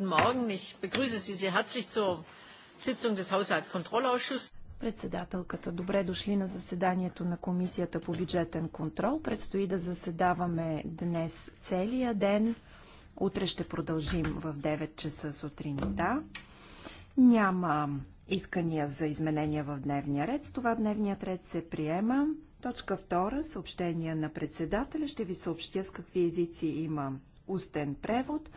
Guten Morgen. Ich begrüße Sie sehr herzlich zur Sitzung des Haushaltskontrollausschusses. Председателката, добре дошли на заседанието на Комисията по бюджетен контрол. Предстои да заседаваме днес целия ден. Утре ще продължим в 9 часа сутринта. Няма искания за изменения в дневния ред. С това дневният ред се приема. Точка 2. Съобщение на председателя. Ще ви съобщя с какви езици има устен превод.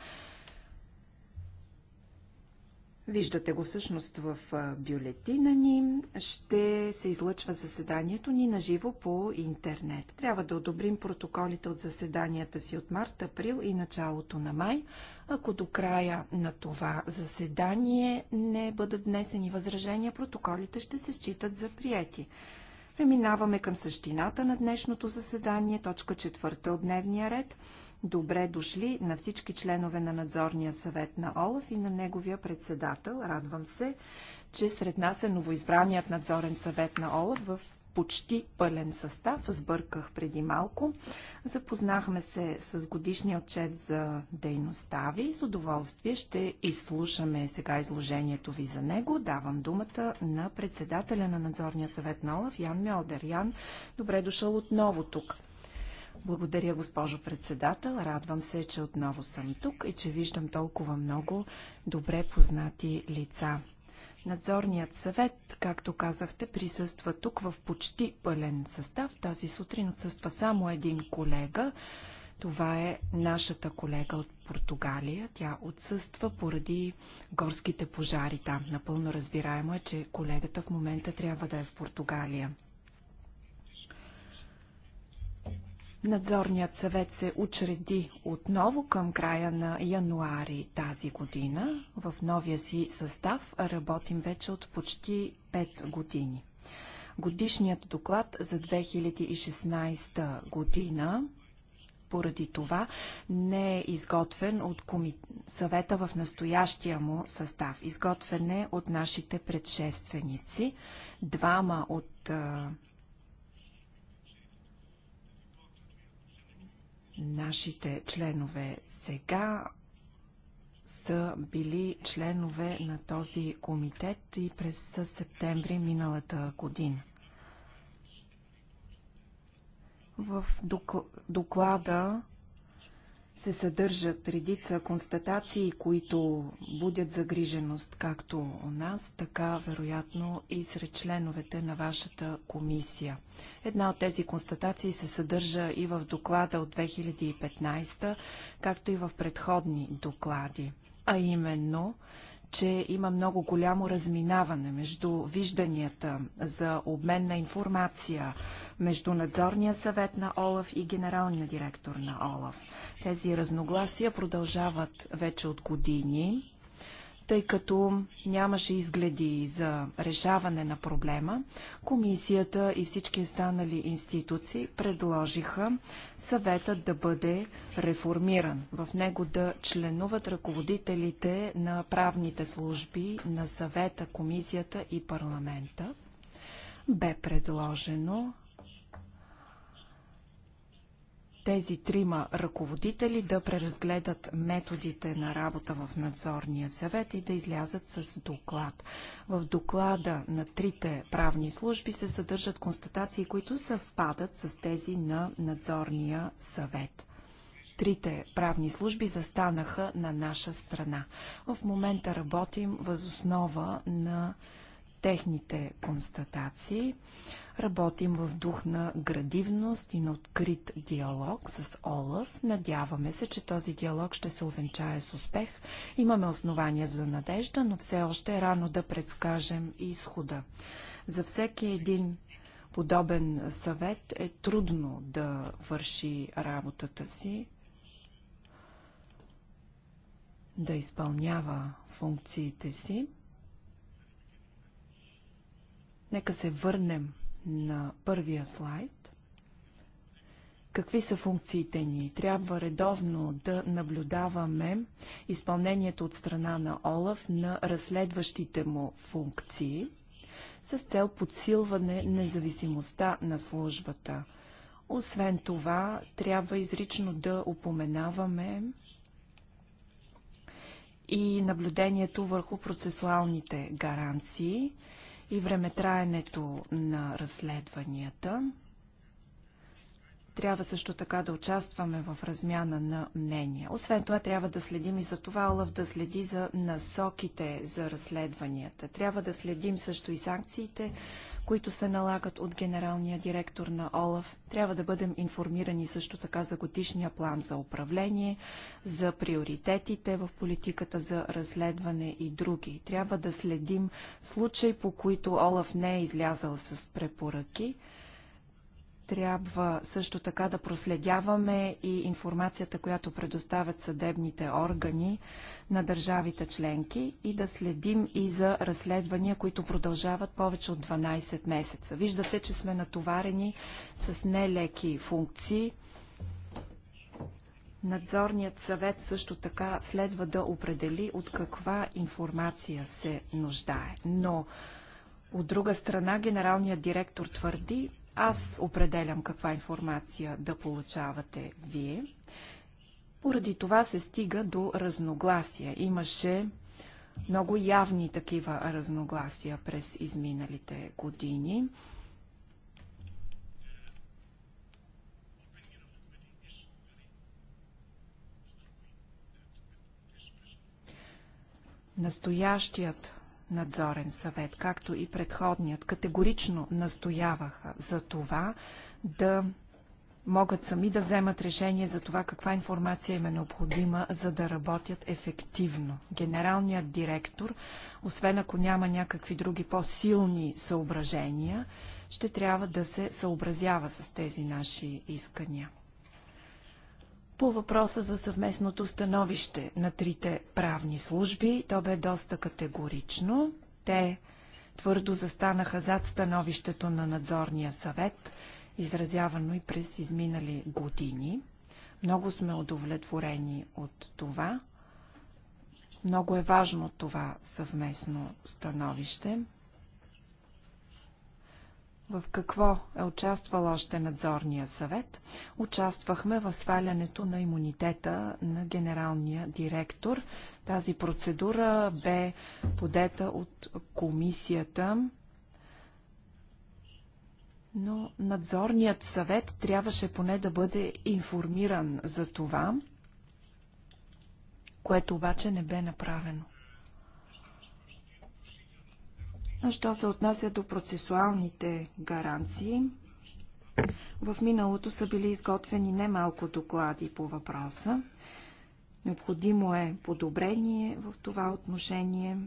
Виждате го всъщност в бюлетина ни. Ще се излъчва заседанието ни на живо по интернет. Трябва да одобрим протоколите от заседанията си от март, април и началото на май. Ако до края на това заседание не бъдат внесени възражения, протоколите ще се считат за прияти. Преминаваме към същината на днешното заседание, точка четвърта от дневния ред – Добре дошли на всички членове на надзорния съвет на ОЛАФ и на неговия председател. Радвам се, че сред нас е новоизбраният надзорен съвет на ОЛАФ в почти пълен състав. Сбърках преди малко. Запознахме се с годишния отчет за дейността ви. С удоволствие ще изслушаме сега изложението ви за него. Давам думата на председателя на надзорния съвет на ОЛАФ Ян Мьолдер. Ян, добре дошъл отново тук. Благодаря, госпожо председател. Радвам се, че отново съм тук и че виждам толкова много добре познати лица. Надзорният съвет, както казахте, присъства тук в почти пълен състав. Тази сутрин отсъства само един колега. Това е нашата колега от Португалия. Тя отсъства поради горските пожари там. Напълно разбираемо е, че колегата в момента трябва да е в Португалия. Надзорният съвет се учреди отново към края на януари тази година. В новия си състав работим вече от почти 5 години. Годишният доклад за 2016 година поради това не е изготвен от съвета в настоящия му състав. Изготвен е от нашите предшественици. Двама от нашите членове сега са били членове на този комитет и през септември миналата година. В доклада се съдържат редица констатации, които будят загриженост както у нас, така вероятно и сред членовете на вашата комисия. Една от тези констатации се съдържа и в доклада от 2015, както и в предходни доклади, а именно, че има много голямо разминаване между вижданията за обмен на информация, между надзорния съвет на ОЛАФ и генералния директор на ОЛАФ. Тези разногласия продължават вече от години тъй като нямаше изгледи за решаване на проблема, комисията и всички останали институции предложиха съветът да бъде реформиран. В него да членуват ръководителите на правните служби на съвета, комисията и парламента. Бе предложено тези трима ръководители да преразгледат методите на работа в надзорния съвет и да излязат с доклад. В доклада на трите правни служби се съдържат констатации, които съвпадат с тези на надзорния съвет. Трите правни служби застанаха на наша страна. В момента работим възоснова на техните констатации. Работим в дух на градивност и на открит диалог с Олаф. Надяваме се, че този диалог ще се увенчае с успех. Имаме основания за надежда, но все още е рано да предскажем изхода. За всеки един подобен съвет е трудно да върши работата си, да изпълнява функциите си. Нека се върнем на първия слайд. Какви са функциите ни? Трябва редовно да наблюдаваме изпълнението от страна на ОЛАФ на разследващите му функции с цел подсилване независимостта на службата. Освен това, трябва изрично да упоменаваме и наблюдението върху процесуалните гаранции, и времетраенето на разследванията. Трябва също така да участваме в размяна на мнения. Освен това, трябва да следим и за това Олаф да следи за насоките за разследванията. Трябва да следим също и санкциите, които се налагат от генералния директор на Олаф. Трябва да бъдем информирани също така за годишния план за управление, за приоритетите в политиката за разследване и други. Трябва да следим случаи, по които Олаф не е излязал с препоръки. Трябва също така да проследяваме и информацията, която предоставят съдебните органи на държавите членки и да следим и за разследвания, които продължават повече от 12 месеца. Виждате, че сме натоварени с нелеки функции. Надзорният съвет също така следва да определи от каква информация се нуждае. Но от друга страна, генералният директор твърди, аз определям каква информация да получавате вие. Поради това се стига до разногласия. Имаше много явни такива разногласия през изминалите години. Настоящият надзорен съвет, както и предходният, категорично настояваха за това да могат сами да вземат решение за това каква информация им е необходима, за да работят ефективно. Генералният директор, освен ако няма някакви други по-силни съображения, ще трябва да се съобразява с тези наши искания. По въпроса за съвместното становище на трите правни служби, то бе доста категорично. Те твърдо застанаха зад становището на надзорния съвет, изразявано и през изминали години. Много сме удовлетворени от това. Много е важно това съвместно становище. В какво е участвал още надзорния съвет? Участвахме в свалянето на имунитета на генералния директор. Тази процедура бе подета от комисията, но надзорният съвет трябваше поне да бъде информиран за това, което обаче не бе направено. Що се отнася до процесуалните гаранции, в миналото са били изготвени немалко доклади по въпроса. Необходимо е подобрение в това отношение.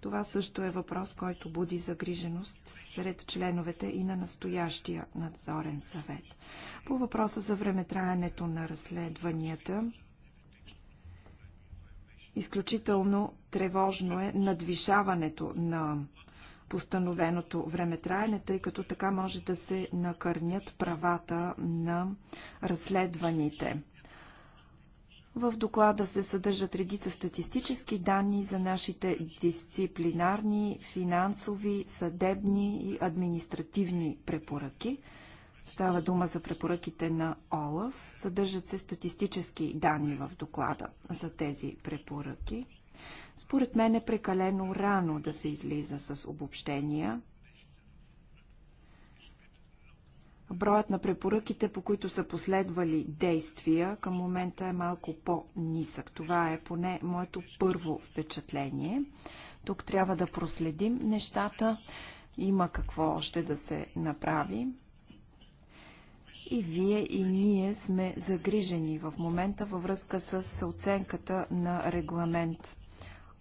Това също е въпрос, който буди загриженост сред членовете и на настоящия надзорен съвет. По въпроса за времетраенето на разследванията, Изключително тревожно е надвишаването на постановеното време траене, тъй като така може да се накърнят правата на разследваните. В доклада се съдържат редица статистически данни за нашите дисциплинарни, финансови, съдебни и административни препоръки – Става дума за препоръките на ОЛАФ. Съдържат се статистически данни в доклада за тези препоръки. Според мен е прекалено рано да се излиза с обобщения. Броят на препоръките, по които са последвали действия, към момента е малко по-нисък. Това е поне моето първо впечатление. Тук трябва да проследим нещата. Има какво още да се направи. И вие и ние сме загрижени в момента във връзка с оценката на регламент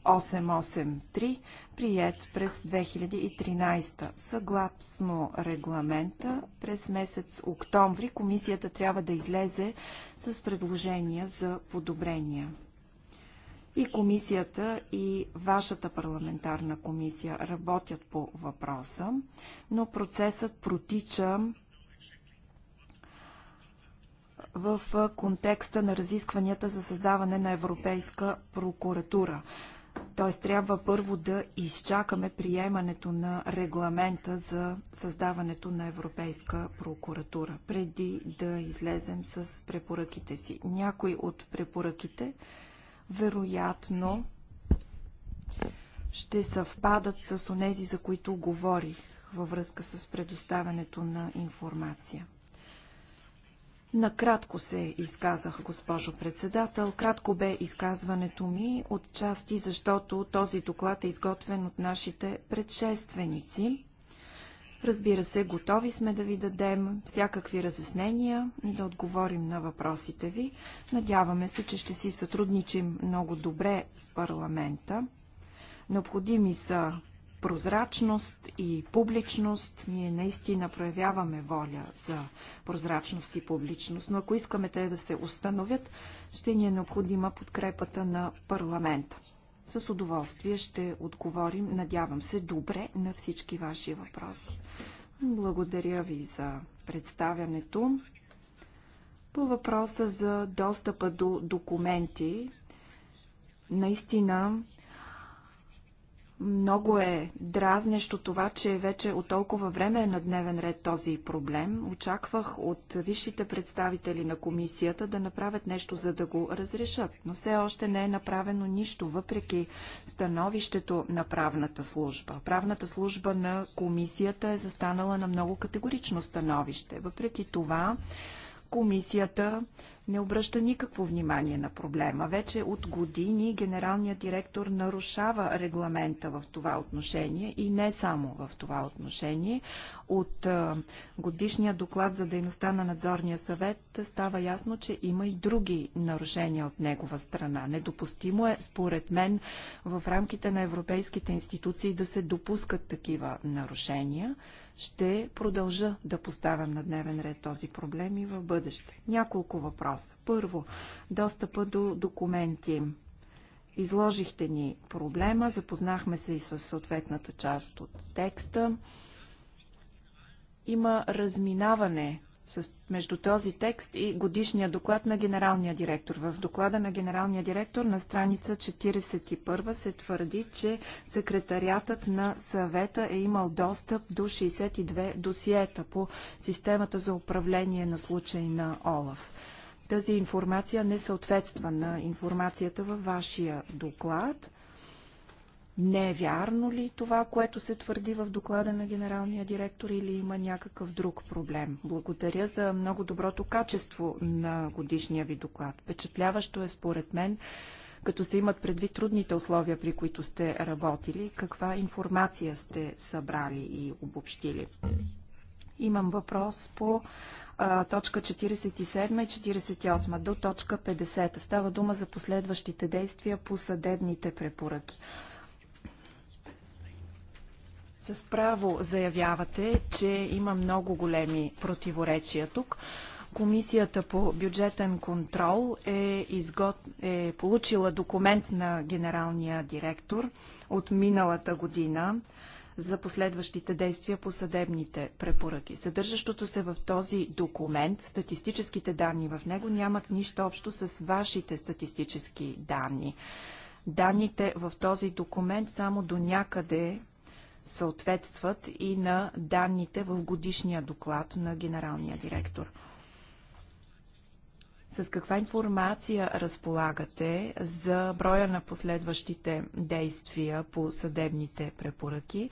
883, прият през 2013. Съгласно регламента, през месец октомври комисията трябва да излезе с предложения за подобрения. И комисията, и вашата парламентарна комисия работят по въпроса, но процесът протича в контекста на разискванията за създаване на Европейска прокуратура. Т.е. трябва първо да изчакаме приемането на регламента за създаването на Европейска прокуратура, преди да излезем с препоръките си. Някои от препоръките вероятно ще съвпадат с онези, за които говорих във връзка с предоставянето на информация. Накратко се изказах, госпожо председател. Кратко бе изказването ми, от части, защото този доклад е изготвен от нашите предшественици. Разбира се, готови сме да ви дадем всякакви разяснения и да отговорим на въпросите ви. Надяваме се, че ще си сътрудничим много добре с парламента. Необходими са прозрачност и публичност. Ние наистина проявяваме воля за прозрачност и публичност, но ако искаме те да се установят, ще ни е необходима подкрепата на парламента. С удоволствие ще отговорим, надявам се, добре на всички ваши въпроси. Благодаря ви за представянето. По въпроса за достъпа до документи, наистина много е дразнещо това, че вече от толкова време е на дневен ред този проблем. Очаквах от висшите представители на комисията да направят нещо, за да го разрешат. Но все още не е направено нищо, въпреки становището на правната служба. Правната служба на комисията е застанала на много категорично становище. Въпреки това, комисията не обръща никакво внимание на проблема. Вече от години генералният директор нарушава регламента в това отношение и не само в това отношение. От годишния доклад за дейността на надзорния съвет става ясно, че има и други нарушения от негова страна. Недопустимо е, според мен, в рамките на европейските институции да се допускат такива нарушения. Ще продължа да поставям на дневен ред този проблем и в бъдеще. Няколко въпроса. Първо, достъпа до документи. Изложихте ни проблема, запознахме се и с съответната част от текста. Има разминаване с, между този текст и годишния доклад на генералния директор. В доклада на генералния директор на страница 41 се твърди, че секретариатът на съвета е имал достъп до 62 досиета по системата за управление на случай на ОЛАФ. Тази информация не съответства на информацията във вашия доклад. Не е вярно ли това, което се твърди в доклада на генералния директор или има някакъв друг проблем? Благодаря за много доброто качество на годишния ви доклад. Впечатляващо е според мен, като се имат предвид трудните условия, при които сте работили, каква информация сте събрали и обобщили. Имам въпрос по а, точка 47 и 48 до точка 50. Става дума за последващите действия по съдебните препоръки. С право заявявате, че има много големи противоречия тук. Комисията по бюджетен контрол е, изгод... е получила документ на генералния директор от миналата година за последващите действия по съдебните препоръки. Съдържащото се в този документ, статистическите данни в него нямат нищо общо с вашите статистически данни. Данните в този документ само до някъде съответстват и на данните в годишния доклад на генералния директор. С каква информация разполагате за броя на последващите действия по съдебните препоръки?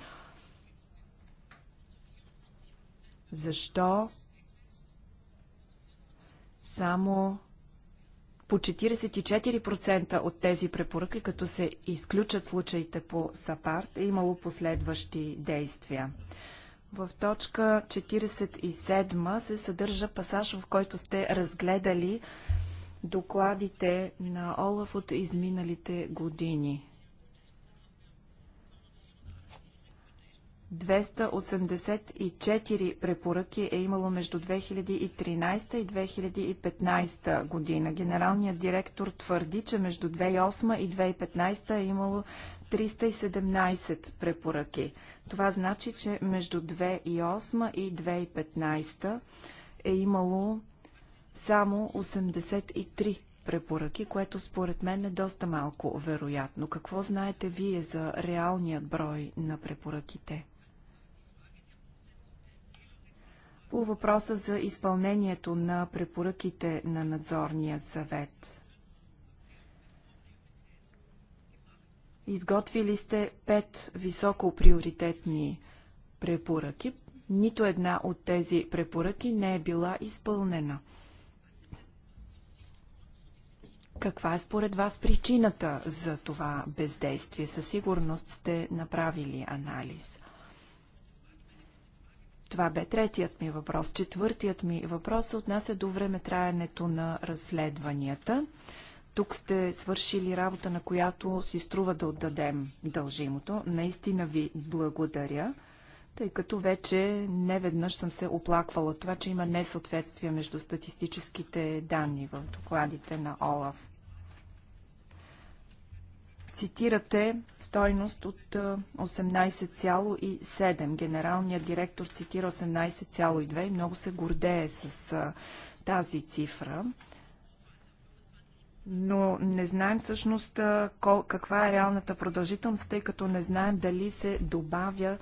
Защо само по 44% от тези препоръки, като се изключат случаите по САПАРТ, е имало последващи действия. В точка 47 се съдържа пасаж, в който сте разгледали докладите на Олаф от изминалите години. 284 препоръки е имало между 2013 и 2015 година. Генералният директор твърди, че между 2008 и 2015 е имало 317 препоръки. Това значи, че между 2008 и 2015 е имало само 83 препоръки, което според мен е доста малко вероятно. Какво знаете вие за реалният брой на препоръките? По въпроса за изпълнението на препоръките на надзорния съвет. Изготвили сте пет високо приоритетни препоръки. Нито една от тези препоръки не е била изпълнена. Каква е според вас причината за това бездействие? Със сигурност сте направили анализ – това бе третият ми въпрос. Четвъртият ми въпрос се отнася до времетраенето на разследванията. Тук сте свършили работа, на която си струва да отдадем дължимото. Наистина ви благодаря, тъй като вече неведнъж съм се оплаквала от това, че има несъответствие между статистическите данни в докладите на ОЛАФ. Цитирате стойност от 18,7. Генералният директор цитира 18,2 и много се гордее с тази цифра. Но не знаем всъщност каква е реалната продължителност, тъй като не знаем дали се добавя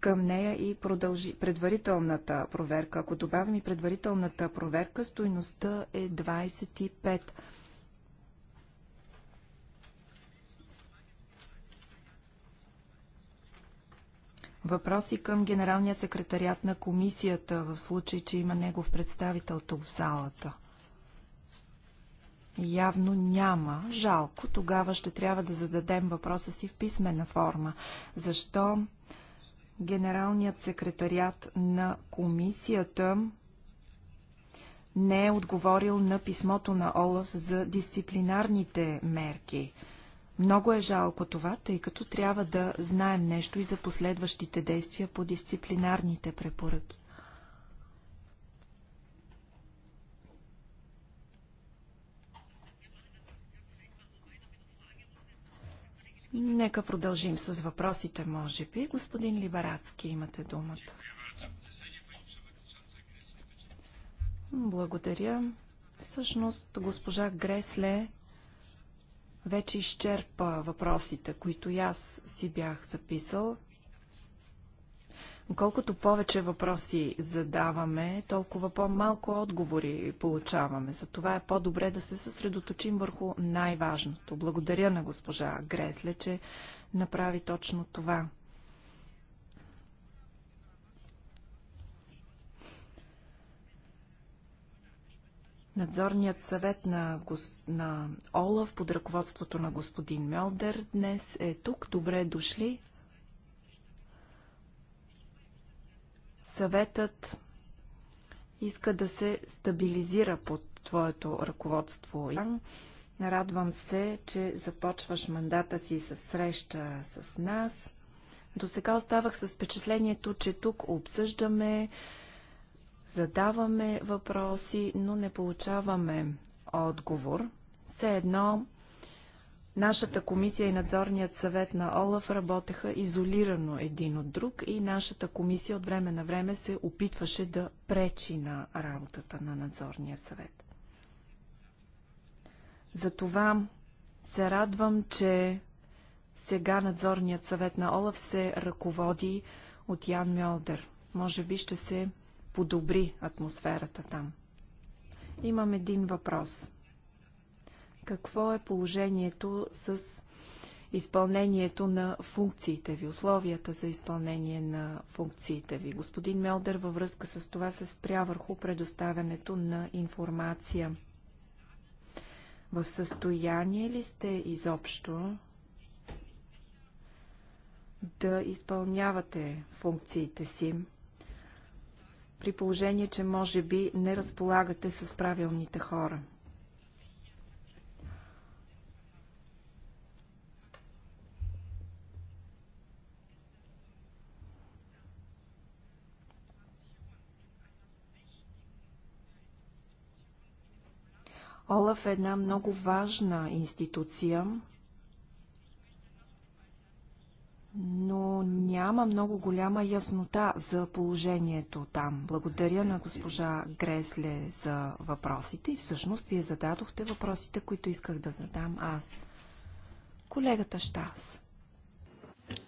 към нея и продължи предварителната проверка. Ако добавим и предварителната проверка, стойността е 25. Въпроси към генералния секретарят на комисията, в случай, че има негов представител тук в залата. Явно няма. Жалко. Тогава ще трябва да зададем въпроса си в писмена форма. Защо генералният секретарят на комисията не е отговорил на писмото на Олаф за дисциплинарните мерки? Много е жалко това, тъй като трябва да знаем нещо и за последващите действия по дисциплинарните препоръки. Нека продължим с въпросите, може би. Господин Либарацки, имате думата. Благодаря. Всъщност, госпожа Гресле вече изчерпа въпросите, които и аз си бях записал. Колкото повече въпроси задаваме, толкова по-малко отговори получаваме. Затова е по-добре да се съсредоточим върху най-важното. Благодаря на госпожа Гресле, че направи точно това. Надзорният съвет на, гос... на Олаф под ръководството на господин Мелдер днес е тук. Добре дошли. Съветът иска да се стабилизира под твоето ръководство. Радвам се, че започваш мандата си с среща с нас. До сега оставах с впечатлението, че тук обсъждаме Задаваме въпроси, но не получаваме отговор. Все едно Нашата комисия и надзорният съвет на Олаф работеха изолирано един от друг и нашата комисия от време на време се опитваше да пречи на работата на надзорния съвет. Затова се радвам, че сега надзорният съвет на Олаф се ръководи от Ян Мьолдер. Може би ще се подобри атмосферата там. Имам един въпрос. Какво е положението с изпълнението на функциите ви, условията за изпълнение на функциите ви. Господин Мелдер във връзка с това се спря върху предоставянето на информация. В състояние ли сте изобщо да изпълнявате функциите си? при положение, че може би не разполагате с правилните хора. Олаф е една много важна институция, но няма много голяма яснота за положението там. Благодаря на госпожа Гресле за въпросите и всъщност вие зададохте въпросите, които исках да задам аз. Колегата Штас.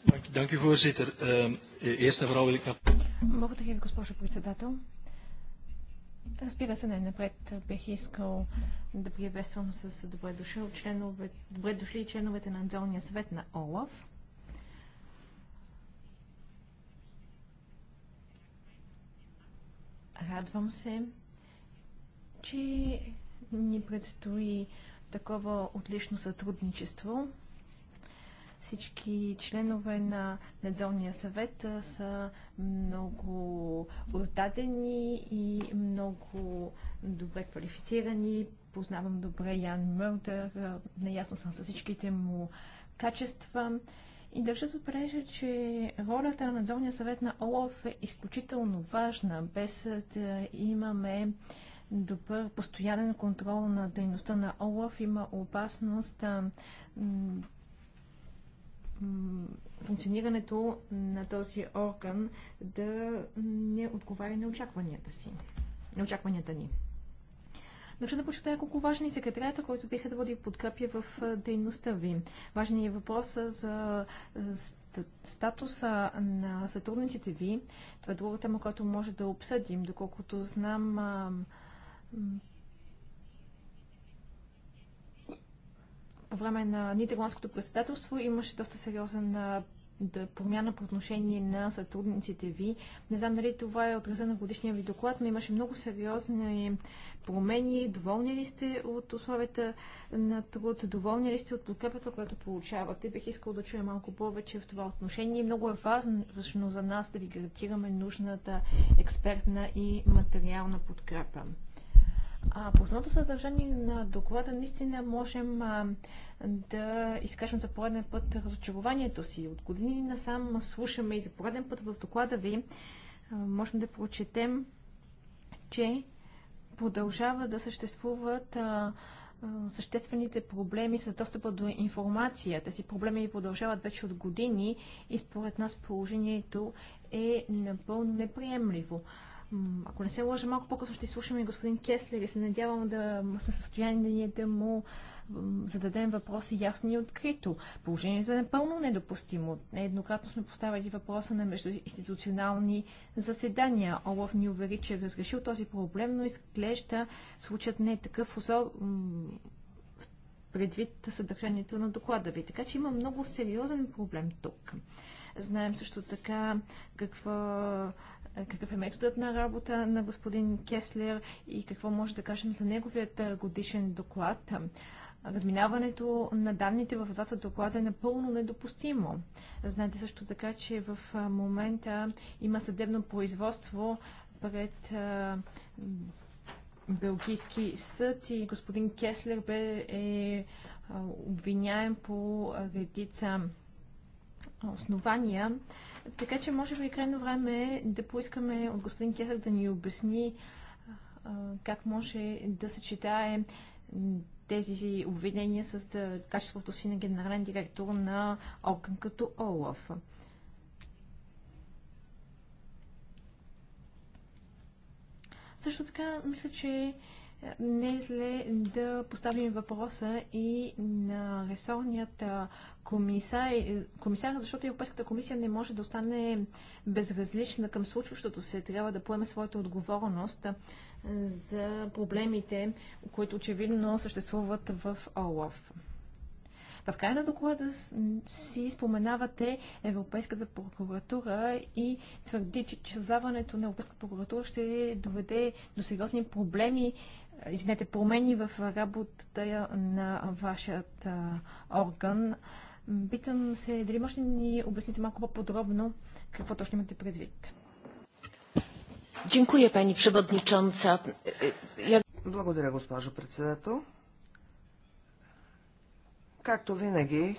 Ehm, e- Благодаря ви, госпожо председател. Разбира се, най-напред бих искал да приветствам с добре, дошъл, членове, добре дошли членовете на надзорния съвет на ОЛАФ. Радвам се, че ни предстои такова отлично сътрудничество. Всички членове на надзорния съвет са много отдадени и много добре квалифицирани. Познавам добре Ян Мърдър, наясно съм с всичките му качества. И държа да отбележа, че ролята на надзорния съвет на ОЛАФ е изключително важна, без да имаме добър постоянен контрол на дейността на ОЛАФ има опасност а, функционирането на този орган да не отговаря на очакванията си, на очакванията ни. Държа да почитая колко важен е секретарията, който би следвало да ви подкрепя в дейността ви. Важен е въпроса за статуса на сътрудниците ви. Това е друга тема, която може да обсъдим. Доколкото знам, по време на нидерландското председателство имаше доста сериозен да промяна по отношение на сътрудниците ви. Не знам дали това е отразено на годишния ви доклад, но имаше много сериозни промени. Доволни ли сте от условията на труд? Доволни ли сте от подкрепата, която получавате? Бих искал да чуя малко повече в това отношение. Много е важно за нас да ви гарантираме нужната експертна и материална подкрепа. А по основното съдържание на доклада наистина можем а, да изкажем за пореден път разочарованието си. От години насам слушаме и за пореден път в доклада ви а, можем да прочетем, че продължава да съществуват а, съществените проблеми с достъпа до информация. Тези проблеми продължават вече от години и според нас положението е напълно неприемливо. Ако не се лъжа, малко по-късно ще слушаме господин Кеслер и се надявам да сме в състояние да му зададем въпроси ясно и открито. Положението е напълно недопустимо. Еднократно сме поставили въпроса на междуинституционални заседания. Олаф ни увери, че е разрешил този проблем, но изглежда случат не е такъв особ... предвид съдържанието на доклада ви. Така че има много сериозен проблем тук. Знаем също така какво какъв е методът на работа на господин Кеслер и какво може да кажем за неговият годишен доклад. Разминаването на данните в двата доклада е напълно недопустимо. Знаете също така, че в момента има съдебно производство пред Белгийски съд и господин Кеслер бе е обвиняем по редица основания. Така че, може би, е крайно време е да поискаме от господин Кесък да ни обясни а, как може да съчетае тези обвинения с качеството си на генерален директор на Окън като Олаф. Също така, мисля, че не е зле да поставим въпроса и на ресорният комисар, комисар, защото Европейската комисия не може да остане безразлична към случващото се. Трябва да поеме своята отговорност за проблемите, които очевидно съществуват в ОЛОВ. В края на доклада си споменавате Европейската прокуратура и твърди, че създаването на Европейската прокуратура ще доведе до сериозни проблеми извинете, промени в работата на вашият орган. Питам се, дали може да ни обясните малко по-подробно какво точно имате предвид? Благодаря, госпожо председател. Както винаги,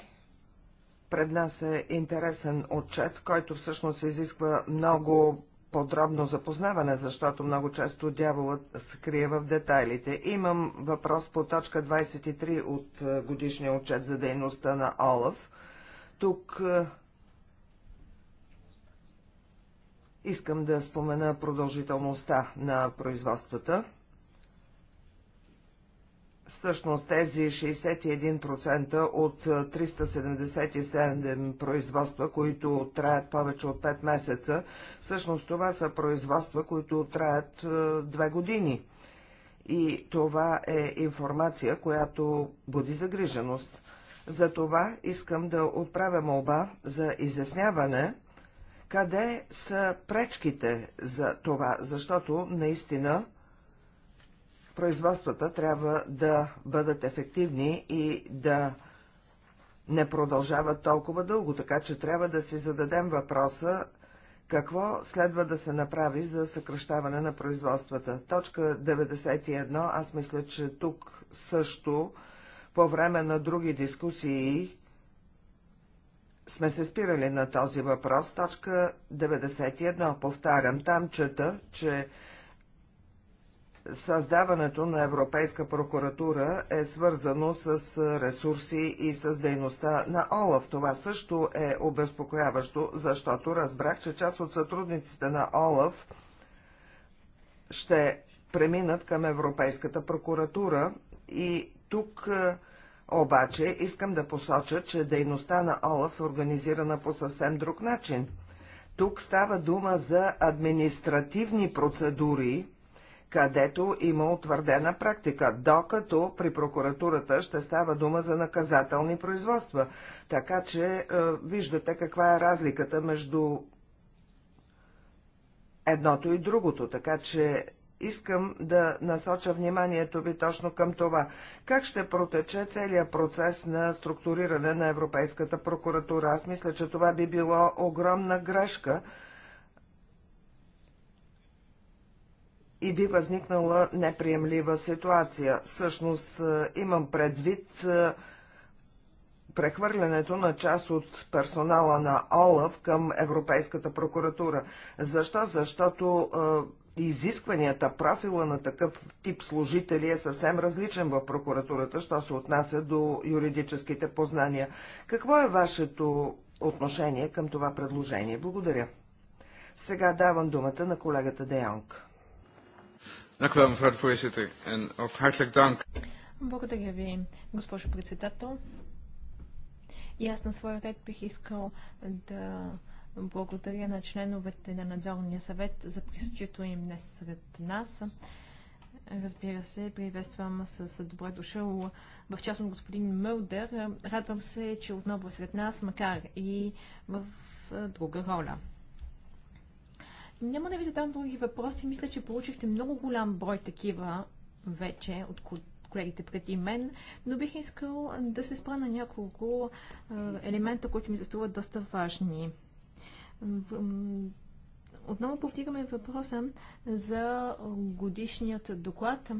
пред нас е интересен отчет, който всъщност изисква много подробно запознаване, защото много често дяволът се крие в детайлите. Имам въпрос по точка 23 от е, годишния отчет за дейността на ОЛАФ. Тук е, искам да спомена продължителността на производствата. Всъщност тези 61% от 377 производства, които траят повече от 5 месеца, всъщност това са производства, които траят 2 е, години. И това е информация, която буди загриженост. За това искам да отправя молба за изясняване, къде са пречките за това, защото наистина производствата трябва да бъдат ефективни и да не продължават толкова дълго, така че трябва да си зададем въпроса какво следва да се направи за съкръщаване на производствата. Точка 91, аз мисля, че тук също по време на други дискусии сме се спирали на този въпрос. Точка 91, повтарям, там чета, че Създаването на Европейска прокуратура е свързано с ресурси и с дейността на ОЛАФ. Това също е обезпокояващо, защото разбрах, че част от сътрудниците на ОЛАФ ще преминат към Европейската прокуратура и тук е, обаче искам да посоча, че дейността на ОЛАФ е организирана по съвсем друг начин. Тук става дума за административни процедури, където има утвърдена практика, докато при прокуратурата ще става дума за наказателни производства. Така че е, виждате каква е разликата между едното и другото. Така че искам да насоча вниманието ви точно към това. Как ще протече целият процес на структуриране на Европейската прокуратура? Аз мисля, че това би било огромна грешка и би възникнала неприемлива ситуация. Всъщност е, имам предвид е, прехвърлянето на част от персонала на ОЛАВ към Европейската прокуратура. Защо? Защото е, изискванията, профила на такъв тип служители е съвсем различен в прокуратурата, що се отнася до юридическите познания. Какво е вашето отношение към това предложение? Благодаря. Сега давам думата на колегата Деянг. Dank u wel, mevrouw de voorzitter. En ook hartelijk dank. Благодаря ви, госпожо председател. И аз на своя ред бих искал да благодаря на членовете на надзорния съвет за присъствието им днес сред нас. Разбира се, приветствам с добре дошъл в част от господин Мълдър. Радвам се, че отново е сред нас, макар и в друга роля. Няма да ви задам други въпроси. Мисля, че получихте много голям брой такива вече от колегите преди мен, но бих искал да се спра на няколко елемента, които ми се струват доста важни. Отново повдигаме въпроса за годишният доклад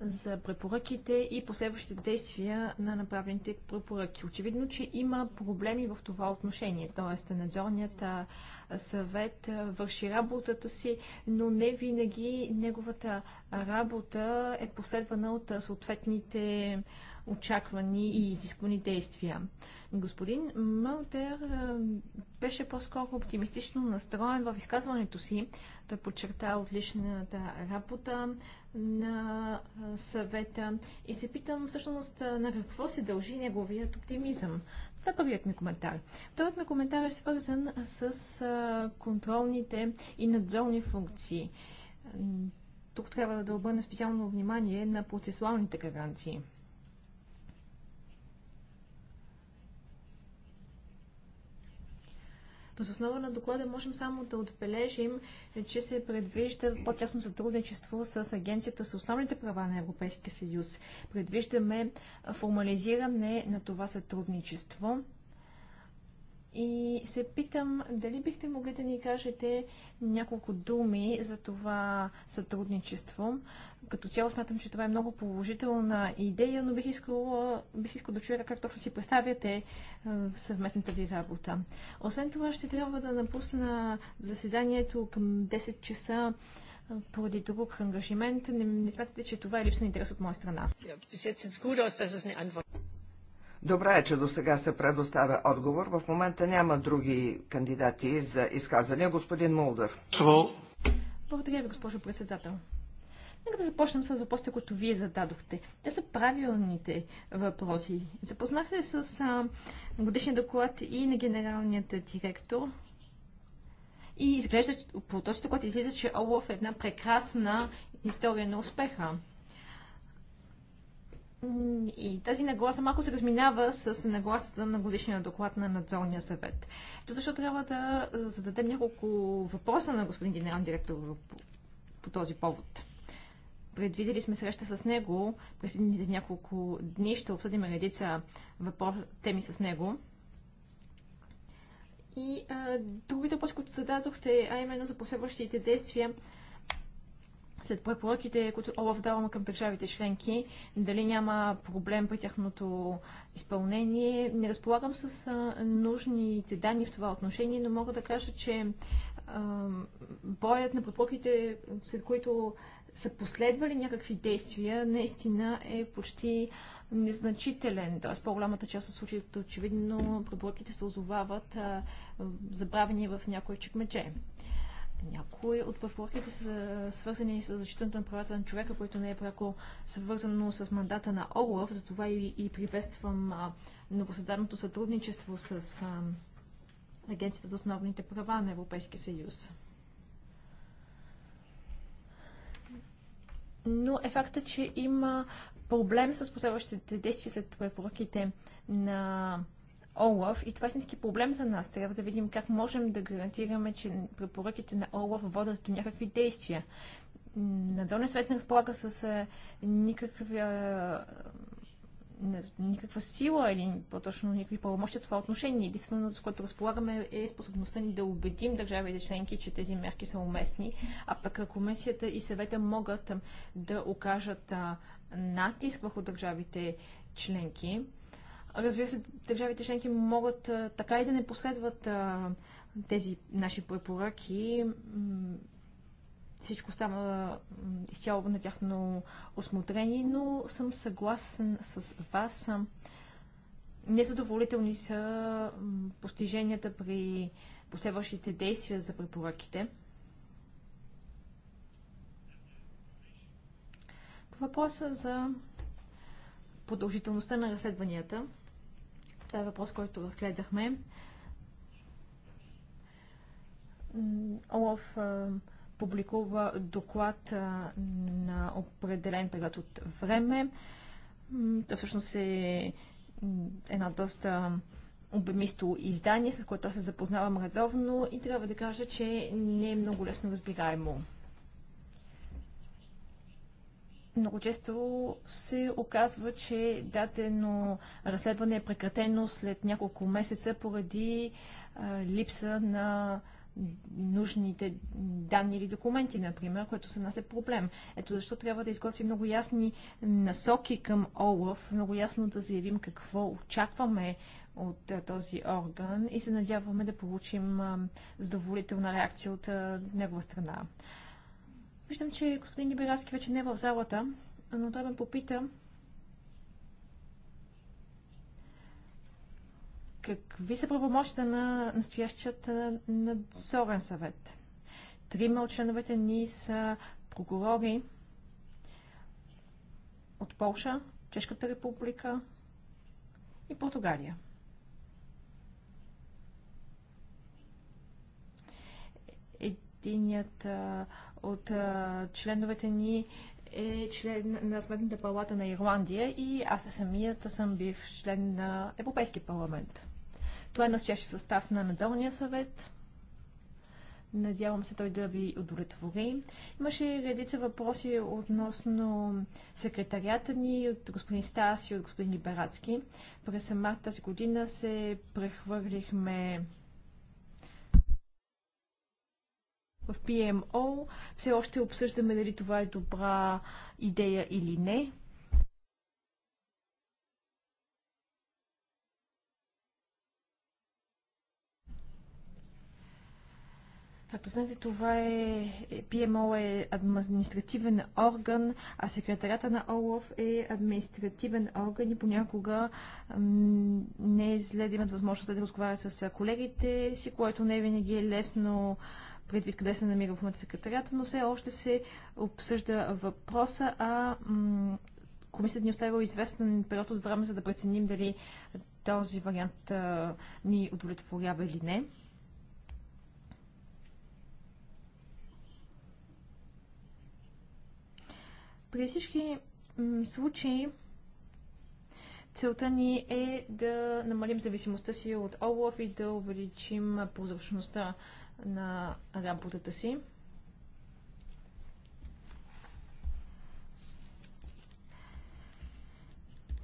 за препоръките и последващите действия на направените препоръки. Очевидно, че има проблеми в това отношение, т.е. надзорният съвет върши работата си, но не винаги неговата работа е последвана от съответните очаквани и изисквани действия. Господин Мълтер беше по-скоро оптимистично настроен в изказването си. Той подчерта отличната работа, на съвета и се питам всъщност на какво се дължи неговият оптимизъм. Това е първият ми коментар. Вторият ми коментар е свързан с контролните и надзорни функции. Тук трябва да обърна специално внимание на процесуалните гаранции. Въз основа на доклада можем само да отбележим, че се предвижда по-тясно сътрудничество с Агенцията с основните права на Европейския съюз. Предвиждаме формализиране на това сътрудничество и се питам дали бихте могли да ни кажете няколко думи за това сътрудничество. Като цяло смятам, че това е много положителна идея, но бих искала, бих искала да чуя как точно си представяте е, съвместната ви работа. Освен това ще трябва да напусна заседанието към 10 часа е, поради друг ангажимент. Не, не смятате, че това е липса на интерес от моя страна? Добре е, че до сега се предоставя отговор. В момента няма други кандидати за изказвания. Господин Мулдър. Благодаря ви, госпожо председател. Нека да започнем с въпросите, които вие зададохте. Те са правилните въпроси. Запознахте с а, годишния доклад и на генералният директор. И изглежда, по този доклад излиза, че ОЛОВ е една прекрасна история на успеха. И тази нагласа малко се разминава с нагласата на годишния доклад на надзорния съвет. То защо трябва да зададем няколко въпроса на господин генерал директор по, по този повод. Предвидели сме среща с него през следните няколко дни. Ще обсъдим редица въпрос, теми с него. И а, другите въпроси, които зададохте, а именно за последващите действия след препоръките, които Олаф дава към държавите членки, дали няма проблем при тяхното изпълнение. Не разполагам с а, нужните данни в това отношение, но мога да кажа, че а, боят на препоръките, след които са последвали някакви действия, наистина е почти незначителен. Т.е. по-голямата част от случаите очевидно препоръките се озовават забравени в някой чекмече. Някои от препоръките са свързани с защитането на правата на човека, което не е пряко свързано с мандата на ОЛАФ, затова и, и приветствам новосъздаденото сътрудничество с а, Агенцията за основните права на Европейския съюз. Но е факта, че има проблем с последващите действия след препоръките на ОЛАФ и това е истински проблем за нас. Трябва да видим как можем да гарантираме, че препоръките на ОЛАФ водят до някакви действия. Надзорният свет не разполага с никаква никаква сила или по-точно никакви правомощия в това отношение. Единственото, с което разполагаме е способността ни да убедим държавите членки, че тези мерки са уместни, а пък комисията и съвета могат да окажат натиск върху държавите членки. Разбира се, държавите членки могат така и да не последват тези наши препоръки. Всичко става изцяло на тяхно осмотрение, но съм съгласен с вас. Незадоволителни са постиженията при последващите действия за препоръките. въпроса за продължителността на разследванията – това е въпрос, който разгледахме. Олаф публикува доклад на определен период от време. Той всъщност е една доста обемисто издание, с което се запознавам редовно и трябва да кажа, че не е много лесно разбираемо много често се оказва, че дадено разследване е прекратено след няколко месеца поради а, липса на нужните данни или документи, например, което са нас е проблем. Ето защо трябва да изготвим много ясни насоки към ОЛАФ, много ясно да заявим какво очакваме от а, този орган и се надяваме да получим а, задоволителна реакция от а, негова страна. Виждам, че господин Либераски вече не е в залата, но той ме попита какви са правомощите на настоящият надзорен съвет. Трима от членовете ни са прокурори от Полша, Чешката република и Португалия. Единият от членовете ни е член на Сметната палата на Ирландия и аз самият съм бив член на Европейския парламент. Това е настоящия състав на надзорния съвет. Надявам се той да ви удовлетвори. Имаше редица въпроси относно секретарията ни от господин Стас и от господин Либерацки. През март тази година се прехвърлихме в PMO. Все още обсъждаме дали това е добра идея или не. Както знаете, това е, ПМО е, е административен орган, а секретарята на ОЛАФ е административен орган и понякога не е зле да имат възможност да разговарят с колегите си, което не винаги е лесно предвид къде се намира в момента секретарията, но все още се обсъжда въпроса, а комисията ни оставила известен период от време, за да преценим дали този вариант а, ни удовлетворява или не. При всички случаи целта ни е да намалим зависимостта си от ОЛАФ и да увеличим прозрачността на работата си.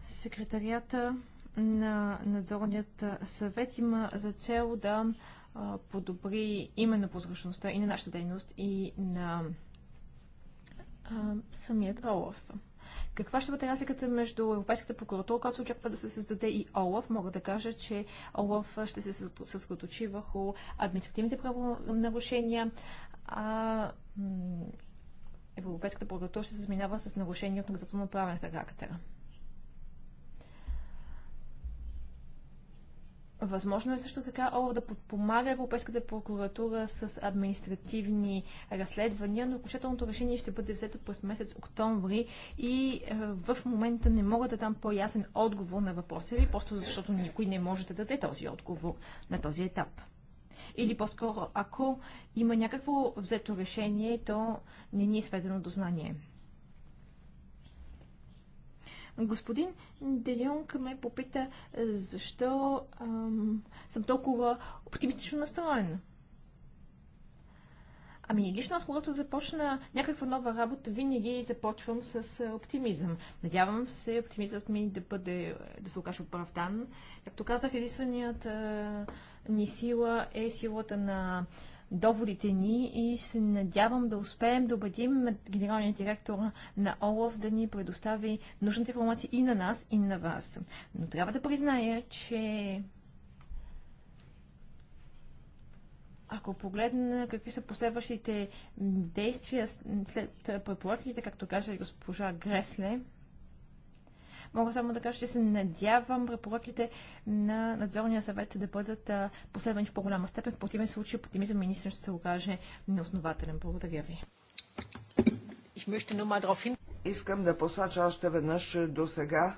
Секретарията на надзорният съвет има за цел да подобри именно прозрачността и на нашата дейност, и на а, самият Олаф. Каква ще бъде разликата между Европейската прокуратура, която очаква да се създаде и ОЛАФ? Мога да кажа, че ОЛАФ ще се съсредоточи върху административните правонарушения, а Европейската прокуратура ще се заминава с нарушения от наказателно правен характер. Възможно е също така ОЛАФ да подпомага Европейската прокуратура с административни разследвания, но окончателното решение ще бъде взето през месец октомври и е, в момента не мога да дам по-ясен отговор на въпроса ви, просто защото никой не може да даде този отговор на този етап. Или по-скоро, ако има някакво взето решение, то не ни е сведено до знание. Господин Делюнг ме попита защо ам, съм толкова оптимистично настроен. Ами лично аз, когато започна някаква нова работа, винаги започвам с оптимизъм. Надявам се оптимизът ми да бъде, да се окаже оправдан. Както казах, единственият ни сила е силата на доводите ни и се надявам да успеем да убедим генералния директор на ОЛАФ да ни предостави нужната информация и на нас, и на вас. Но трябва да призная, че ако погледна какви са последващите действия след препоръките, както каже госпожа Гресле, Мога само да кажа, че се надявам препоръките на надзорния съвет да бъдат последвани в по-голяма степен. В противен случай оптимизъм министър ще се окаже неоснователен. Благодаря ви. Искам да посоча още веднъж до сега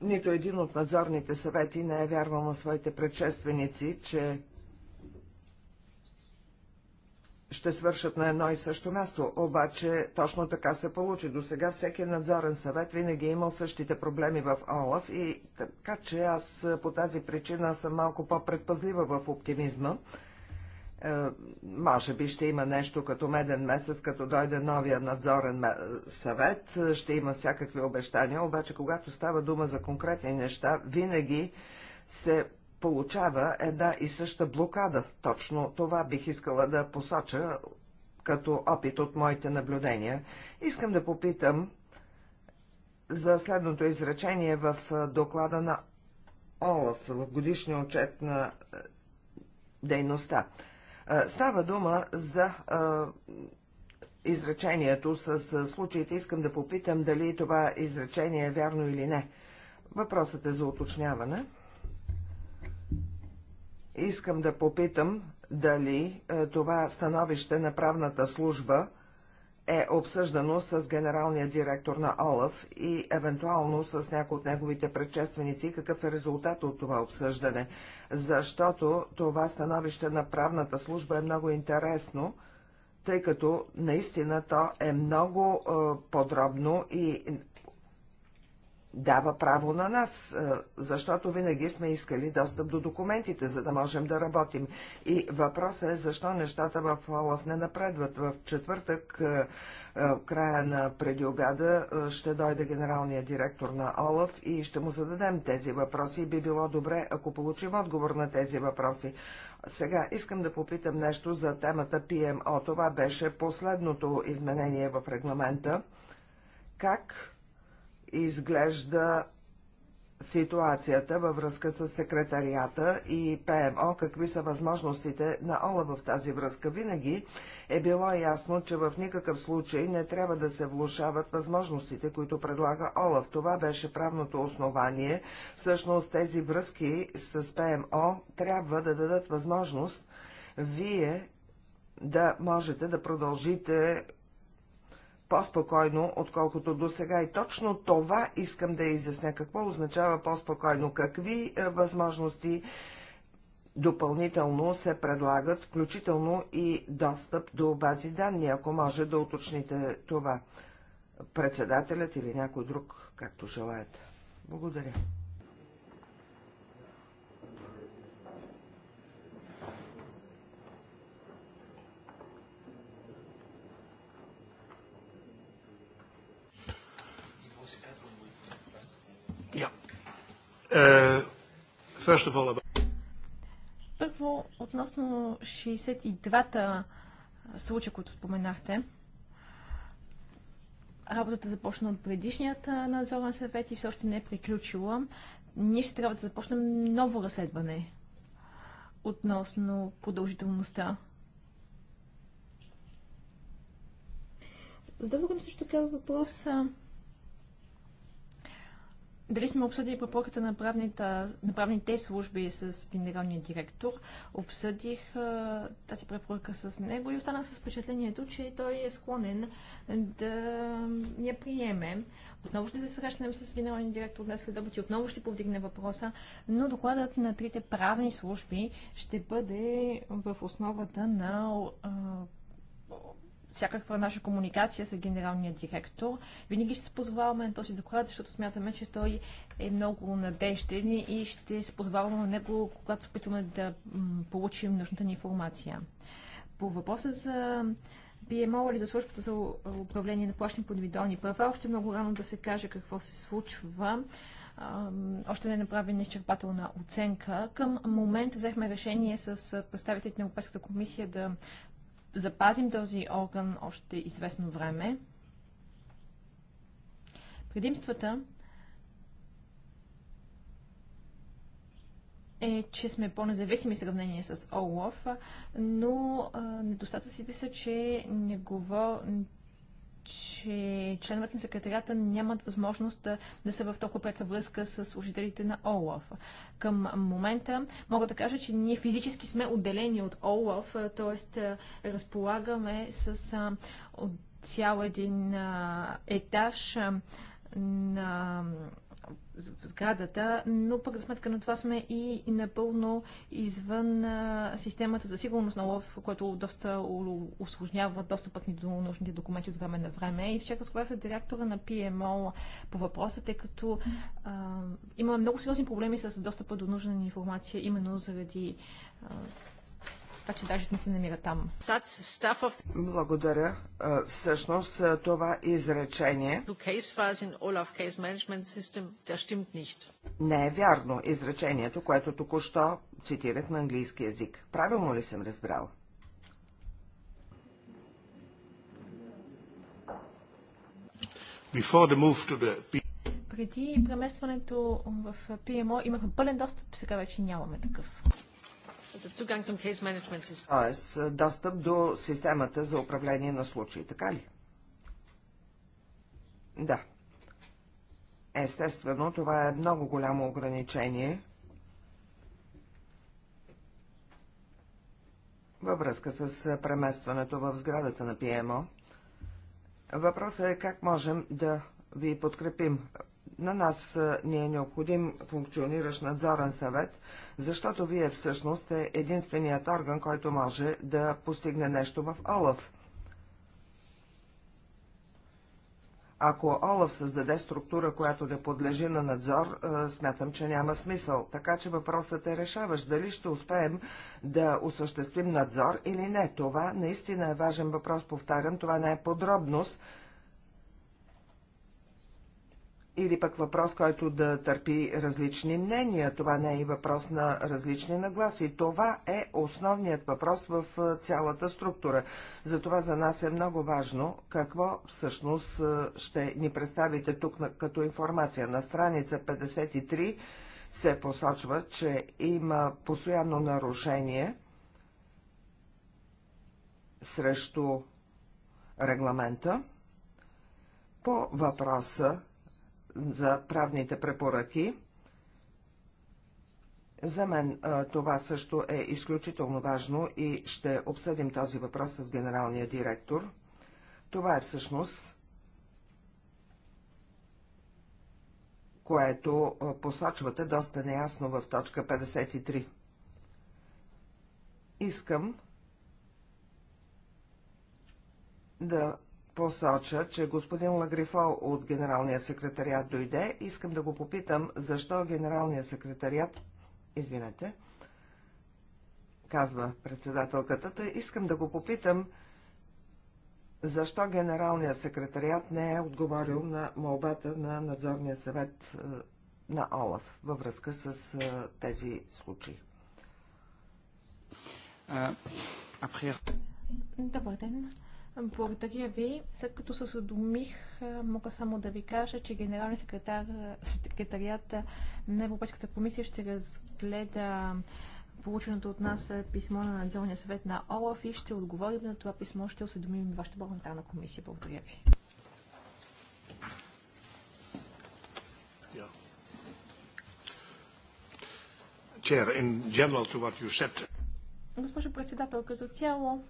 нито един от надзорните съвети не е вярвал на своите предшественици, че ще свършат на едно и също място. Обаче точно така се получи. До сега всеки надзорен съвет винаги е имал същите проблеми в ОЛАФ и така, че аз по тази причина съм малко по-предпазлива в оптимизма. Е, може би ще има нещо като меден месец, като дойде новия надзорен съвет, ще има всякакви обещания, обаче когато става дума за конкретни неща, винаги се получава една и съща блокада. Точно това бих искала да посоча като опит от моите наблюдения. Искам да попитам за следното изречение в доклада на ОЛАФ, в годишния отчет на дейността. Става дума за изречението с случаите. Искам да попитам дали това изречение е вярно или не. Въпросът е за уточняване искам да попитам дали е, това становище на правната служба е обсъждано с генералния директор на ОЛАФ и евентуално с някои от неговите предшественици, какъв е резултат от това обсъждане, защото това становище на правната служба е много интересно, тъй като наистина то е много е, подробно и дава право на нас, е, защото винаги сме искали достъп до документите, за да можем да работим. И въпросът е защо нещата в Олаф не напредват. В четвъртък, е, е, в края на преди обяда, ще дойде генералният директор на Олаф и ще му зададем тези въпроси. Би било добре, ако получим отговор на тези въпроси. Сега искам да попитам нещо за темата ПМО. Това беше последното изменение в регламента. Как изглежда ситуацията във връзка с секретарията и ПМО, какви са възможностите на ОЛА в тази връзка. Винаги е било ясно, че в никакъв случай не трябва да се влушават възможностите, които предлага ОЛАВ. Това беше правното основание. Всъщност тези връзки с ПМО трябва да дадат възможност вие да можете да продължите по-спокойно, отколкото до сега. И точно това искам да изясня. Какво означава по-спокойно? Какви е, възможности допълнително се предлагат, включително и достъп до бази данни, ако може да уточните това? Председателят или някой друг, както желаете. Благодаря. Е, Първо, относно 62-та случая, които споменахте, работата започна от предишният надзорен съвет и все още не е приключила. Ние ще трябва да започнем ново разследване относно продължителността. Зададох също така въпроса дали сме обсъдили препоръката на, на правните служби с генералния директор. Обсъдих а, тази препоръка с него и останах с впечатлението, че той е склонен да я приеме. Отново ще се срещнем с генералния директор днес след обед и отново ще повдигне въпроса, но докладът на трите правни служби ще бъде в основата на а, всякаква наша комуникация с генералния директор. Винаги ще се позоваваме на този доклад, защото смятаме, че той е много надежден и ще се позоваваме на него, когато се опитваме да получим нужната ни информация. По въпроса за BMO или за службата за управление на плащни по индивидуални права, още много рано да се каже какво се случва още не е направена изчерпателна оценка. Към момента взехме решение с представителите на Европейската комисия да запазим този орган още известно време. Предимствата е, че сме по-независими в сравнение с ОЛОВ, но а, недостатъците са, че не, говор че членовете на секретарията нямат възможност да, да са в толкова прека връзка с служителите на ОЛАФ. Към момента мога да кажа, че ние физически сме отделени от ОЛАФ, т.е. разполагаме с а, цял един а, етаж а, на сградата, но пък за сметка на това сме и напълно извън системата за сигурност на лов, което доста осложнява достъпът ни до нужните документи от време на време. И вчера разговарях с директора на PMO по въпроса, тъй като а, има много сериозни проблеми с достъпа до нужна информация, именно заради а, така че даже не се намира там. Благодаря. Всъщност това изречение не е вярно. Изречението, което току-що цитирах на английски язик. Правилно ли съм разбрал? Преди преместването в PMO имахме пълен достъп, сега вече нямаме такъв. Т.е. достъп до системата за управление на случаи, така ли? Да. Естествено, това е много голямо ограничение във връзка с е, преместването в сградата на ПМО. Въпросът е как можем да ви подкрепим. На нас е, ни е необходим функциониращ надзорен съвет, защото вие всъщност е единственият орган, който може да постигне нещо в ОЛАФ. Ако Олаф създаде структура, която не подлежи на надзор, е, смятам, че няма смисъл. Така че въпросът е решаващ дали ще успеем да осъществим надзор или не. Това наистина е важен въпрос, повтарям, това не е подробност, или пък въпрос, който да търпи различни мнения. Това не е и въпрос на различни нагласи. Това е основният въпрос в цялата структура. Затова за нас е много важно какво всъщност ще ни представите тук като информация. На страница 53 се посочва, че има постоянно нарушение срещу регламента по въпроса за правните препоръки. За мен това също е изключително важно и ще обсъдим този въпрос с генералния директор. Това е всъщност, което посочвате доста неясно в точка 53. Искам да посоча, че господин Лагрифо от генералния секретариат дойде. Искам да го попитам, защо генералния секретариат... Извинете, казва председателката. Искам да го попитам, защо генералният секретариат не е отговорил на молбата на надзорния съвет на ОЛАФ във връзка с тези случаи. Добър ден. Благодаря ви. След като се съдомих, мога само да ви кажа, че генералният секретар, секретарията на Европейската комисия ще разгледа полученото от нас писмо на надзорния съвет на ОЛАФ и ще отговорим на това писмо, ще осведомим вашата парламентарна комисия. Благодаря ви. Chair, in general to what you said. Госпожо председател, като цяло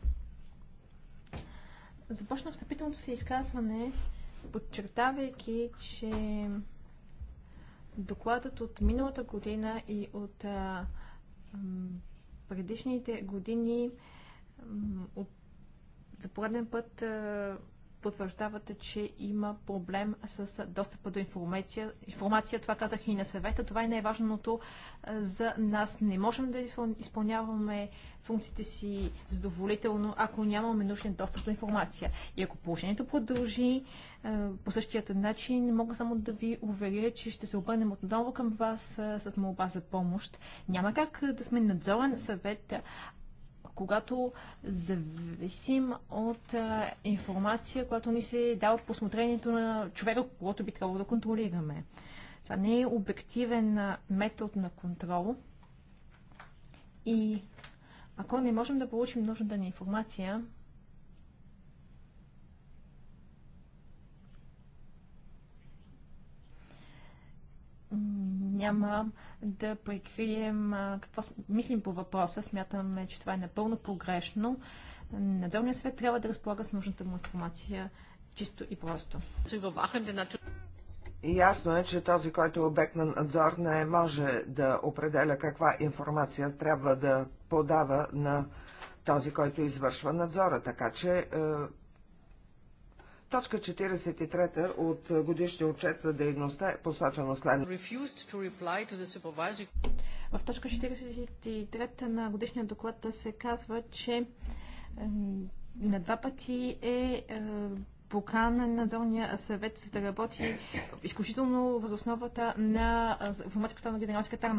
Започнах встъпителното си изказване, подчертавайки, че докладът от миналата година и от а, предишните години от, за пореден път а, потвърждавате, че има проблем с достъпа до информация. информация. Това казах и на съвета. Това е най-важното за нас. Не можем да изпълняваме функциите си задоволително, ако нямаме нужен достъп до информация. И ако положението продължи по същият начин, мога само да ви уверя, че ще се обърнем отново към вас с молба за помощ. Няма как да сме надзорен съвет, когато зависим от а, информация, която ни се дава в посмотрението на човека, когато би трябвало да контролираме. Това не е обективен метод на контрол. И ако не можем да получим нужната ни информация, няма да прикрием какво мислим по въпроса. Смятаме, че това е напълно погрешно. Надзорният съвет трябва да разполага с нужната му информация чисто и просто. Ясно е, че този, който е обект на надзор, не може да определя каква информация трябва да подава на този, който извършва надзора. Така че е, Точка 43 от годишния отчет за дейността е посочено следното. В точка 43 на годишния доклад се казва, че е, на два пъти е, е покана на съвет за да работи изключително възосновата на е, информацията на генерал секретар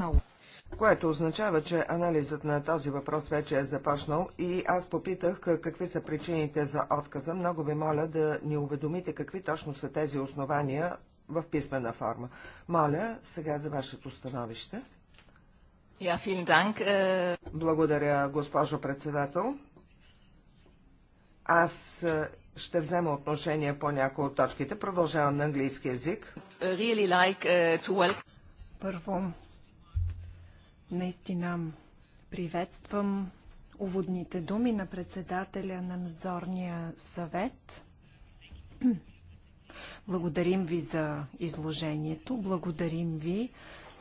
което означава, че анализът на този въпрос вече е започнал и аз попитах какви са причините за отказа. Много ви моля да ни уведомите какви точно са тези основания в писмена форма. Моля сега за вашето становище. Yeah, э, Благодаря, госпожо председател. Аз э, ще взема отношение по някои от точките. Продължавам на английски язик. Э, really like, uh, Първо, Наистина приветствам уводните думи на председателя на надзорния съвет. Благодарим ви за изложението, благодарим ви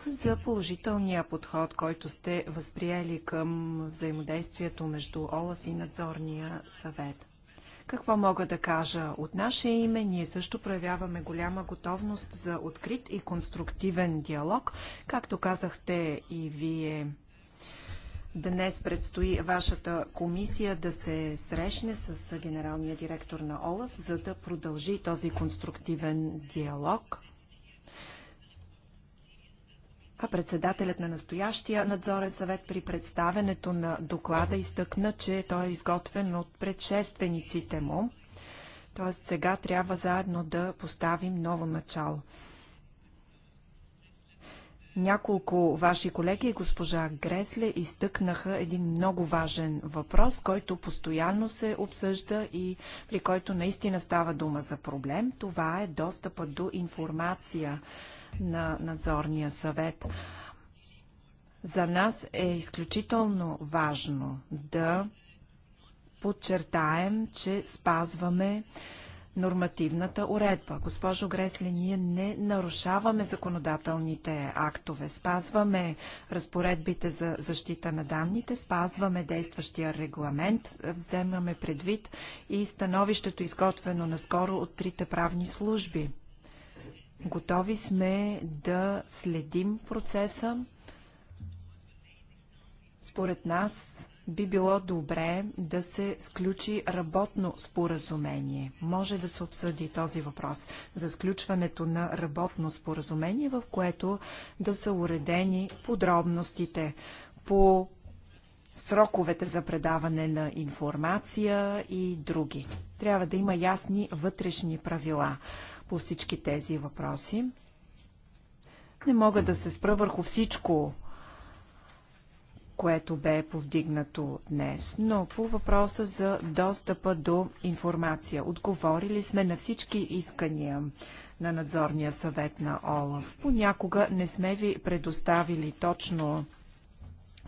за положителния подход, който сте възприели към взаимодействието между ОЛАФ и надзорния съвет. Какво мога да кажа от наше име? Ние също проявяваме голяма готовност за открит и конструктивен диалог. Както казахте и вие, Днес предстои вашата комисия да се срещне с генералния директор на ОЛАФ, за да продължи този конструктивен диалог а председателят на настоящия надзорен съвет при представенето на доклада изтъкна, че той е изготвен от предшествениците му. Тоест сега трябва заедно да поставим ново начало. Няколко ваши колеги и госпожа Гресле изтъкнаха един много важен въпрос, който постоянно се обсъжда и при който наистина става дума за проблем. Това е достъпа до информация на надзорния съвет. За нас е изключително важно да подчертаем, че спазваме нормативната уредба. Госпожо Гресле, ние не нарушаваме законодателните актове. Спазваме разпоредбите за защита на данните, спазваме действащия регламент, вземаме предвид и становището изготвено наскоро от трите правни служби. Готови сме да следим процеса. Според нас би било добре да се сключи работно споразумение. Може да се обсъди този въпрос за сключването на работно споразумение, в което да са уредени подробностите по сроковете за предаване на информация и други. Трябва да има ясни вътрешни правила по всички тези въпроси. Не мога да се спра върху всичко, което бе повдигнато днес, но по въпроса за достъпа до информация. Отговорили сме на всички искания на надзорния съвет на ОЛАФ. Понякога не сме ви предоставили точно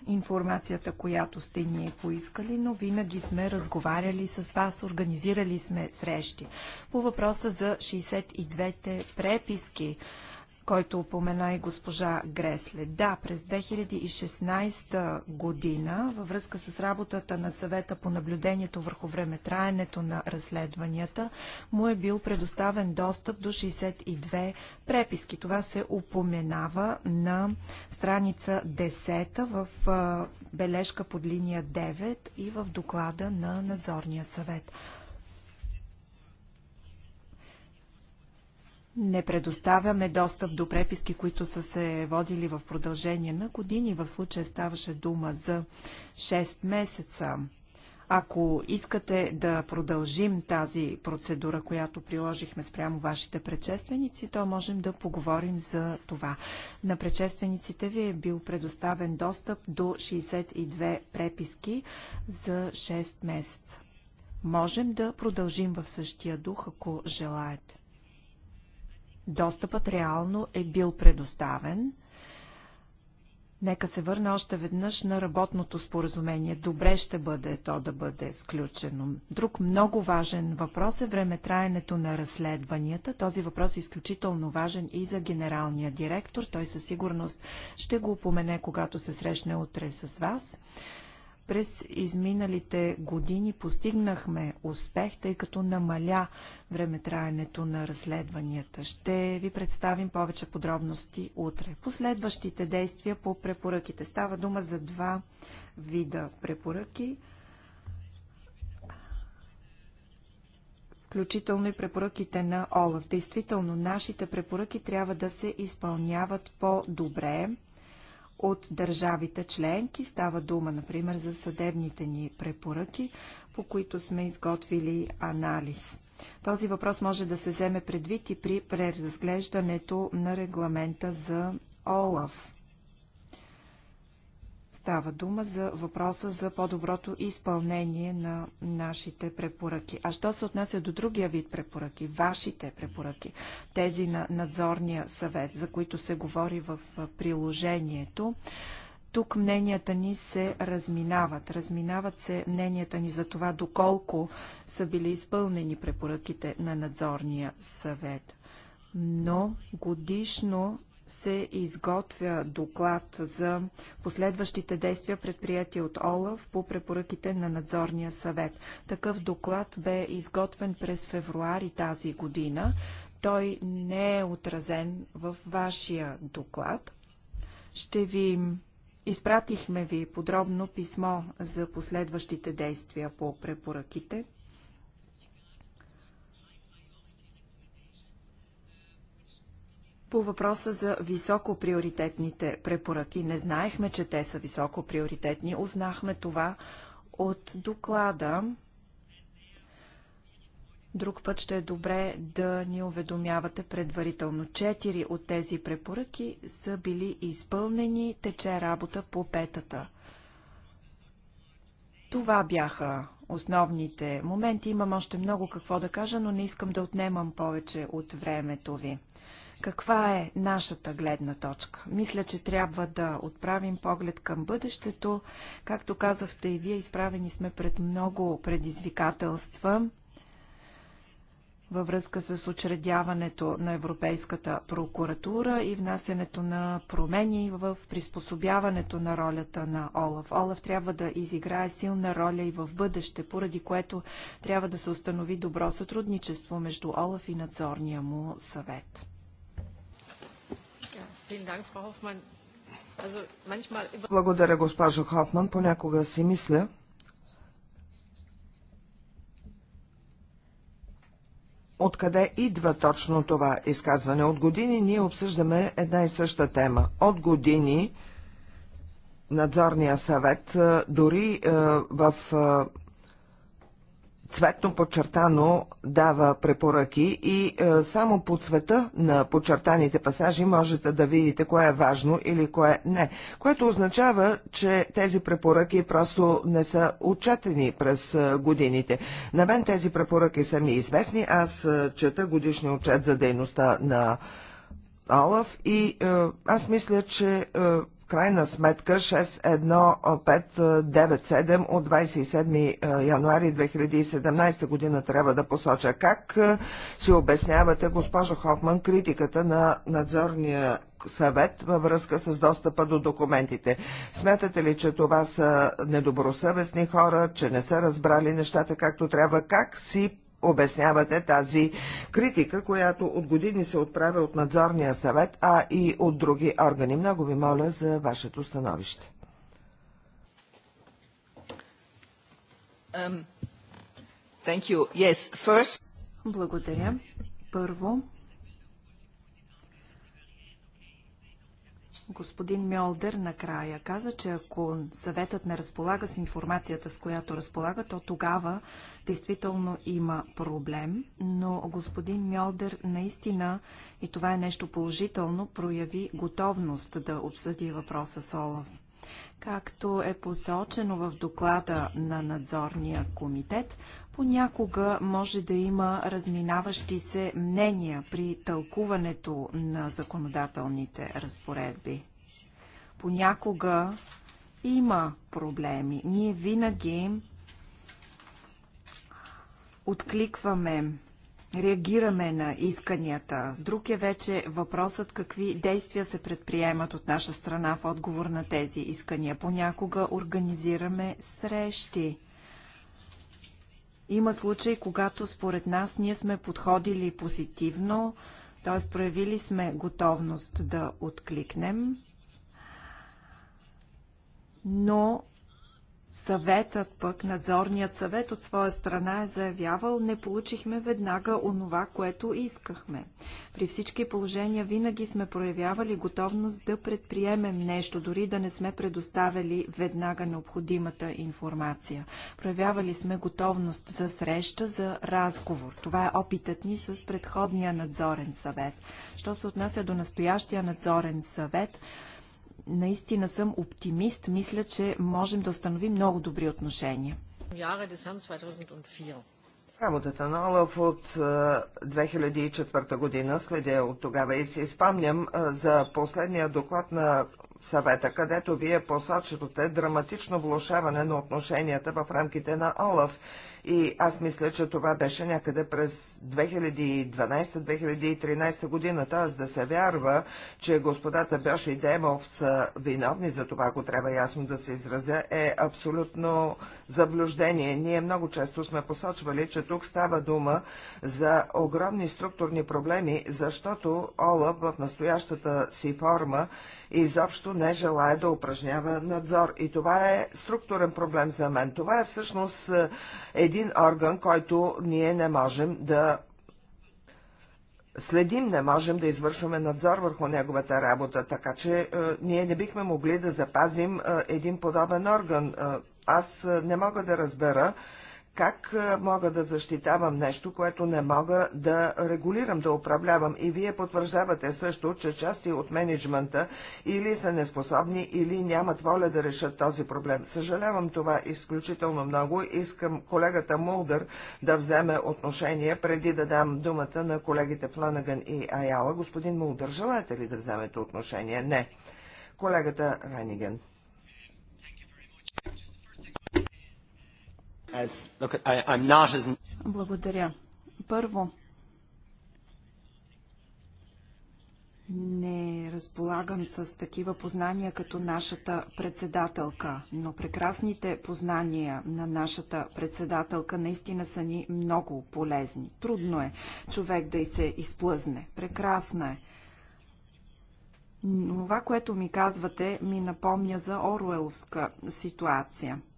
информацията, която сте ние поискали, но винаги сме разговаряли с вас, организирали сме срещи. По въпроса за 62-те преписки, който упомена и госпожа Гресле. Да, през 2016 година, във връзка с работата на съвета по наблюдението върху времетраенето на разследванията, му е бил предоставен достъп до 62 преписки. Това се упоменава на страница 10 в бележка под линия 9 и в доклада на надзорния съвет. не предоставяме достъп до преписки, които са се водили в продължение на години. В случая ставаше дума за 6 месеца. Ако искате да продължим тази процедура, която приложихме спрямо вашите предшественици, то можем да поговорим за това. На предшествениците ви е бил предоставен достъп до 62 преписки за 6 месеца. Можем да продължим в същия дух, ако желаете достъпът реално е бил предоставен. Нека се върна още веднъж на работното споразумение. Добре ще бъде то да бъде сключено. Друг много важен въпрос е времетраенето на разследванията. Този въпрос е изключително важен и за генералния директор. Той със сигурност ще го упомене, когато се срещне утре с вас. През изминалите години постигнахме успех, тъй като намаля времетраенето на разследванията. Ще ви представим повече подробности утре. Последващите действия по препоръките. Става дума за два вида препоръки. включително и препоръките на ОЛАФ. Действително, нашите препоръки трябва да се изпълняват по-добре от държавите членки. Става дума, например, за съдебните ни препоръки, по които сме изготвили анализ. Този въпрос може да се вземе предвид и при преразглеждането на регламента за ОЛАВ. Става дума за въпроса за по-доброто изпълнение на нашите препоръки. А що се отнася до другия вид препоръки, вашите препоръки, тези на надзорния съвет, за които се говори в приложението, тук мненията ни се разминават. Разминават се мненията ни за това доколко са били изпълнени препоръките на надзорния съвет. Но годишно се изготвя доклад за последващите действия, предприяти от ОЛАВ по препоръките на надзорния съвет. Такъв доклад бе изготвен през февруари тази година. Той не е отразен в вашия доклад. Ще ви изпратихме ви подробно писмо за последващите действия по препоръките. По въпроса за високо приоритетните препоръки, не знаехме, че те са високо приоритетни. Узнахме това от доклада. Друг път ще е добре да ни уведомявате предварително. Четири от тези препоръки са били изпълнени, тече работа по петата. Това бяха основните моменти. Имам още много какво да кажа, но не искам да отнемам повече от времето ви. Каква е нашата гледна точка? Мисля, че трябва да отправим поглед към бъдещето. Както казахте и вие, изправени сме пред много предизвикателства във връзка с учредяването на Европейската прокуратура и внасянето на промени в приспособяването на ролята на Олаф. Олаф трябва да изиграе силна роля и в бъдеще, поради което трябва да се установи добро сътрудничество между Олаф и надзорния му съвет. Благодаря, госпожо Хофман. Понякога си мисля, Откъде идва точно това изказване? От години ние обсъждаме една и съща тема. От години надзорния съвет, дори в цветно подчертано дава препоръки и е, само по цвета на подчертаните пасажи можете да видите кое е важно или кое не, което означава, че тези препоръки просто не са отчетени през е, годините. На мен тези препоръки са ми известни, аз е, чета годишния отчет за дейността на Олаф и е, аз мисля, че е, в крайна сметка 61597 от 27 е, януари 2017 година трябва да посоча. Как си обяснявате, госпожа Хофман, критиката на надзорния съвет във връзка с достъпа до документите. Смятате ли, че това са недобросъвестни хора, че не са разбрали нещата както трябва? Как си обяснявате тази критика, която от години се отправя от надзорния съвет, а и от други органи. Много ви моля за вашето становище. Um, Благодаря. Първо, Господин Мьолдер накрая каза, че ако съветът не разполага с информацията, с която разполага, то тогава действително има проблем. Но господин Мьолдер наистина, и това е нещо положително, прояви готовност да обсъди въпроса с Олаф. Както е посочено в доклада на надзорния комитет, понякога може да има разминаващи се мнения при тълкуването на законодателните разпоредби. Понякога има проблеми. Ние винаги откликваме реагираме на исканията. Друг е вече въпросът какви действия се предприемат от наша страна в отговор на тези искания. Понякога организираме срещи. Има случаи, когато според нас ние сме подходили позитивно, т.е. проявили сме готовност да откликнем, но Съветът пък, надзорният съвет от своя страна е заявявал, не получихме веднага онова, което искахме. При всички положения винаги сме проявявали готовност да предприемем нещо, дори да не сме предоставили веднага необходимата информация. Проявявали сме готовност за среща, за разговор. Това е опитът ни с предходния надзорен съвет. Що се отнася до настоящия надзорен съвет, наистина съм оптимист. Мисля, че можем да установим много добри отношения. Работата на Олаф от 2004 година следя от тогава и си спомням за последния доклад на съвета, където вие посочвате драматично влушаване на отношенията в рамките на Олаф. И аз мисля, че това беше някъде през 2012-2013 година. Т.е. да се вярва, че господата Бьош и Демов са виновни за това, ако трябва ясно да се изразя, е абсолютно заблуждение. Ние много често сме посочвали, че тук става дума за огромни структурни проблеми, защото ОЛАП в настоящата си форма изобщо не желая да упражнява надзор. И това е структурен проблем за мен. Това е всъщност е, един орган, който ние не можем да следим, не можем да извършваме надзор върху неговата работа, така че е, ние не бихме могли да запазим е, един подобен орган. Е, аз е, не мога да разбера как мога да защитавам нещо, което не мога да регулирам, да управлявам? И вие потвърждавате също, че части от менеджмента или са неспособни, или нямат воля да решат този проблем. Съжалявам това изключително много. Искам колегата Мулдър да вземе отношение, преди да дам думата на колегите Планаган и Аяла. Господин Мулдър, желаете ли да вземете отношение? Не. Колегата Раниген. As, look, I, I'm not as... Благодаря. Първо, не разполагам с такива познания като нашата председателка, но прекрасните познания на нашата председателка наистина са ни много полезни. Трудно е човек да и се изплъзне. Прекрасна е. Но това, което ми казвате, ми напомня за Оруеловска ситуация –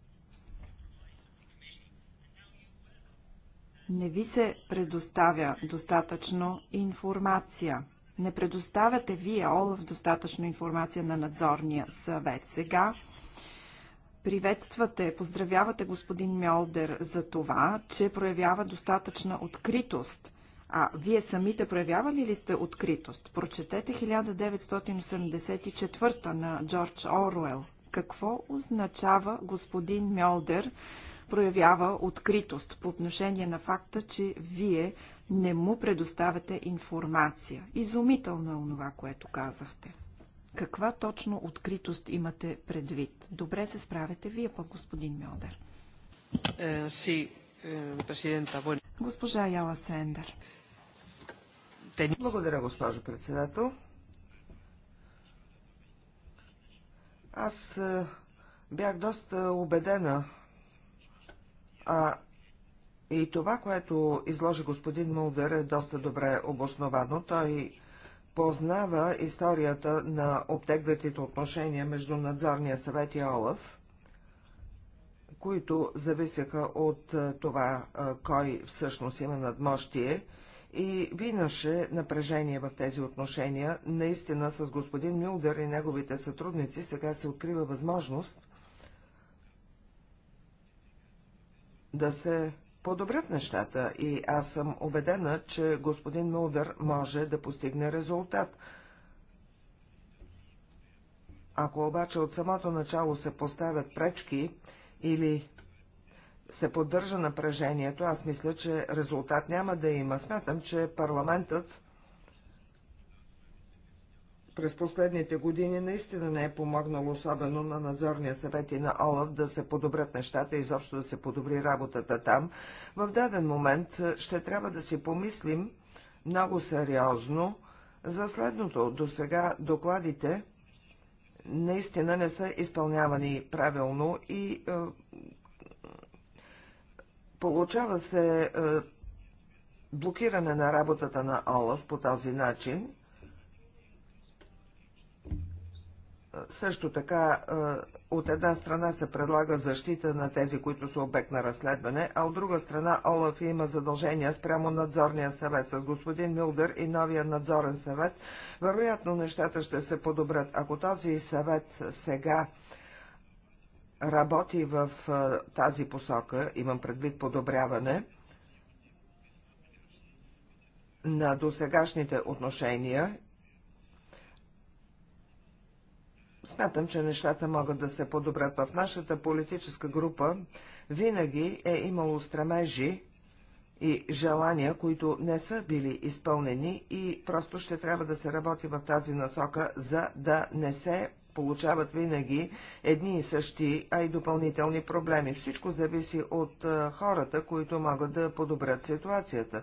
не ви се предоставя достатъчно информация. Не предоставяте вие, Олаф, достатъчно информация на надзорния съвет. Сега приветствате, поздравявате господин Мьолдер за това, че проявява достатъчна откритост. А вие самите проявявали ли сте откритост? Прочетете 1984 на Джордж Оруел. Какво означава господин Мьолдер проявява откритост по отношение на факта, че вие не му предоставяте информация. Изумително е онова, което казахте. Каква точно откритост имате предвид? Добре се справяте вие пък, господин Мьодер. Е, си, е, президента, Госпожа Яла Сендер. Благодаря, госпожо председател. Аз е, бях доста убедена а, и това, което изложи господин Мулдър е доста добре обосновано. Той познава историята на обтегнатите отношения между надзорния съвет и Олаф, които зависеха от това, кой всъщност има надмощие и винаше напрежение в тези отношения. Наистина с господин Милдер и неговите сътрудници сега се открива възможност да се подобрят нещата и аз съм убедена, че господин Мулдър може да постигне резултат. Ако обаче от самото начало се поставят пречки или се поддържа напрежението, аз мисля, че резултат няма да има. Смятам, че парламентът през последните години наистина не е помогнало особено на надзорния съвет и на ОЛАФ да се подобрят нещата, изобщо да се подобри работата там. В даден момент е, ще трябва да си помислим много сериозно за следното. До сега докладите наистина не са изпълнявани правилно и е, получава се е, блокиране на работата на ОЛАФ по този начин също така от една страна се предлага защита на тези, които са обект на разследване, а от друга страна Олаф има задължения спрямо надзорния съвет с господин Милдър и новия надзорен съвет. Вероятно нещата ще се подобрят. Ако този съвет сега работи в тази посока, имам предвид подобряване на досегашните отношения Смятам, че нещата могат да се подобрят. В нашата политическа група винаги е имало стремежи и желания, които не са били изпълнени и просто ще трябва да се работи в тази насока, за да не се получават винаги едни и същи, а и допълнителни проблеми. Всичко зависи от хората, които могат да подобрят ситуацията,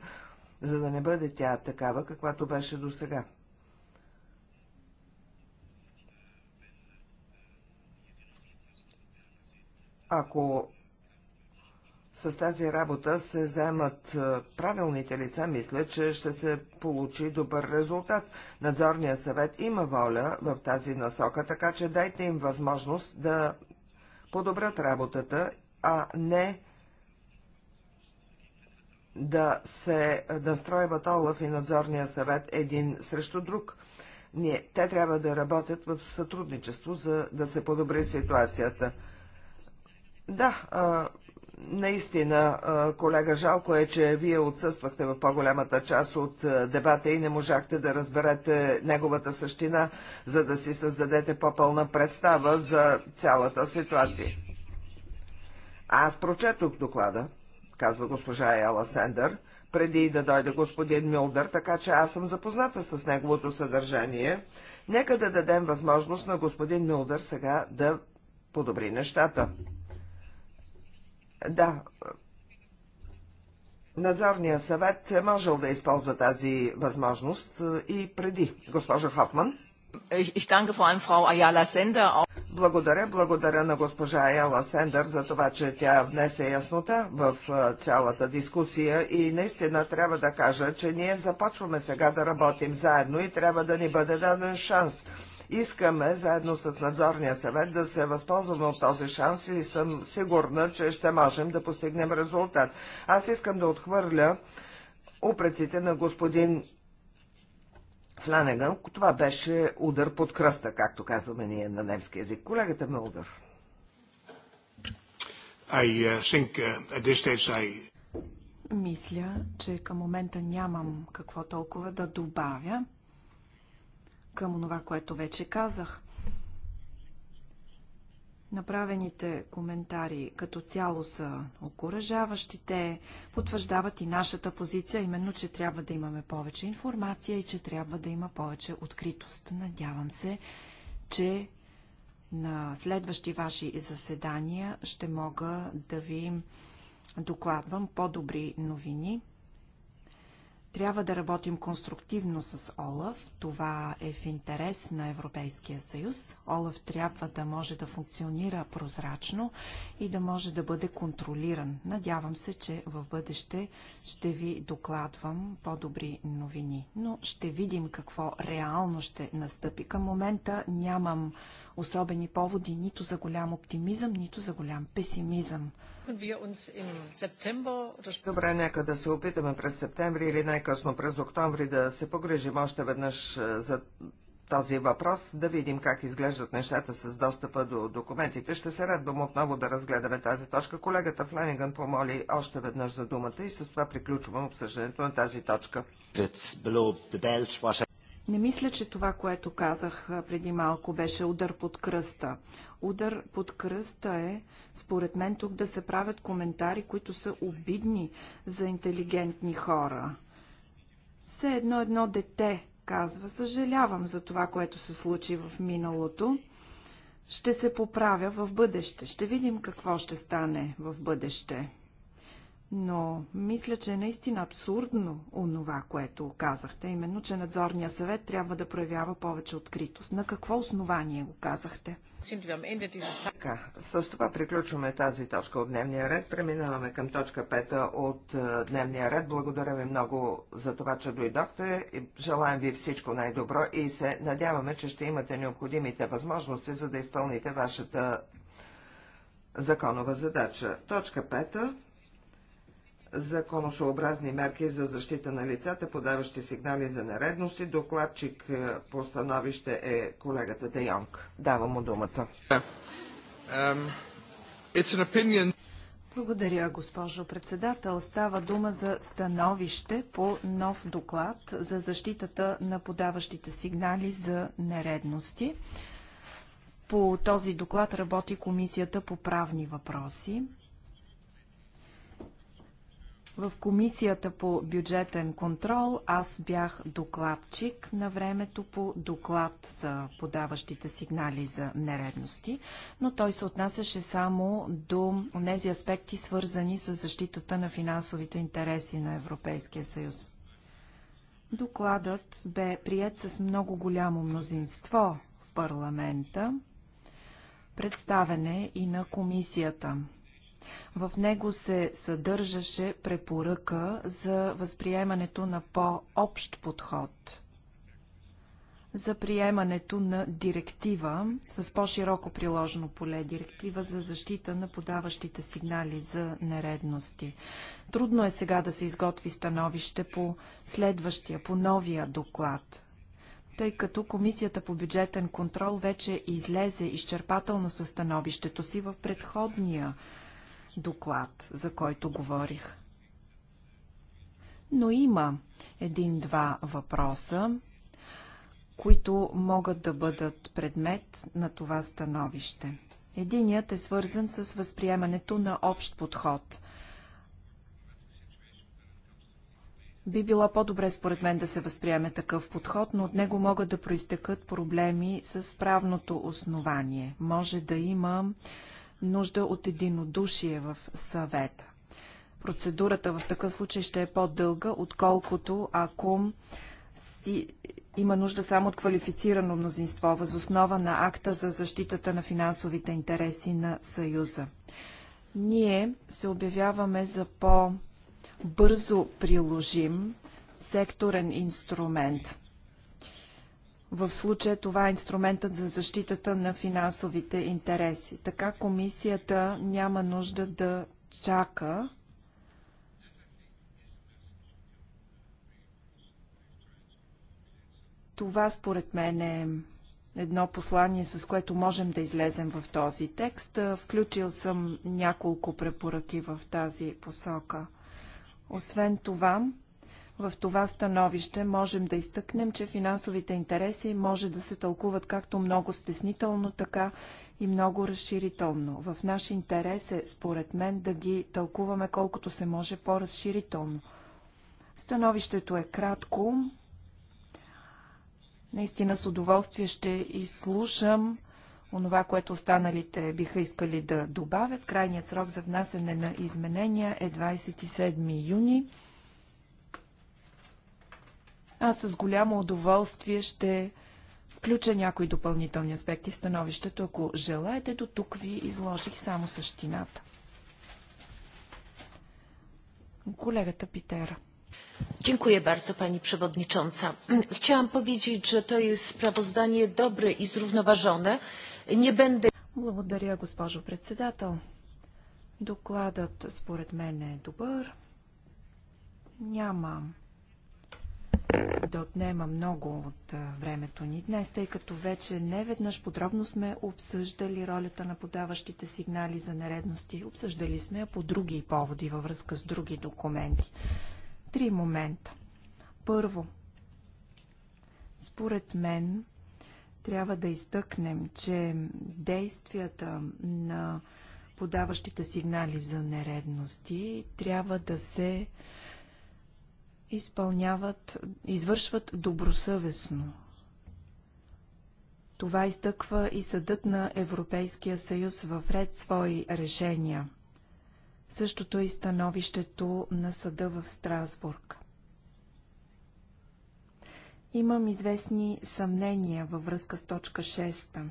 за да не бъде тя такава, каквато беше до сега. Ако с тази работа се вземат е, правилните лица, мисля, че ще се получи добър резултат. Надзорният съвет има воля в тази насока, така че дайте им възможност да подобрят работата, а не да се настройват Олаф и надзорния съвет един срещу друг. Не, те трябва да работят в сътрудничество, за да се подобри ситуацията. Да, наистина, колега, жалко е, че вие отсъствахте в по-голямата част от дебата и не можахте да разберете неговата същина, за да си създадете по-пълна представа за цялата ситуация. Аз прочетох доклада, казва госпожа Ела Сендър, преди да дойде господин Милдър, така че аз съм запозната с неговото съдържание. Нека да дадем възможност на господин Милдър сега да подобри нещата. Да, надзорния съвет е можел да използва тази възможност е, и преди. Госпожа Хопман. Благодаря, благодаря на госпожа Аяла Сендър за това, че тя внесе яснота в е, цялата дискусия и наистина трябва да кажа, че ние започваме сега да работим заедно и трябва да ни бъде даден шанс. Искаме заедно с надзорния съвет да се възползваме от този шанс и съм сигурна, че ще можем да постигнем резултат. Аз искам да отхвърля упреците на господин Фланеган. Това беше удар под кръста, както казваме ние на немски язик. Колегата удар. I uh, think uh, at this stage I мисля, че към момента нямам какво толкова да добавя към това, което вече казах. Направените коментари като цяло са окоръжаващи. Те потвърждават и нашата позиция, именно, че трябва да имаме повече информация и че трябва да има повече откритост. Надявам се, че на следващи ваши заседания ще мога да ви докладвам по-добри новини. Трябва да работим конструктивно с ОЛАФ. Това е в интерес на Европейския съюз. ОЛАФ трябва да може да функционира прозрачно и да може да бъде контролиран. Надявам се, че в бъдеще ще ви докладвам по-добри новини. Но ще видим какво реално ще настъпи. Към момента нямам особени поводи нито за голям оптимизъм, нито за голям песимизъм. Добре, нека да се опитаме през септември или най-късно през октомври да се погрежим още веднъж е, за този въпрос, да видим как изглеждат нещата с достъпа до документите. Ще се радвам отново да разгледаме тази точка. Колегата Флениган помоли още веднъж за думата и с това приключвам обсъждането на тази точка. Не мисля, че това, което казах преди малко, беше удар под кръста. Удар под кръста е, според мен, тук да се правят коментари, които са обидни за интелигентни хора. Все едно едно дете казва, съжалявам за това, което се случи в миналото, ще се поправя в бъдеще. Ще видим какво ще стане в бъдеще но мисля, че е наистина абсурдно онова, което казахте, именно, че надзорния съвет трябва да проявява повече откритост. На какво основание го казахте? Така, с това приключваме тази точка от дневния ред. Преминаваме към точка 5 от е, дневния ред. Благодаря ви много за това, че дойдохте. Желаем ви всичко най-добро и се надяваме, че ще имате необходимите възможности, за да изпълните вашата законова задача. Точка 5 законосообразни мерки за защита на лицата, подаващи сигнали за нередности. Докладчик е, по становище е колегата Де Йонг. Давам му думата. Благодаря, госпожо председател. Става дума за становище по нов доклад за защитата на подаващите сигнали за нередности. По този доклад работи Комисията по правни въпроси. В Комисията по бюджетен контрол аз бях докладчик на времето по доклад за подаващите сигнали за нередности, но той се отнасяше само до тези аспекти, свързани с защитата на финансовите интереси на Европейския съюз. Докладът бе прият с много голямо мнозинство в парламента, представене и на комисията – в него се съдържаше препоръка за възприемането на по-общ подход за приемането на директива с по-широко приложено поле, директива за защита на подаващите сигнали за нередности. Трудно е сега да се изготви становище по следващия, по новия доклад, тъй като Комисията по бюджетен контрол вече излезе изчерпателно със становището си в предходния доклад, за който говорих. Но има един-два въпроса, които могат да бъдат предмет на това становище. Единият е свързан с възприемането на общ подход. Би било по-добре според мен да се възприеме такъв подход, но от него могат да проистекат проблеми с правното основание. Може да има нужда от единодушие в съвета. Процедурата в такъв случай ще е по-дълга, отколкото ако си има нужда само от квалифицирано мнозинство възоснова на акта за защитата на финансовите интереси на Съюза. Ние се обявяваме за по-бързо приложим секторен инструмент – в случая това е инструментът за защитата на финансовите интереси. Така комисията няма нужда да чака Това според мен е едно послание, с което можем да излезем в този текст. Включил съм няколко препоръки в тази посока. Освен това, в това становище можем да изтъкнем, че финансовите интереси може да се тълкуват както много стеснително, така и много разширително. В наш интерес е, според мен, да ги тълкуваме колкото се може по-разширително. Становището е кратко. Наистина с удоволствие ще изслушам онова, което останалите биха искали да добавят. Крайният срок за внасене на изменения е 27 юни. Аз с голямо удоволствие ще включа някои допълнителни аспекти в становището. Ако желаете, до тук ви изложих само същината. Колегата Питера. Dziękuję bardzo Pani Przewodnicząca. Chciałam powiedzieć, że to jest sprawozdanie dobre i zrównoważone. Nie będę... Благодаря, госпожо председател. Докладът според мен е добър. Няма да отнема много от времето ни днес, тъй като вече не веднъж подробно сме обсъждали ролята на подаващите сигнали за нередности. Обсъждали сме я по други поводи във връзка с други документи. Три момента. Първо, според мен трябва да изтъкнем, че действията на подаващите сигнали за нередности трябва да се изпълняват, извършват добросъвестно. Това изтъква и съдът на Европейския съюз в ред свои решения. Същото е и становището на съда в Страсбург. Имам известни съмнения във връзка с точка 6.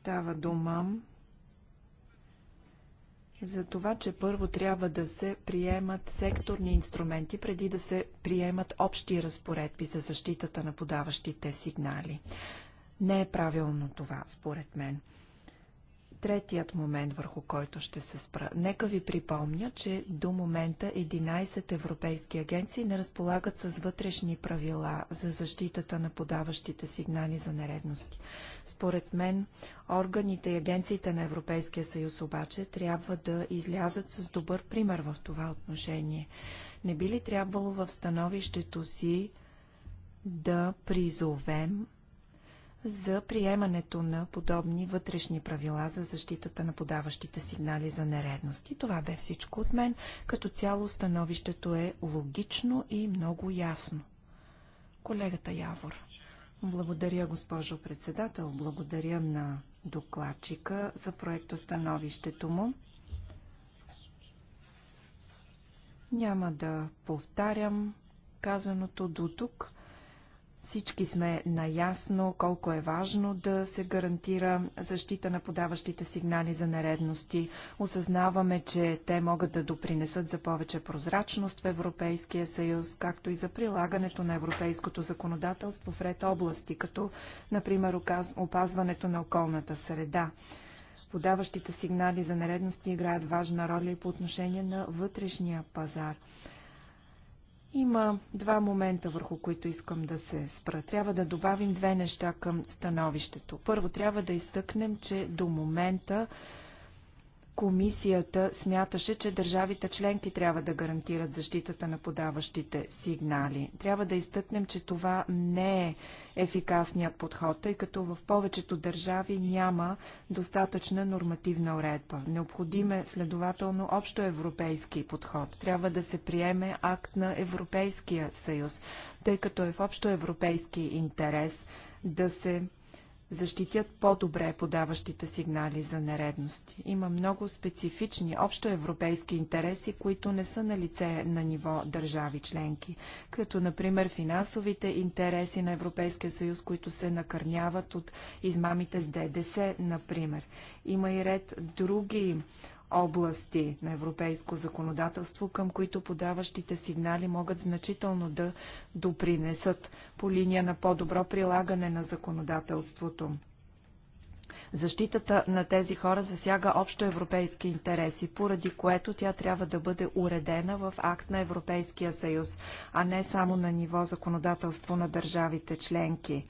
Става дума за това, че първо трябва да се приемат секторни инструменти, преди да се приемат общи разпоредби за защитата на подаващите сигнали. Не е правилно това, според мен третият момент, върху който ще се спра. Нека ви припомня, че до момента 11 европейски агенции не разполагат с вътрешни правила за защитата на подаващите сигнали за нередности. Според мен, органите и агенциите на Европейския съюз обаче трябва да излязат с добър пример в това отношение. Не би ли трябвало в становището си да призовем за приемането на подобни вътрешни правила за защитата на подаващите сигнали за нередности. Това бе всичко от мен. Като цяло становището е логично и много ясно. Колегата Явор. Благодаря, госпожо председател. Благодаря на докладчика за проекто становището му. Няма да повтарям казаното до тук. Всички сме наясно колко е важно да се гарантира защита на подаващите сигнали за нередности. Осъзнаваме, че те могат да допринесат за повече прозрачност в Европейския съюз, както и за прилагането на европейското законодателство в ред области, като например опазването на околната среда. Подаващите сигнали за нередности играят важна роля и по отношение на вътрешния пазар. Има два момента, върху които искам да се спра. Трябва да добавим две неща към становището. Първо, трябва да изтъкнем, че до момента Комисията смяташе, че държавите членки трябва да гарантират защитата на подаващите сигнали. Трябва да изтъкнем, че това не е ефикасният подход, тъй като в повечето държави няма достатъчна нормативна уредба. Необходим е следователно общо европейски подход. Трябва да се приеме акт на Европейския съюз, тъй като е в общо европейски интерес да се защитят по-добре подаващите сигнали за нередности. Има много специфични общоевропейски интереси, които не са на лице на ниво държави членки, като например финансовите интереси на Европейския съюз, които се накърняват от измамите с ДДС, например. Има и ред други области на европейско законодателство, към които подаващите сигнали могат значително да допринесат по линия на по-добро прилагане на законодателството. Защитата на тези хора засяга общо европейски интереси, поради което тя трябва да бъде уредена в акт на Европейския съюз, а не само на ниво законодателство на държавите членки.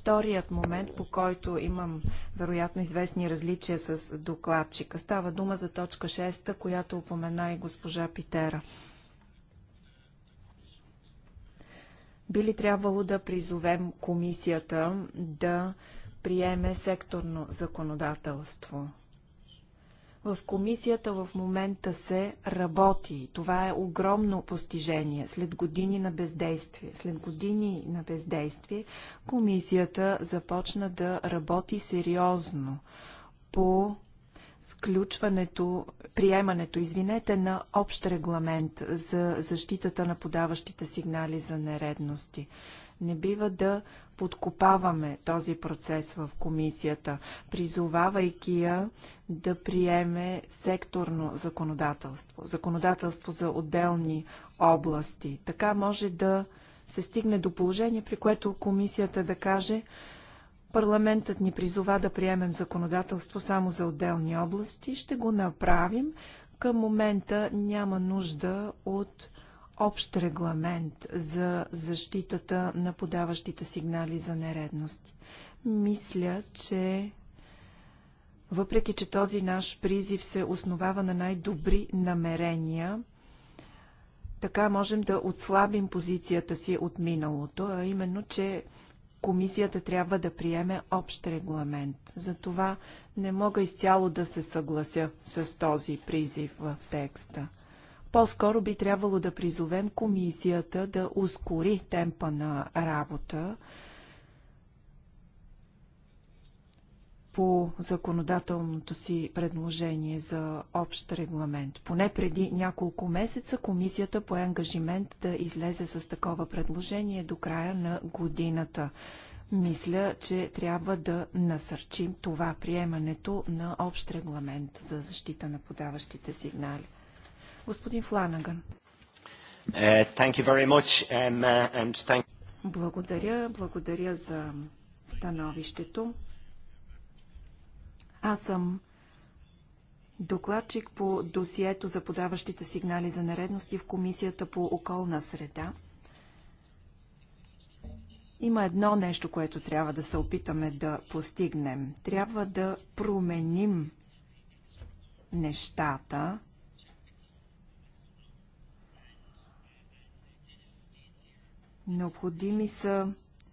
Вторият момент, по който имам вероятно известни различия с докладчика, става дума за точка 6, която упомена и госпожа Питера. Би ли трябвало да призовем комисията да приеме секторно законодателство? В комисията в момента се работи. Това е огромно постижение. След години на бездействие, след години на бездействие, комисията започна да работи сериозно по сключването, приемането, извинете, на общ регламент за защитата на подаващите сигнали за нередности. Не бива да подкопаваме този процес в комисията, призовавайки я да приеме секторно законодателство, законодателство за отделни области. Така може да се стигне до положение, при което комисията да каже парламентът ни призова да приемем законодателство само за отделни области, ще го направим. Към момента няма нужда от общ регламент за защитата на подаващите сигнали за нередности. Мисля, че въпреки, че този наш призив се основава на най-добри намерения, така можем да отслабим позицията си от миналото, а именно, че комисията трябва да приеме общ регламент. Затова не мога изцяло да се съглася с този призив в текста – по-скоро би трябвало да призовем комисията да ускори темпа на работа по законодателното си предложение за общ регламент. Поне преди няколко месеца комисията по ангажимент да излезе с такова предложение до края на годината мисля, че трябва да насърчим това приемането на общ регламент за защита на подаващите сигнали. Господин Фланаган. Uh, um, uh, благодаря, благодаря за становището. Аз съм докладчик по досието за подаващите сигнали за нередности в Комисията по околна среда. Има едно нещо, което трябва да се опитаме да постигнем. Трябва да променим нещата, Необходими са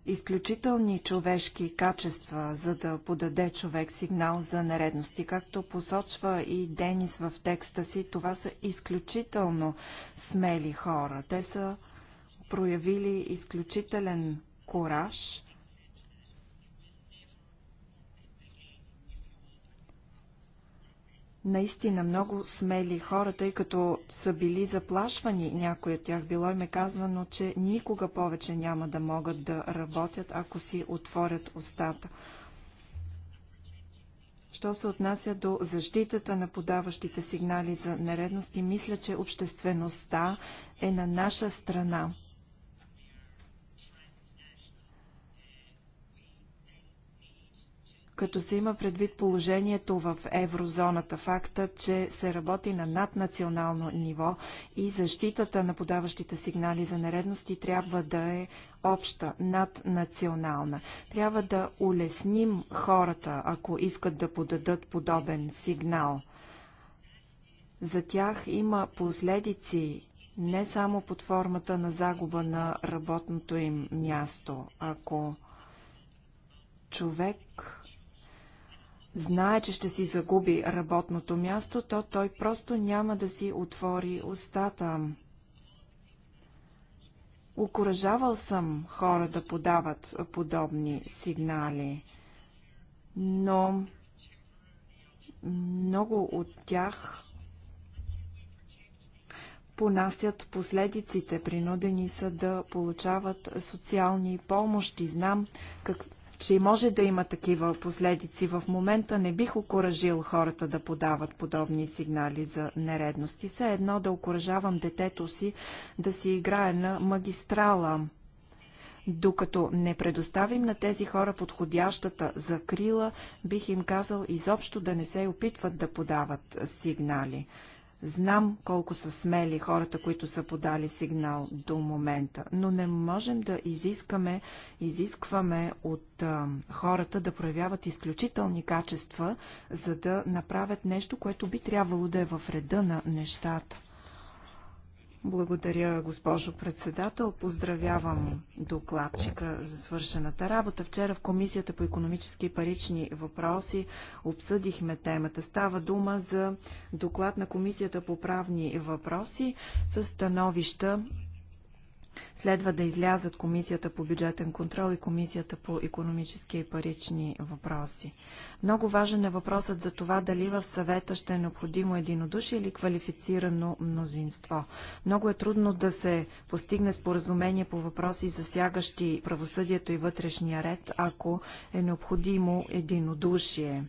изключителни човешки качества, за да подаде човек сигнал за нередности. Както посочва и Денис в текста си, това са изключително смели хора. Те са проявили изключителен кораж наистина много смели хора, тъй като са били заплашвани някои от тях. Било им е казвано, че никога повече няма да могат да работят, ако си отворят устата. Що се отнася до защитата на подаващите сигнали за нередности, мисля, че обществеността е на наша страна. като се има предвид положението в еврозоната, факта, че се работи на наднационално ниво и защитата на подаващите сигнали за нередности трябва да е обща, наднационална. Трябва да улесним хората, ако искат да подадат подобен сигнал. За тях има последици не само под формата на загуба на работното им място. Ако човек знае, че ще си загуби работното място, то той просто няма да си отвори устата. Окоръжавал съм хора да подават подобни сигнали, но много от тях понасят последиците, принудени са да получават социални помощи. Знам как, че може да има такива последици. В момента не бих окоръжил хората да подават подобни сигнали за нередности. Все едно да окоръжавам детето си да си играе на магистрала. Докато не предоставим на тези хора подходящата закрила, бих им казал изобщо да не се опитват да подават сигнали. Знам колко са смели хората, които са подали сигнал до момента, но не можем да изискаме, изискваме от а, хората да проявяват изключителни качества, за да направят нещо, което би трябвало да е в реда на нещата. Благодаря, госпожо председател. Поздравявам докладчика за свършената работа. Вчера в Комисията по економически и парични въпроси обсъдихме темата. Става дума за доклад на Комисията по правни въпроси с становища Следва да излязат Комисията по бюджетен контрол и Комисията по економически и парични въпроси. Много важен е въпросът за това дали в съвета ще е необходимо единодушие или квалифицирано мнозинство. Много е трудно да се постигне споразумение по въпроси, засягащи правосъдието и вътрешния ред, ако е необходимо единодушие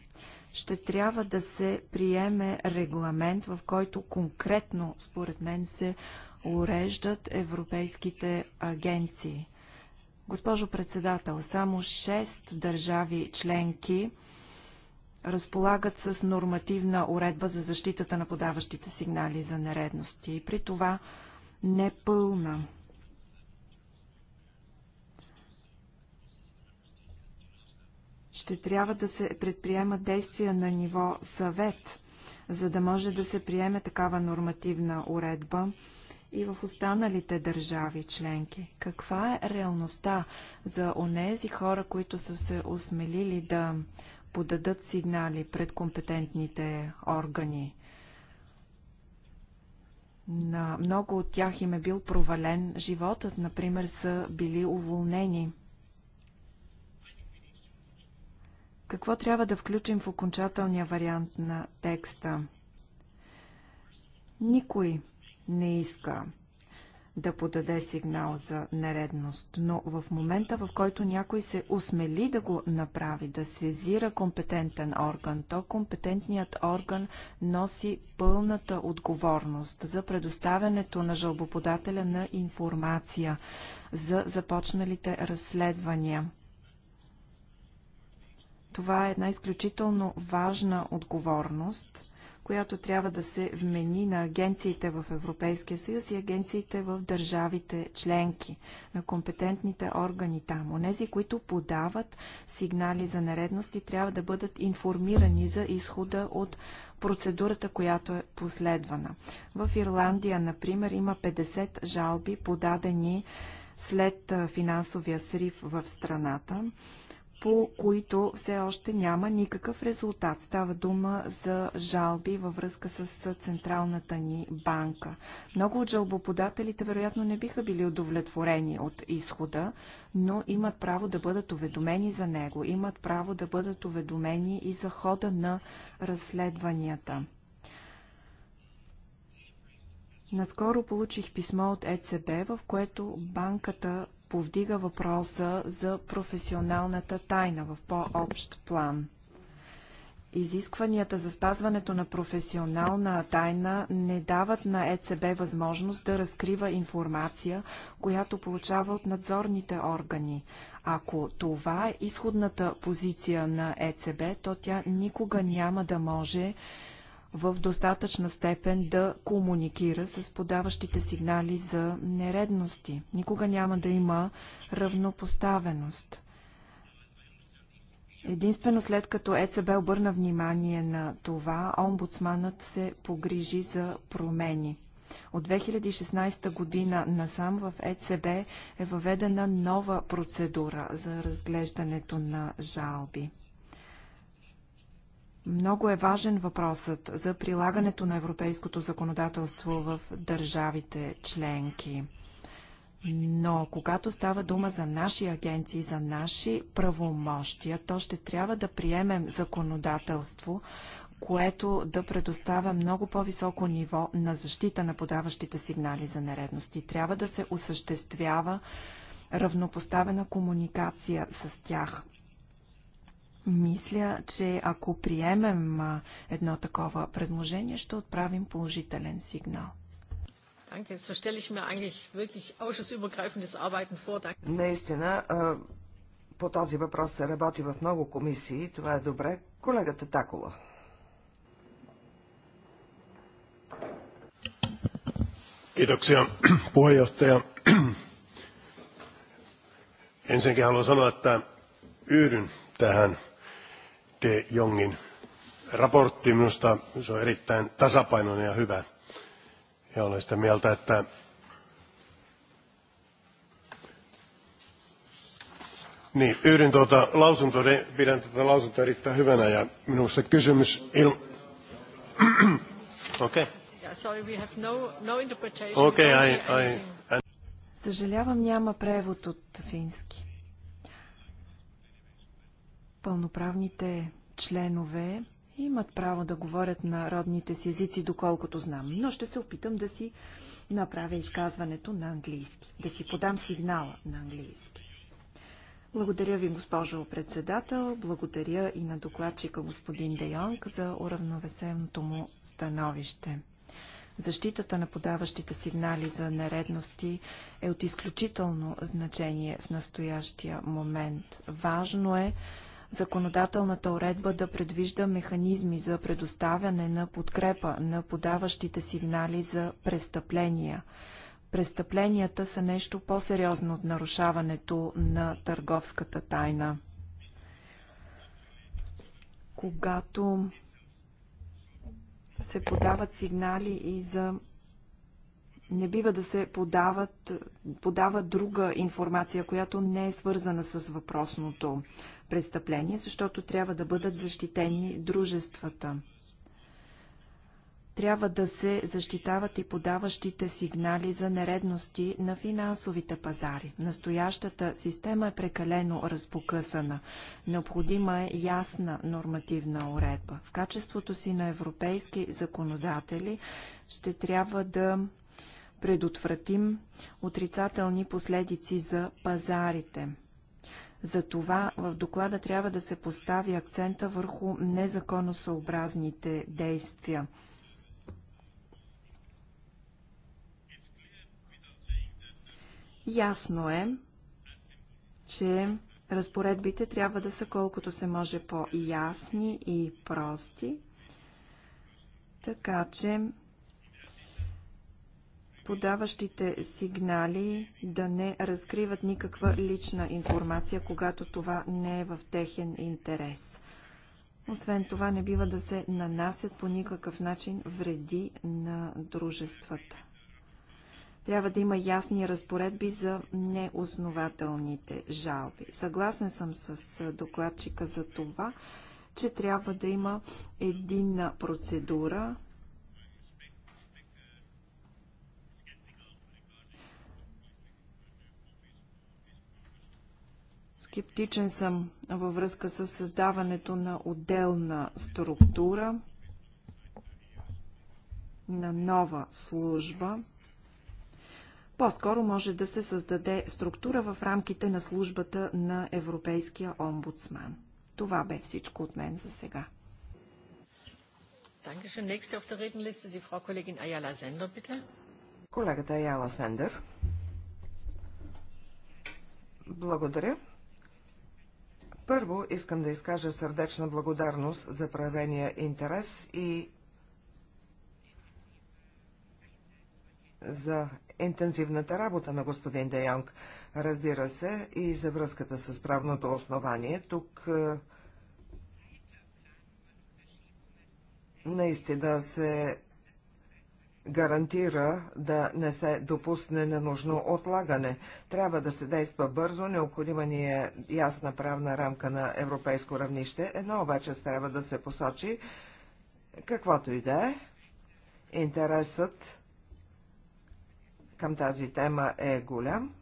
ще трябва да се приеме регламент, в който конкретно, според мен, се уреждат европейските агенции. Госпожо председател, само 6 държави членки разполагат с нормативна уредба за защитата на подаващите сигнали за нередности и при това непълна. Ще трябва да се предприемат действия на ниво съвет, за да може да се приеме такава нормативна уредба и в останалите държави членки? Каква е реалността за онези хора, които са се осмелили да подадат сигнали пред компетентните органи? На много от тях им е бил провален животът, например са били уволнени. Какво трябва да включим в окончателния вариант на текста? Никой не иска да подаде сигнал за нередност. Но в момента, в който някой се осмели да го направи, да сезира компетентен орган, то компетентният орган носи пълната отговорност за предоставянето на жалбоподателя на информация за започналите разследвания. Това е една изключително важна отговорност, която трябва да се вмени на агенциите в Европейския съюз и агенциите в държавите членки, на компетентните органи там. Онези, които подават сигнали за нередности, трябва да бъдат информирани за изхода от процедурата, която е последвана. В Ирландия, например, има 50 жалби подадени след финансовия срив в страната по които все още няма никакъв резултат. Става дума за жалби във връзка с Централната ни банка. Много от жалбоподателите вероятно не биха били удовлетворени от изхода, но имат право да бъдат уведомени за него, имат право да бъдат уведомени и за хода на разследванията. Наскоро получих писмо от ЕЦБ, в което банката повдига въпроса за професионалната тайна в по-общ план. Изискванията за спазването на професионална тайна не дават на ЕЦБ възможност да разкрива информация, която получава от надзорните органи. Ако това е изходната позиция на ЕЦБ, то тя никога няма да може в достатъчна степен да комуникира с подаващите сигнали за нередности. Никога няма да има равнопоставеност. Единствено след като ЕЦБ обърна внимание на това, омбудсманът се погрижи за промени. От 2016 година насам в ЕЦБ е въведена нова процедура за разглеждането на жалби. Много е важен въпросът за прилагането на европейското законодателство в държавите членки. Но когато става дума за наши агенции, за наши правомощия, то ще трябва да приемем законодателство, което да предоставя много по-високо ниво на защита на подаващите сигнали за нередности. Трябва да се осъществява равнопоставена комуникация с тях. Мисля, че ако приемем едно такова предложение, ще отправим положителен сигнал. Наистина, по този въпрос се работи в много комисии. Това е добре. Колегата Такова. Kiitoksia puheenjohtaja. Ensinnäkin haluan sanoa, että yhdyn tähän De Jongin raportti. Minusta se on erittäin tasapainoinen ja hyvä. Ja olen sitä mieltä, että Niin, yhdyn tuota lausuntoa, pidän tätä lausuntoa erittäin hyvänä ja minusta kysymys il... Okei. Okay. Okay, I, I... Съжалявам, няма превод от фински. Пълноправните членове имат право да говорят на родните си езици, доколкото знам, но ще се опитам да си направя изказването на английски, да си подам сигнала на английски. Благодаря ви, госпожо председател. Благодаря и на докладчика господин Де Йонг за уравновесеното му становище. Защитата на подаващите сигнали за нередности е от изключително значение в настоящия момент. Важно е законодателната уредба да предвижда механизми за предоставяне на подкрепа на подаващите сигнали за престъпления. Престъпленията са нещо по-сериозно от нарушаването на търговската тайна. Когато се подават сигнали и за не бива да се подават, подава друга информация, която не е свързана с въпросното престъпление, защото трябва да бъдат защитени дружествата. Трябва да се защитават и подаващите сигнали за нередности на финансовите пазари. Настоящата система е прекалено разпокъсана. Необходима е ясна нормативна уредба. В качеството си на европейски законодатели ще трябва да предотвратим отрицателни последици за пазарите. Затова в доклада трябва да се постави акцента върху незаконосъобразните действия. Ясно е, че разпоредбите трябва да са колкото се може по-ясни и прости, така че подаващите сигнали да не разкриват никаква лична информация, когато това не е в техен интерес. Освен това, не бива да се нанасят по никакъв начин вреди на дружествата. Трябва да има ясни разпоредби за неоснователните жалби. Съгласен съм с докладчика за това, че трябва да има единна процедура, Скептичен съм във връзка с създаването на отделна структура, на нова служба. По-скоро може да се създаде структура в рамките на службата на Европейския омбудсман. Това бе всичко от мен за сега. Колегата Аяла Сендер. Благодаря. Първо искам да изкажа сърдечна благодарност за проявения интерес и за интензивната работа на господин Деянг, разбира се, и за връзката с правното основание. Тук е, наистина се гарантира да не се допусне ненужно отлагане. Трябва да се действа бързо, необходима ни е ясна правна рамка на европейско равнище. Едно обаче трябва да се посочи, каквото и да е, интересът към тази тема е голям.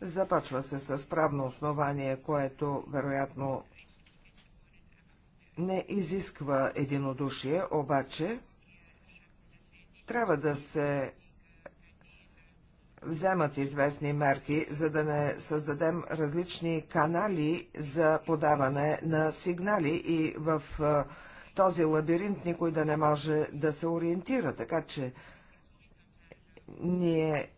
Започва се с правно основание, което вероятно не изисква единодушие, обаче трябва да се вземат известни мерки, за да не създадем различни канали за подаване на сигнали и в този лабиринт никой да не може да се ориентира. Така че ни е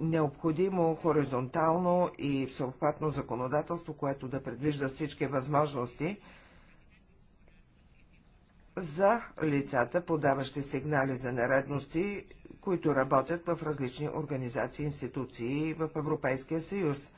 необходимо хоризонтално и всеобхватно законодателство, което да предвижда всички възможности, за лицата, подаващи сигнали за нередности, които работят в различни организации и институции в Европейския съюз.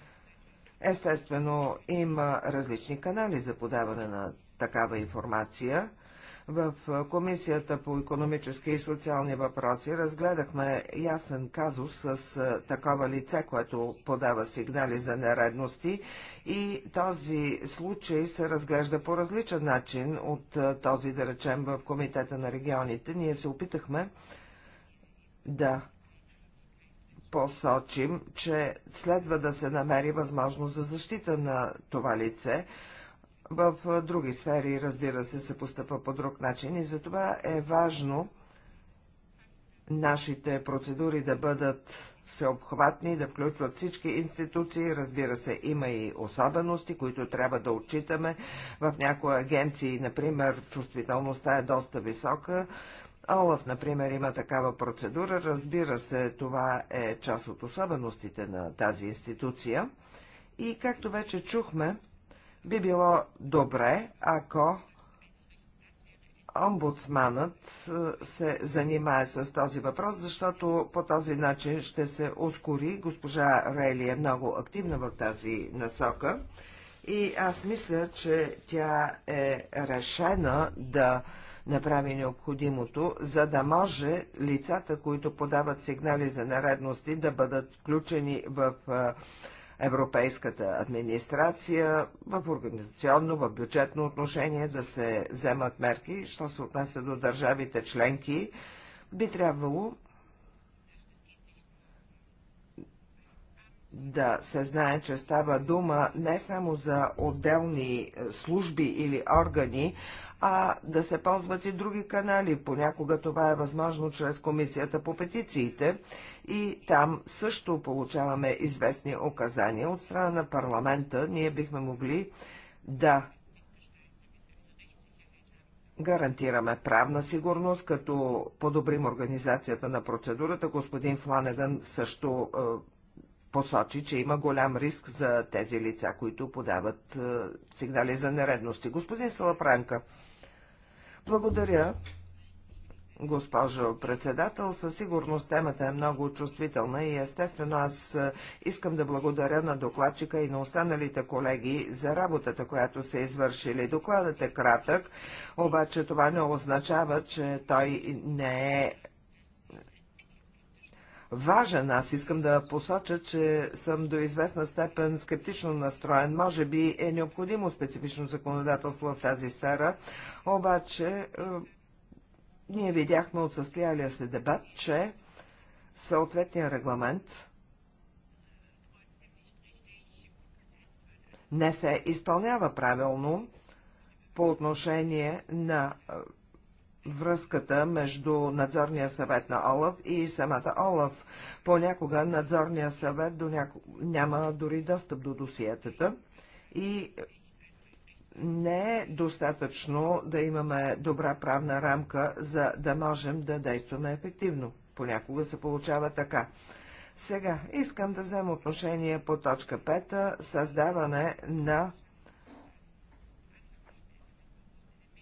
Естествено, има различни канали за подаване на такава информация – в Комисията по економически и социални въпроси разгледахме ясен казус с такова лице, което подава сигнали за нередности и този случай се разглежда по различен начин от този, да речем, в Комитета на регионите. Ние се опитахме да посочим, че следва да се намери възможност за защита на това лице, в други сфери, разбира се, се постъпва по друг начин и затова е важно нашите процедури да бъдат всеобхватни, да включват всички институции. Разбира се, има и особености, които трябва да отчитаме. В някои агенции, например, чувствителността е доста висока. Олаф, например, има такава процедура. Разбира се, това е част от особеностите на тази институция. И както вече чухме, би било добре, ако омбудсманът е, се занимае с този въпрос, защото по този начин ще се ускори. Госпожа Рейли е много активна в тази насока и аз мисля, че тя е решена да направи необходимото, за да може лицата, които подават сигнали за наредности, да бъдат включени в е, европейската администрация в организационно, в бюджетно отношение да се вземат мерки, що се отнася до държавите членки, би трябвало да се знае, че става дума не само за отделни служби или органи, а да се ползват и други канали. Понякога това е възможно чрез комисията по петициите и там също получаваме известни указания. От страна на парламента ние бихме могли да гарантираме правна сигурност, като подобрим организацията на процедурата. Господин Фланеган също е, посочи, че има голям риск за тези лица, които подават е, сигнали за нередности. Господин Салапранка, благодаря, госпожо председател. Със сигурност темата е много чувствителна и естествено аз искам да благодаря на докладчика и на останалите колеги за работата, която са извършили. Докладът е кратък, обаче това не означава, че той не е важен. Аз искам да посоча, че съм до известна степен скептично настроен. Може би е необходимо специфично законодателство в тази сфера, обаче е, ние видяхме от състоялия се дебат, че съответния регламент не се изпълнява правилно по отношение на е, връзката между надзорния съвет на Олаф и самата Олаф. Понякога надзорния съвет до няко... няма дори достъп до досиетата и не е достатъчно да имаме добра правна рамка, за да можем да действаме ефективно. Понякога се получава така. Сега искам да взема отношение по точка 5 създаване на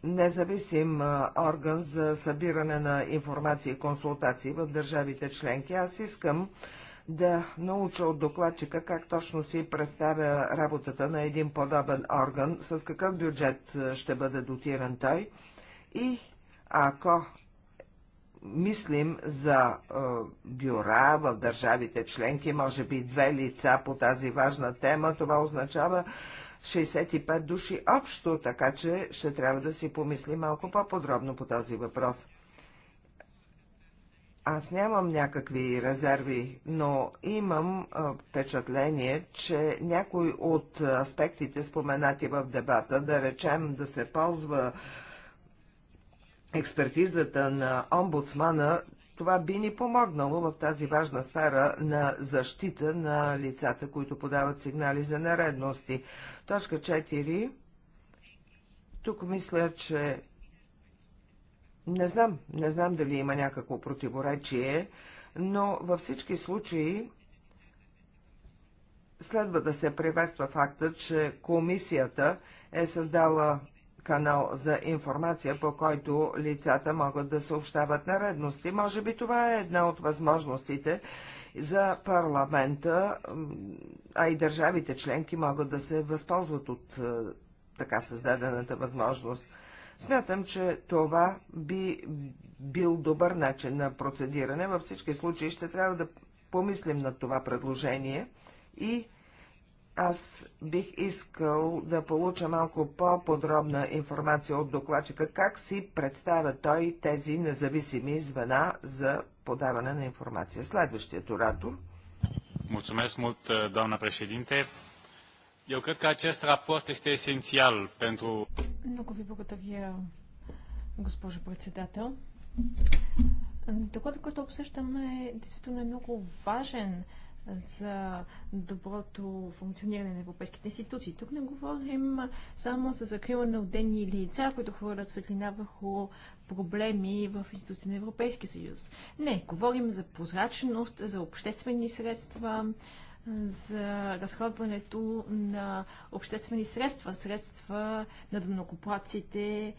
независим орган за събиране на информация и консултации в държавите членки. Аз искам да науча от докладчика как точно си представя работата на един подобен орган, с какъв бюджет ще бъде дотиран той и ако мислим за е, бюра в държавите членки, може би две лица по тази важна тема, това означава, 65 души общо, така че ще трябва да си помисли малко по-подробно по този въпрос. Аз нямам някакви резерви, но имам впечатление, че някой от аспектите споменати в дебата, да речем да се ползва експертизата на омбудсмана това би ни помогнало в тази важна сфера на защита на лицата, които подават сигнали за наредности. Точка 4. Тук мисля, че не знам, не знам дали има някакво противоречие, но във всички случаи следва да се превества факта, че комисията е създала канал за информация, по който лицата могат да съобщават наредности. Може би това е една от възможностите за парламента, а и държавите членки могат да се възползват от е, така създадената възможност. Смятам, че това би бил добър начин на процедиране. Във всички случаи ще трябва да помислим на това предложение и аз бих искал да получа малко по-подробна информация от докладчика, как си представя той тези независими звена за подаване на информация. Следващият оратор. Mulțumesc mult, е, doamna președinte. Eu cred că acest raport este esențial pentru... Много ви благодаря, госпожо председател. Докладът, който обсъждаме, е действително е много важен за доброто функциониране на европейските институции. Тук не говорим само за закриване на отдени лица, които хвърлят светлина върху проблеми в институции на Европейския съюз. Не, говорим за прозрачност, за обществени средства, за разходването на обществени средства, средства на дънокоплаците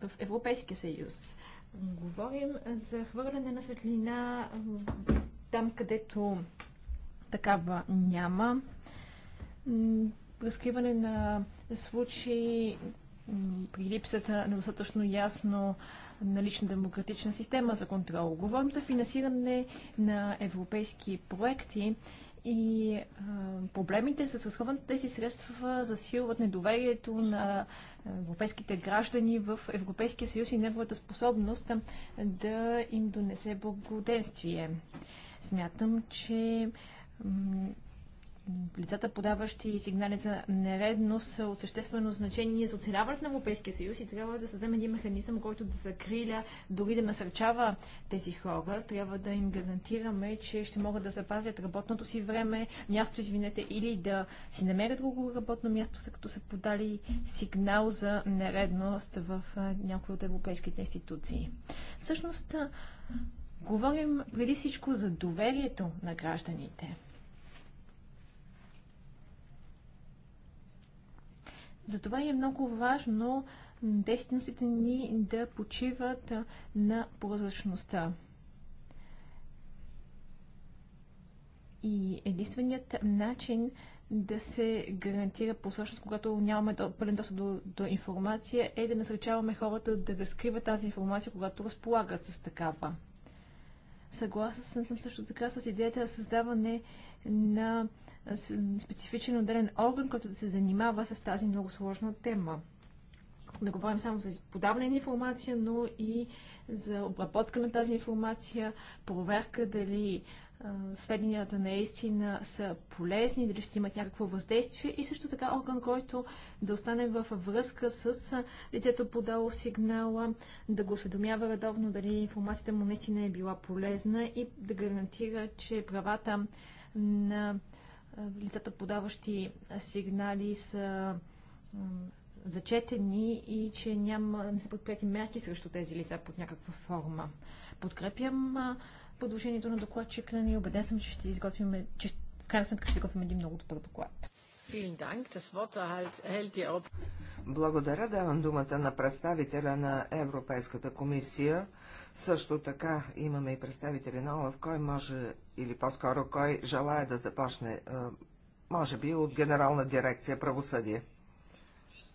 в Европейския съюз. Говорим за хвърляне на светлина там, където такава няма, разкриване на случаи при липсата на достатъчно ясно налична демократична система за контрол. Говорим за финансиране на европейски проекти и а, проблемите с разходването тези средства засилват недоверието на европейските граждани в Европейския съюз и неговата способност да им донесе благоденствие. Смятам, че лицата, подаващи сигнали за нередност, са от съществено значение за оцеляването на Европейския съюз и трябва да създадем един механизъм, който да закриля, дори да насърчава тези хора. Трябва да им гарантираме, че ще могат да запазят работното си време, място, извинете, или да си намерят друго работно място, след като са подали сигнал за нередност в някои от европейските институции. Всъщност, Говорим преди всичко за доверието на гражданите. Затова е много важно действеностите ни да почиват на прозрачността. И единственият начин да се гарантира прозрачност, когато нямаме пълен достъп до, до информация, е да насръчаваме хората да разкриват тази информация, когато разполагат с такава. Съгласен съм също така с идеята за създаване на специфичен отделен орган, който да се занимава с тази много сложна тема. Не говорим само за подаване на информация, но и за обработка на тази информация, проверка дали сведенията наистина са полезни, дали ще имат някакво въздействие и също така орган, който да остане в връзка с лицето подало сигнала, да го осведомява редовно дали информацията му наистина е била полезна и да гарантира, че правата на лицата подаващи сигнали са зачетени и че няма, не са предприяти мерки срещу тези лица под някаква форма. Подкрепям Подложението на докладчика ни. Обеден съм, че ще изготвим, че в крайна сметка ще изготвим един много добър доклад. Благодаря. Давам думата на представителя на Европейската комисия. Също така имаме и представители на ОЛАВ. Кой може, или по-скоро кой желая да започне, е, може би от Генерална дирекция правосъдие.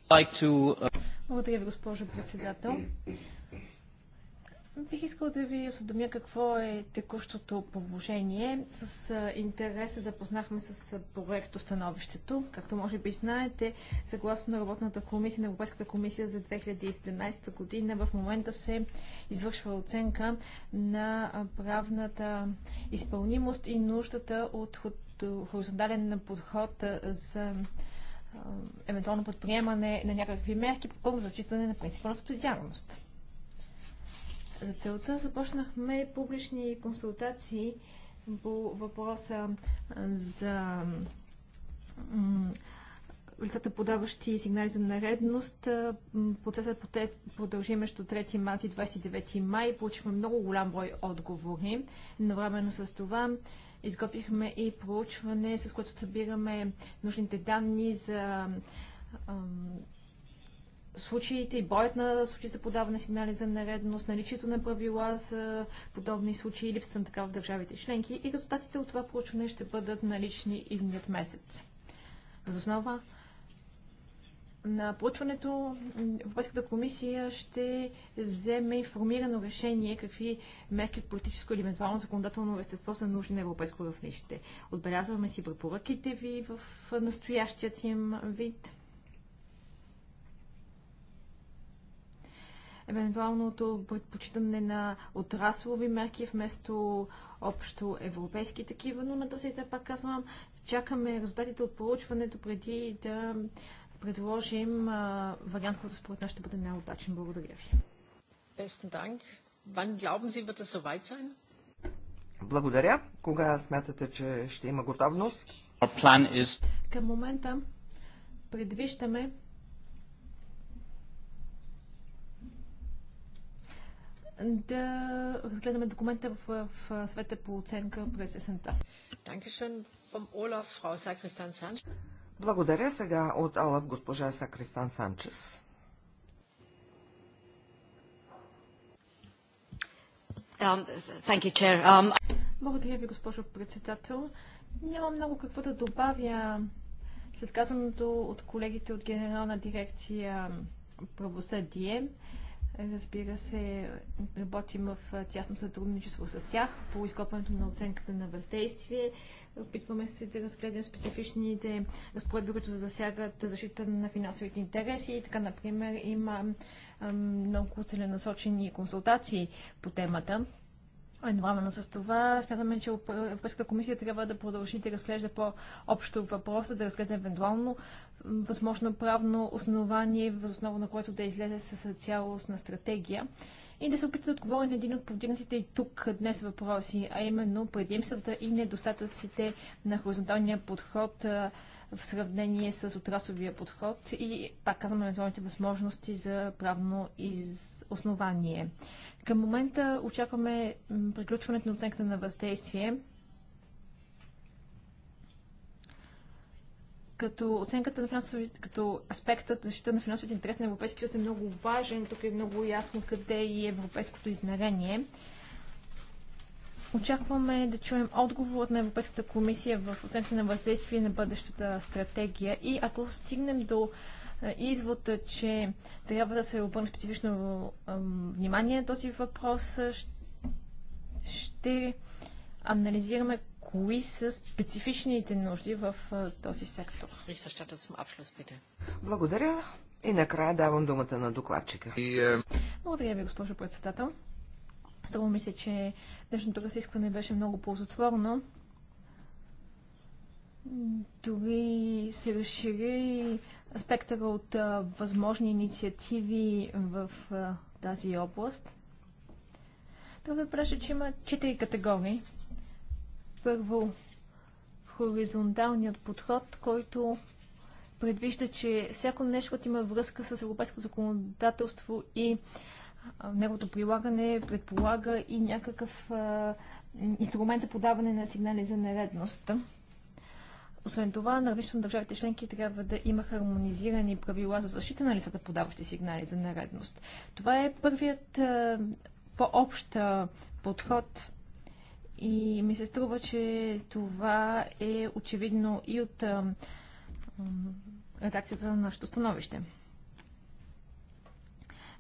Uh, Благодаря ви, госпожо председател. Бих искал да ви осведомя какво е текущото положение. С интерес се запознахме с проекто становището. Както може би знаете, съгласно на работната комисия на Европейската комисия за 2017 година, в момента се извършва оценка на правната изпълнимост и нуждата от хоризонтален подход за евентуално подприемане на някакви мерки по пълно зачитане на принципа на субсидиарност. За целта започнахме публични консултации по въпроса за лицата, подаващи сигнали за наредност. Е, процесът продължи между 3 марта и 29 май. Получихме много голям брой отговори. Навременно с това изготвихме и проучване, с което събираме нужните данни за случаите и броят на случаи за подаване сигнали за нередност, наличието на правила за подобни случаи и липсата на такава в държавите членки и резултатите от това проучване ще бъдат налични идният месец. Възоснова на проучването Европейската комисия ще вземе информирано решение какви мерки от политическо или евентуално законодателно вещество са нужни на европейско равнище. Отбелязваме си препоръките ви в настоящият им вид евентуалното предпочитане на отраслови мерки вместо общо европейски такива, но на този етап пак казвам, чакаме резултатите от проучването преди да предложим вариант, който според нас ще бъде най-удачен. Благодаря ви. Благодаря. Кога смятате, че ще има готовност? Is... Към момента предвиждаме да разгледаме документа в, в света по оценка през есента. Благодаря сега от Олаф госпожа Сакристан Санчес. Um, you, um... Благодаря ви, госпожо председател. Няма много какво да добавя след казаното от колегите от Генерална дирекция правосъдие. Разбира се, работим в тясно сътрудничество с тях по изкопването на оценката на въздействие. Опитваме се да разгледам специфичните разпоредби, които засягат защита на финансовите интереси. И така, например, има много целенасочени консултации по темата. Едновременно с това смятаме, че Европейска комисия трябва да продължи да разглежда по-общо въпроса, да разгледа евентуално възможно правно основание, основа на което да излезе с цялостна стратегия и да се опита да отговори на един от повдигнатите и тук днес въпроси, а именно предимствата и недостатъците на хоризонталния подход в сравнение с отрасовия подход и, пак казвам, евентуалните възможности за правно из... основание. Към момента очакваме приключването на оценката на въздействие, като оценката на финансови, като аспектът защита на финансовите интереси на Европейския съюз е много важен. Тук е много ясно къде е и европейското измерение. Очакваме да чуем отговорът на Европейската комисия в оценка на въздействие на бъдещата стратегия и ако стигнем до е, извода, че трябва да се обърне специфично внимание на този въпрос, е, ще анализираме кои са специфичните нужди в е, този сектор. Благодаря. И накрая давам думата на докладчика. Благодаря ви, госпожо председател. Струва ми се, че днешното разискване беше много ползотворно. Дори се разшири спектъра от а, възможни инициативи в а, тази област. Трябва да отбележа, че има четири категории. Първо, хоризонталният подход, който предвижда, че всяко нещо, което има връзка с европейско законодателство и неговото прилагане предполага и някакъв инструмент за подаване на сигнали за нередност. Освен това, на равнището на държавите членки трябва да има хармонизирани правила за защита на лицата, подаващи сигнали за нередност. Това е първият по-общ подход и ми се струва, че това е очевидно и от редакцията на нашето становище.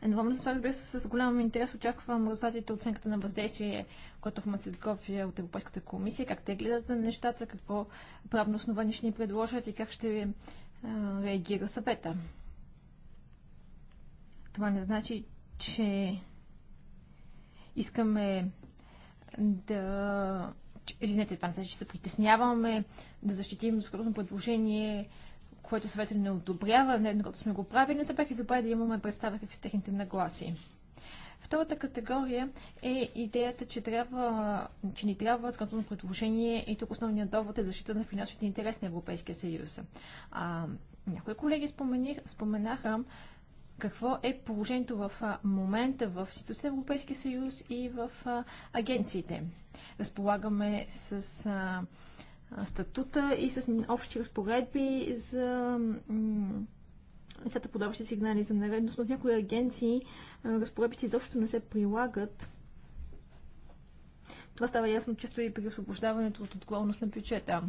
Едновременно с това, разбира се, с голям интерес очаквам резултатите от оценката на въздействие, което в момента от Европейската комисия, как те гледат на нещата, какво правно основание ще ни предложат и как ще а, реагира съвета. Това не значи, че искаме да Извинете, това не значи, че се притесняваме да защитим скоростно предложение което съветът не одобрява, не еднократно сме го правили, не забравяйте добре да имаме представа какви са техните нагласи. Втората категория е идеята, че, трябва, че ни трябва законодателно предложение и тук основният довод е защита на финансовите интереси на Европейския съюз. А, някои колеги спомених, споменаха какво е положението в момента в институцията на Европейския съюз и в а, агенциите. Разполагаме с а, статута и с общи разпоредби за лицата, подаващи сигнали за нередност, но в някои агенции разпоредбите изобщо не се прилагат. Това става ясно често и при освобождаването от отговорност на бюджета.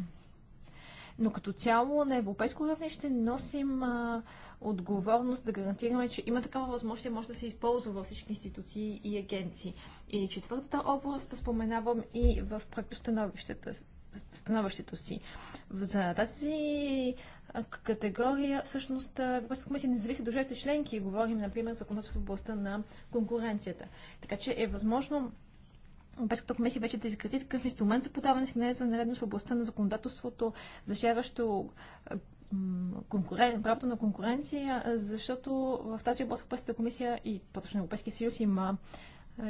Но като цяло на европейско равнище носим а, отговорност да гарантираме, че има такава възможност и може да се използва във всички институции и агенции. И четвъртата област да споменавам и в проектостановищата становището си. За тази категория, всъщност, Европейската комисия не зависи до държавите членки. Говорим, например, за законодателство в областта на конкуренцията. Така че е възможно Европейската комисия вече да изгради такъв инструмент за подаване сигнали за наредност в областта на законодателството, засягащо конкурен... правото на конкуренция, защото в тази област Европейската комисия и по-точно Европейския съюз има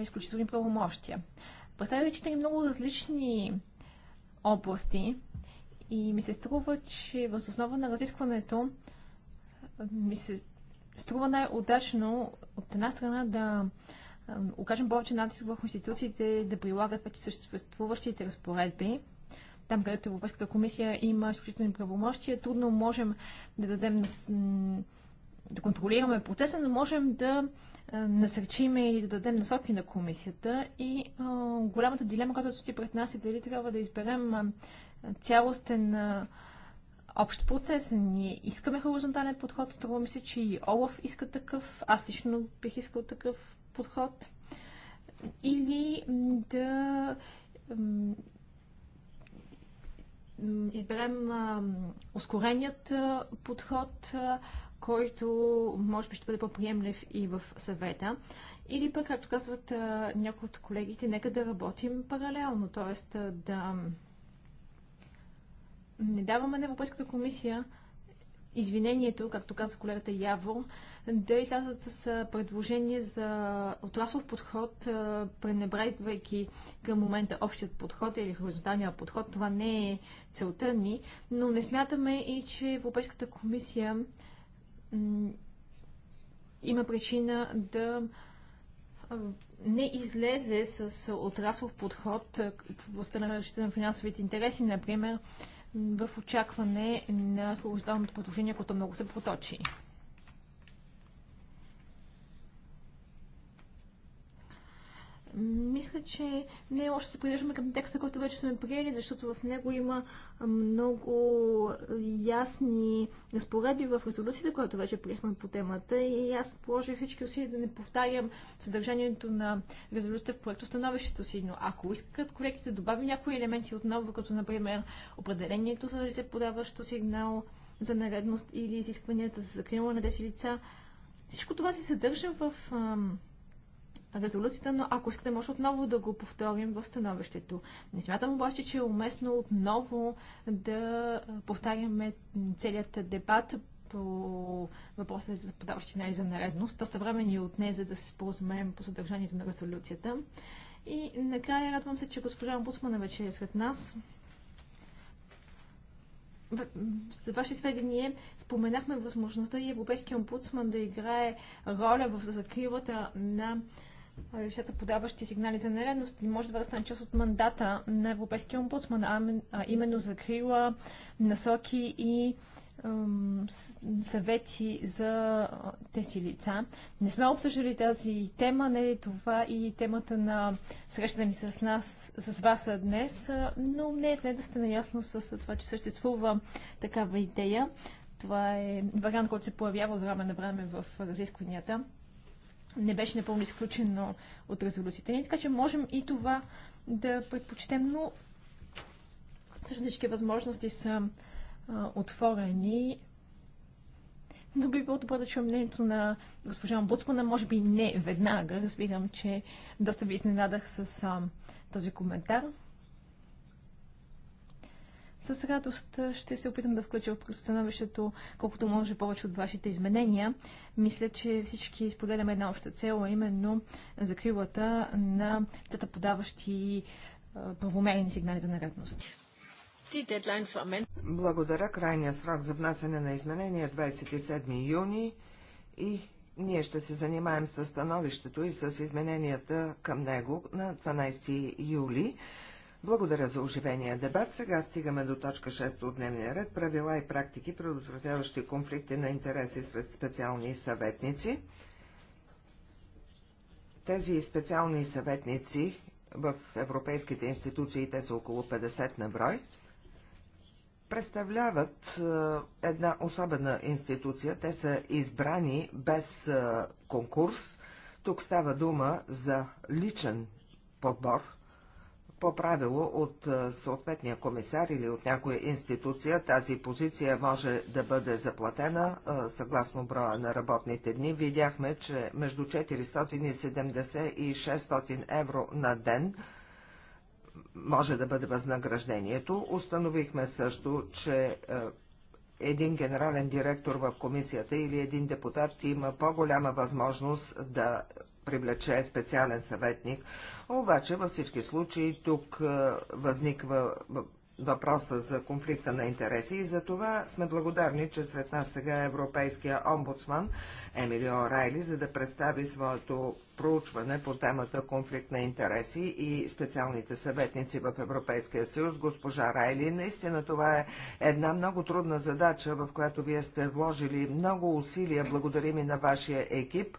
изключителни правомощия. Представя, че ни много различни области. И ми се струва, че въз основа на разискването ми се струва най-удачно от една страна да окажем повече натиск върху институциите да прилагат вече съществуващите разпоредби. Там, където Европейската комисия има изключителни правомощия, трудно можем да дадем да контролираме процеса, но можем да насърчим или да дадем насоки на комисията. И а, голямата дилема, която стои пред нас е дали трябва да изберем цялостен а, общ процес. Ние искаме хоризонтален подход, струва ми се, че и Олаф иска такъв, аз лично бих искал такъв подход. Или да изберем а, ускореният а, подход, а, който може би ще бъде по-приемлив и в съвета. Или пък, както казват някои от колегите, нека да работим паралелно, т.е. да не даваме на Европейската комисия извинението, както каза колегата Явор, да излязат с предложение за отраслов подход, пренебрегвайки към момента общият подход или хоризонталния подход. Това не е целта ни, но не смятаме и, че Европейската комисия има причина да не излезе с отраслов подход в на на финансовите интереси, например, в очакване на хоризонталното предложение, което много се проточи. мисля, че не е да се придържаме към текста, който вече сме приели, защото в него има много ясни разпоредби в резолюцията, която вече приехме по темата и аз положих всички усилия да не повтарям съдържанието на резолюцията в проекто становището си, но ако искат колегите да добавят някои елементи отново, като например определението за лице подаващо сигнал за наредност или изискванията за закрила на тези лица, всичко това се съдържа в ам, резолюцията, но ако искате, може отново да го повторим в становището. Не смятам обаче, че е уместно отново да повтаряме целият дебат по въпроса за подаващи на за наредност. Доста време ни е отне, за да се споразумеем по съдържанието на резолюцията. И накрая радвам се, че госпожа Омбусмана вече е сред нас. За ваше сведение споменахме възможността и Европейския омбудсман да играе роля в закривата на лицата, подаващи сигнали за нередност, не може да стане част от мандата на Европейския омбудсман, а именно закрила насоки и съвети за тези лица. Не сме обсъждали тази тема, не е това и темата на срещата ни с нас, с вас днес, но не е след да сте наясно с това, че съществува такава идея. Това е вариант, който се появява от време на време в разискванията не беше напълно изключено от резолюцията ни, така че можем и това да предпочетем, но всъщност всички възможности са а, отворени. Но би било добре да чуем мнението на госпожа Омбудсмана, може би не веднага. Разбирам, че доста ви изненадах с а, този коментар. С радост ще се опитам да включа в становището колкото може повече от вашите изменения. Мисля, че всички споделяме една обща цел, а именно закрилата на цата подаващи правомерени сигнали за нередност. Благодаря. Крайният срок за внасяне на изменения е 27 юни и ние ще се занимаем с становището и с измененията към него на 12 юли. Благодаря за оживения дебат. Сега стигаме до точка 6 от дневния ред. Правила и практики, предотвратяващи конфликти на интереси сред специални съветници. Тези специални съветници в европейските институции, те са около 50 на брой, представляват е, една особена институция. Те са избрани без е, конкурс. Тук става дума за личен подбор – по правило от съответния комисар или от някоя институция тази позиция може да бъде заплатена съгласно броя на работните дни. Видяхме, че между 470 и 600 евро на ден може да бъде възнаграждението. Установихме също, че един генерален директор в комисията или един депутат има по-голяма възможност да привлече специален съветник, обаче във всички случаи тук е, възниква въпроса за конфликта на интереси и за това сме благодарни, че сред нас сега е европейския омбудсман Емилио Райли, за да представи своето проучване по темата конфликт на интереси и специалните съветници в Европейския съюз. Госпожа Райли, наистина това е една много трудна задача, в която вие сте вложили много усилия. Благодарим и на вашия екип.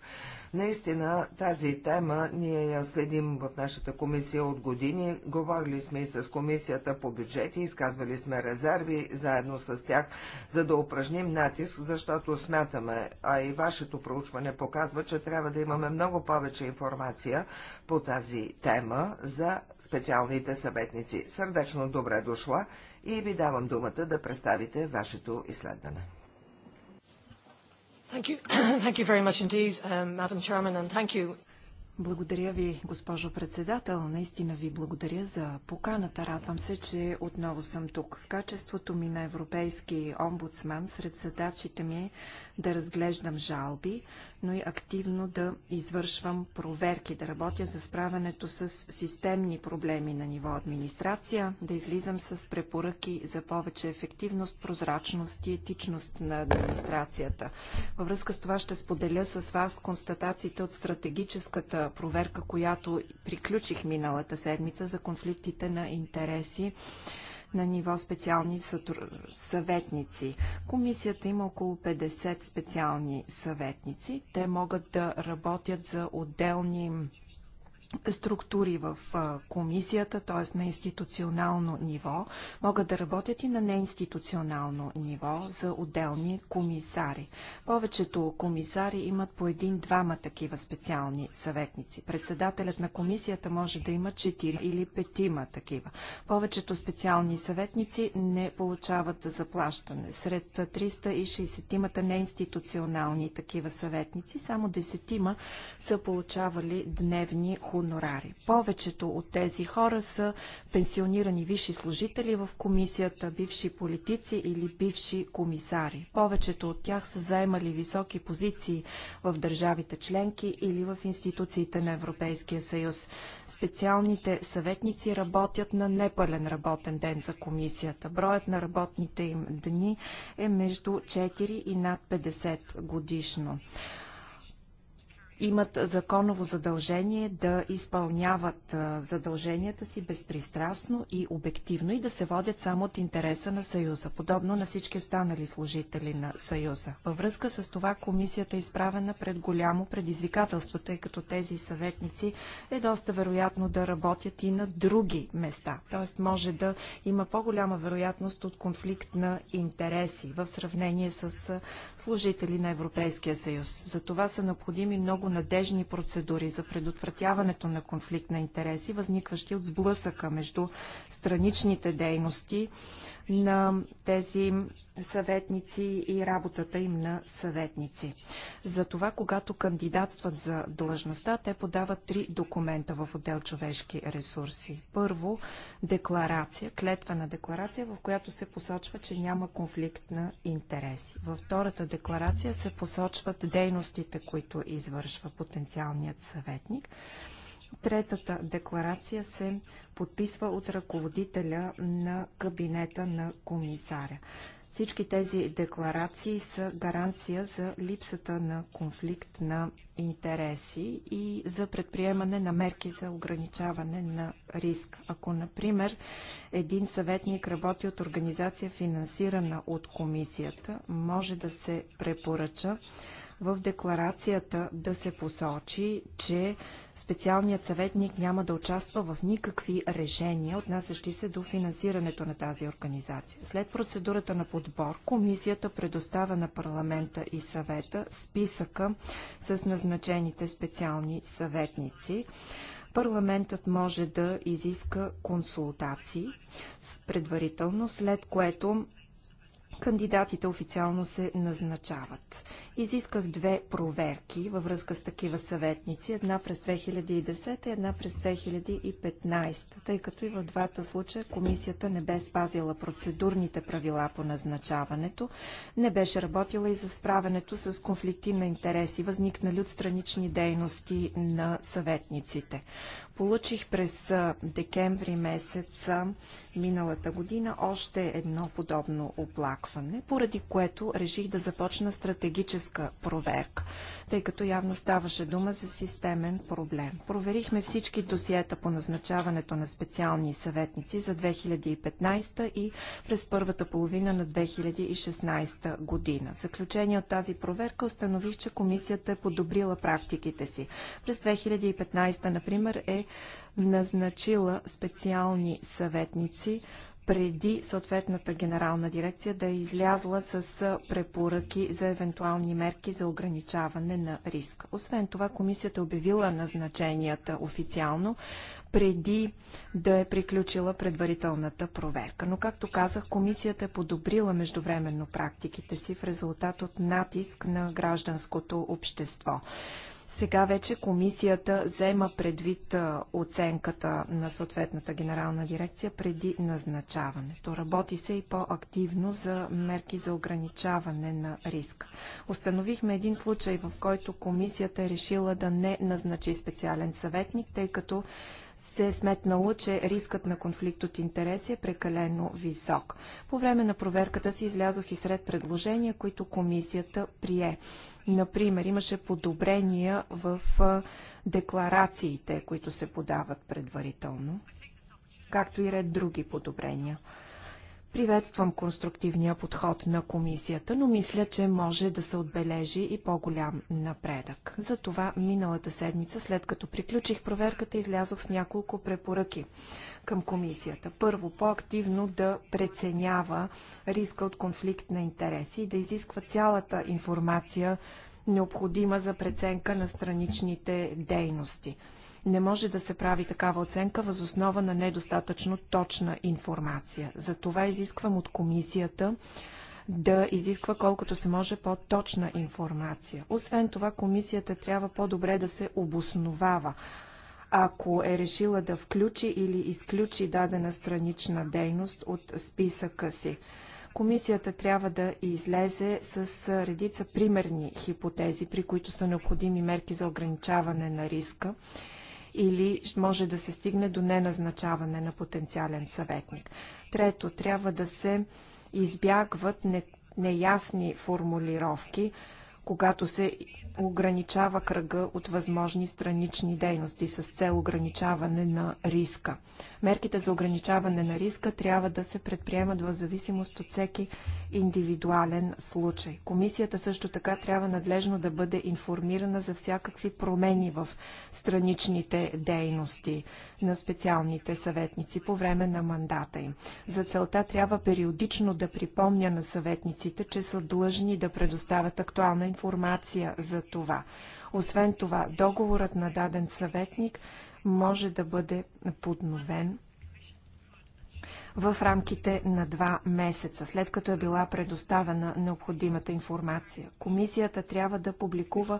Наистина тази тема ние я следим в нашата комисия от години. Говорили сме и с комисията по бюджети, изказвали сме резерви заедно с тях, за да упражним натиск, защото смятаме, а и вашето проучване показва, че трябва да имаме много повече информация по тази тема за специалните съветници. Сърдечно добре дошла и ви давам думата да представите вашето изследване. Благодаря ви, госпожо председател. Наистина ви благодаря за поканата. Радвам се, че отново съм тук. В качеството ми на европейски омбудсман сред задачите ми е да разглеждам жалби, но и активно да извършвам проверки, да работя за справянето с системни проблеми на ниво администрация, да излизам с препоръки за повече ефективност, прозрачност и етичност на администрацията. Във връзка с това ще споделя с вас констатациите от стратегическата проверка, която приключих миналата седмица за конфликтите на интереси на ниво специални съветници. Комисията има около 50 специални съветници. Те могат да работят за отделни структури в комисията, т.е. на институционално ниво, могат да работят и на неинституционално ниво за отделни комисари. Повечето комисари имат по един-двама такива специални съветници. Председателят на комисията може да има четири или петима такива. Повечето специални съветници не получават заплащане. Сред 360-мата неинституционални такива съветници, само десетима са получавали дневни хора хонорари. Повечето от тези хора са пенсионирани висши служители в комисията, бивши политици или бивши комисари. Повечето от тях са заемали високи позиции в държавите членки или в институциите на Европейския съюз. Специалните съветници работят на непълен работен ден за комисията. Броят на работните им дни е между 4 и над 50 годишно имат законово задължение да изпълняват задълженията си безпристрастно и обективно и да се водят само от интереса на Съюза, подобно на всички останали служители на Съюза. Във връзка с това комисията е изправена пред голямо предизвикателство, тъй като тези съветници е доста вероятно да работят и на други места. Тоест може да има по-голяма вероятност от конфликт на интереси в сравнение с служители на Европейския съюз. За това са необходими много надежни процедури за предотвратяването на конфликт на интереси, възникващи от сблъсъка между страничните дейности на тези съветници и работата им на съветници. За това, когато кандидатстват за длъжността, те подават три документа в отдел човешки ресурси. Първо, декларация, на декларация, в която се посочва, че няма конфликт на интереси. Във втората декларация се посочват дейностите, които извършва потенциалният съветник. Третата декларация се подписва от ръководителя на кабинета на комисаря. Всички тези декларации са гаранция за липсата на конфликт на интереси и за предприемане на мерки за ограничаване на риск. Ако, например, един съветник работи от организация финансирана от комисията, може да се препоръча в декларацията да се посочи, че специалният съветник няма да участва в никакви решения, отнасящи се до финансирането на тази организация. След процедурата на подбор, комисията предоставя на парламента и съвета списъка с назначените специални съветници парламентът може да изиска консултации предварително, след което кандидатите официално се назначават. Изисках две проверки във връзка с такива съветници, една през 2010 и една през 2015, тъй като и в двата случая комисията не бе спазила процедурните правила по назначаването, не беше работила и за справянето с конфликти на интереси, възникнали от странични дейности на съветниците. Получих през декември месец миналата година още едно подобно оплакване, поради което реших да започна стратегически техническа проверка, тъй като явно ставаше дума за системен проблем. Проверихме всички досиета по назначаването на специални съветници за 2015 и през първата половина на 2016 година. В заключение от тази проверка установих, че комисията е подобрила практиките си. През 2015, например, е назначила специални съветници преди съответната генерална дирекция да е излязла с препоръки за евентуални мерки за ограничаване на риска. Освен това, комисията е обявила назначенията официално преди да е приключила предварителната проверка. Но, както казах, комисията е подобрила междувременно практиките си в резултат от натиск на гражданското общество. Сега вече комисията взема предвид оценката на съответната генерална дирекция преди назначаването. Работи се и по-активно за мерки за ограничаване на риска. Установихме един случай, в който комисията е решила да не назначи специален съветник, тъй като се е сметнало, че рискът на конфликт от интереси е прекалено висок. По време на проверката си излязох и сред предложения, които комисията прие. Например, имаше подобрения в декларациите, които се подават предварително, както и ред други подобрения. Приветствам конструктивния подход на комисията, но мисля, че може да се отбележи и по-голям напредък. Затова миналата седмица, след като приключих проверката, излязох с няколко препоръки към комисията. Първо, по-активно да преценява риска от конфликт на интереси и да изисква цялата информация, необходима за преценка на страничните дейности. Не може да се прави такава оценка възоснова на недостатъчно точна информация. Затова изисквам от комисията да изисква колкото се може по-точна информация. Освен това, комисията трябва по-добре да се обосновава. Ако е решила да включи или изключи дадена странична дейност от списъка си, комисията трябва да излезе с редица примерни хипотези, при които са необходими мерки за ограничаване на риска или може да се стигне до неназначаване на потенциален съветник. Трето, трябва да се избягват не, неясни формулировки, когато се ограничава кръга от възможни странични дейности с цел ограничаване на риска. Мерките за ограничаване на риска трябва да се предприемат в зависимост от всеки индивидуален случай. Комисията също така трябва надлежно да бъде информирана за всякакви промени в страничните дейности на специалните съветници по време на мандата им. За целта трябва периодично да припомня на съветниците, че са длъжни да предоставят актуална информация за това. Освен това, договорът на даден съветник може да бъде подновен в рамките на два месеца, след като е била предоставена необходимата информация. Комисията трябва да публикува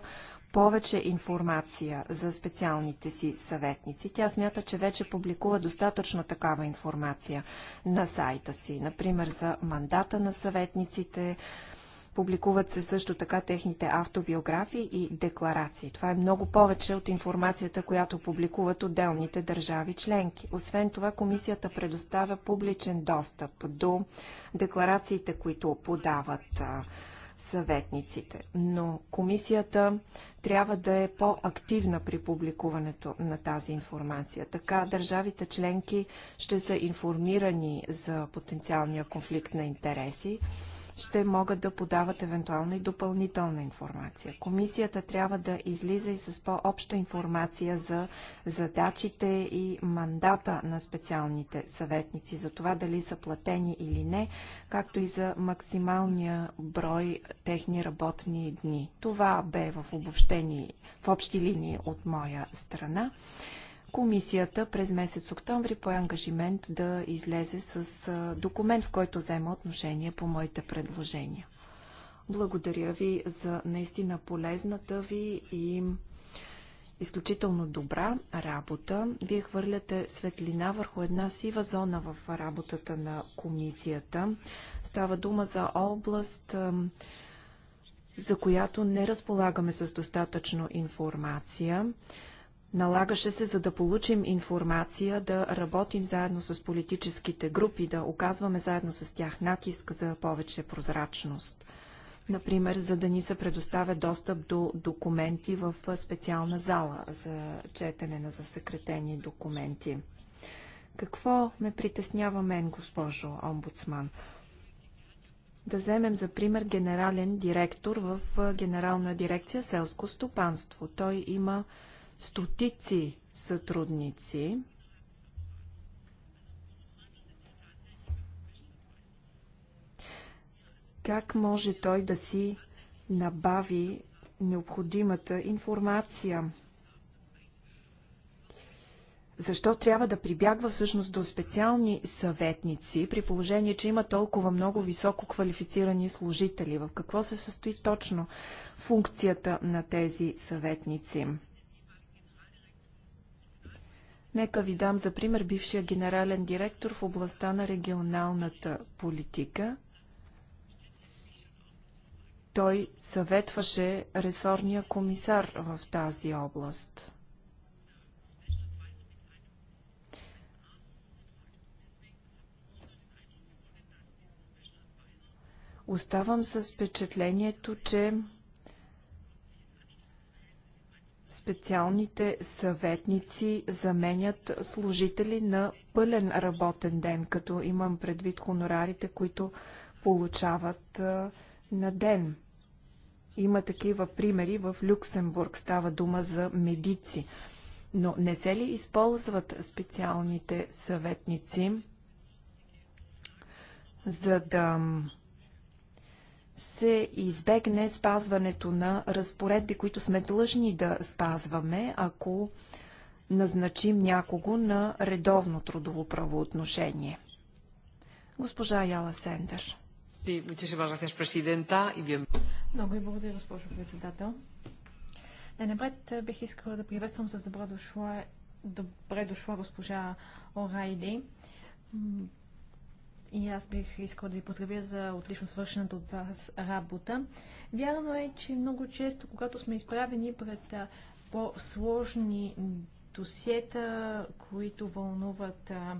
повече информация за специалните си съветници. Тя смята, че вече публикува достатъчно такава информация на сайта си, например за мандата на съветниците, Публикуват се също така техните автобиографии и декларации. Това е много повече от информацията, която публикуват отделните държави членки. Освен това, комисията предоставя публичен достъп до декларациите, които подават съветниците. Но комисията трябва да е по-активна при публикуването на тази информация. Така държавите членки ще са информирани за потенциалния конфликт на интереси ще могат да подават евентуално и допълнителна информация. Комисията трябва да излиза и с по-обща информация за задачите и мандата на специалните съветници, за това дали са платени или не, както и за максималния брой техни работни дни. Това бе в обобщени, в общи линии от моя страна. Комисията през месец октомври по ангажимент да излезе с документ, в който взема отношение по моите предложения. Благодаря ви за наистина полезната ви и изключително добра работа. Вие хвърляте светлина върху една сива зона в работата на комисията. Става дума за област, за която не разполагаме с достатъчно информация. Налагаше се, за да получим информация, да работим заедно с политическите групи, да оказваме заедно с тях натиск за повече прозрачност. Например, за да ни се предоставя достъп до документи в специална зала за четене на засекретени документи. Какво ме притеснява мен, госпожо омбудсман? Да вземем за пример генерален директор в Генерална дирекция селско стопанство. Той има стотици сътрудници. Как може той да си набави необходимата информация? Защо трябва да прибягва всъщност до специални съветници, при положение, че има толкова много високо квалифицирани служители? В какво се състои точно функцията на тези съветници? Нека ви дам за пример бившия генерален директор в областта на регионалната политика. Той съветваше ресорния комисар в тази област. Оставам с впечатлението, че специалните съветници заменят служители на пълен работен ден, като имам предвид хонорарите, които получават на ден. Има такива примери в Люксембург. Става дума за медици. Но не се ли използват специалните съветници, за да се избегне спазването на разпоредби, които сме длъжни да спазваме, ако назначим някого на редовно трудово правоотношение. Госпожа Яла Сендър. Много ви благодаря, госпожо председател. Не, напред е, бих искала да приветствам с добро дошла, добре дошла госпожа Орайли. И аз бих искала да ви поздравя за отлично свършената от вас работа. Вярно е, че много често, когато сме изправени пред по-сложни досиета, които вълнуват а,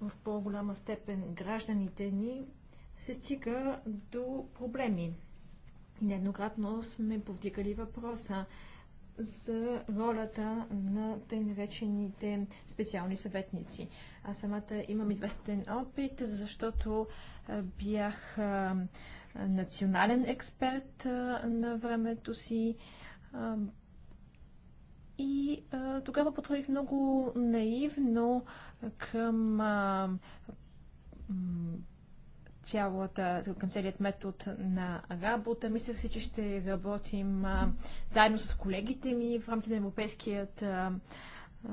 в по-голяма степен гражданите ни, се стига до проблеми. Нееднократно сме повдигали въпроса за ролята на тъй наречените специални съветници. Аз самата имам известен опит, защото бях национален експерт на времето си и тогава подходих много наивно към цялата, към целият метод на работа. Мислех си, че ще работим а, заедно с колегите ми в рамките на Европейският а, а,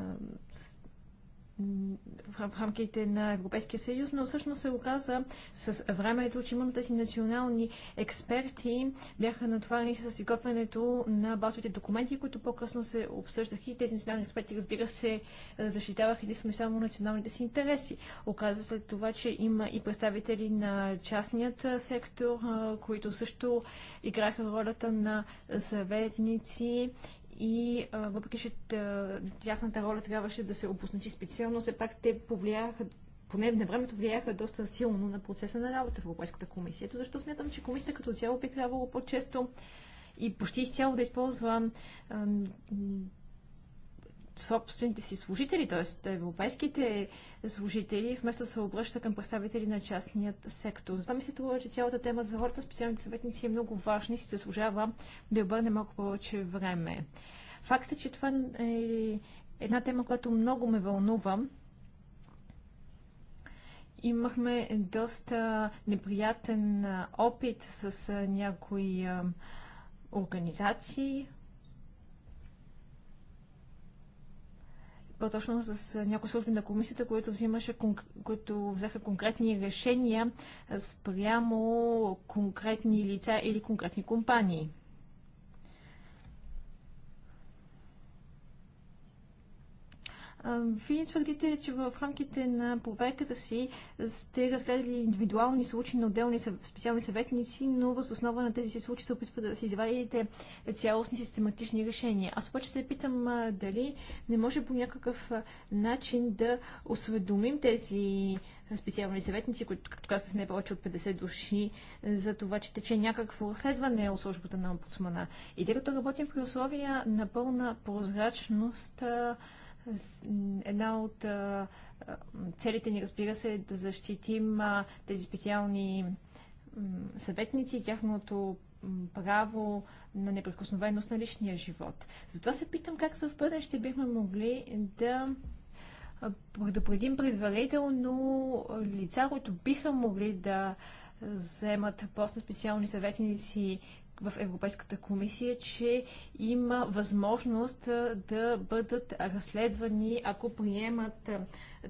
в рамките на Европейския съюз, но всъщност се оказа с времето, че имаме тези национални експерти, бяха натоварени с изготвянето на базовите документи, които по-късно се обсъждаха и тези национални експерти, разбира се, защитаваха единствено само националните си интереси. Оказа се това, че има и представители на частният сектор, които също играха ролята на съветници и а, въпреки, че тяхната роля трябваше да се обозначи специално, все пак те повлияха поне на времето влияха доста силно на процеса на работа в Европейската комисия. Ето защо смятам, че комисията като цяло би трябвало по-често и почти изцяло да използва а, собствените си служители, т.е. европейските служители, вместо да се обръща към представители на частният сектор. Затова ми се струва, че цялата тема за хората, специалните съветници е много важна и си заслужава да обърне малко повече време. Факт е, че това е една тема, която много ме вълнува. Имахме доста неприятен опит с някои организации, по-точно с някои служби на комисията, които, взимаше, които взеха конкретни решения спрямо конкретни лица или конкретни компании. Вие твърдите, че в рамките на проверката си сте разгледали индивидуални случаи на отделни специални съветници, но въз основа на тези случаи се опитвате да се извадите цялостни систематични решения. Аз обаче се питам дали не може по някакъв начин да осведомим тези специални съветници, които, както казах, са не повече от 50 души, за това, че тече някакво разследване от службата на омбудсмана. И тъй като работим при условия на пълна прозрачност, Една от целите ни, разбира се, е да защитим тези специални съветници и тяхното право на неприкосновеност на личния живот. Затова се питам как за в бъдеще бихме могли да предупредим предварително лица, които биха могли да вземат пост на специални съветници в Европейската комисия, че има възможност да бъдат разследвани, ако приемат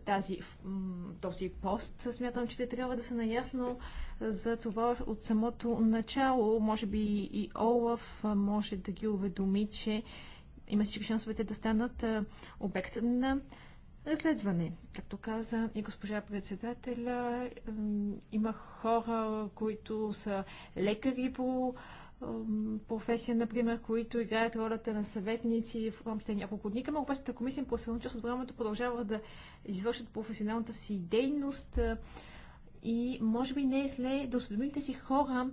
тази, този пост. Смятам, че те трябва да са наясно за това от самото начало. Може би и Олаф може да ги уведоми, че има всички шансовете да станат обект на разследване. Както каза и госпожа председателя, има хора, които са лекари по професия, например, които играят ролята на съветници в рамките на няколко дни. Към Европейската комисия по част от времето продължава да извършат професионалната си дейност и може би не е зле да осведомим тези хора,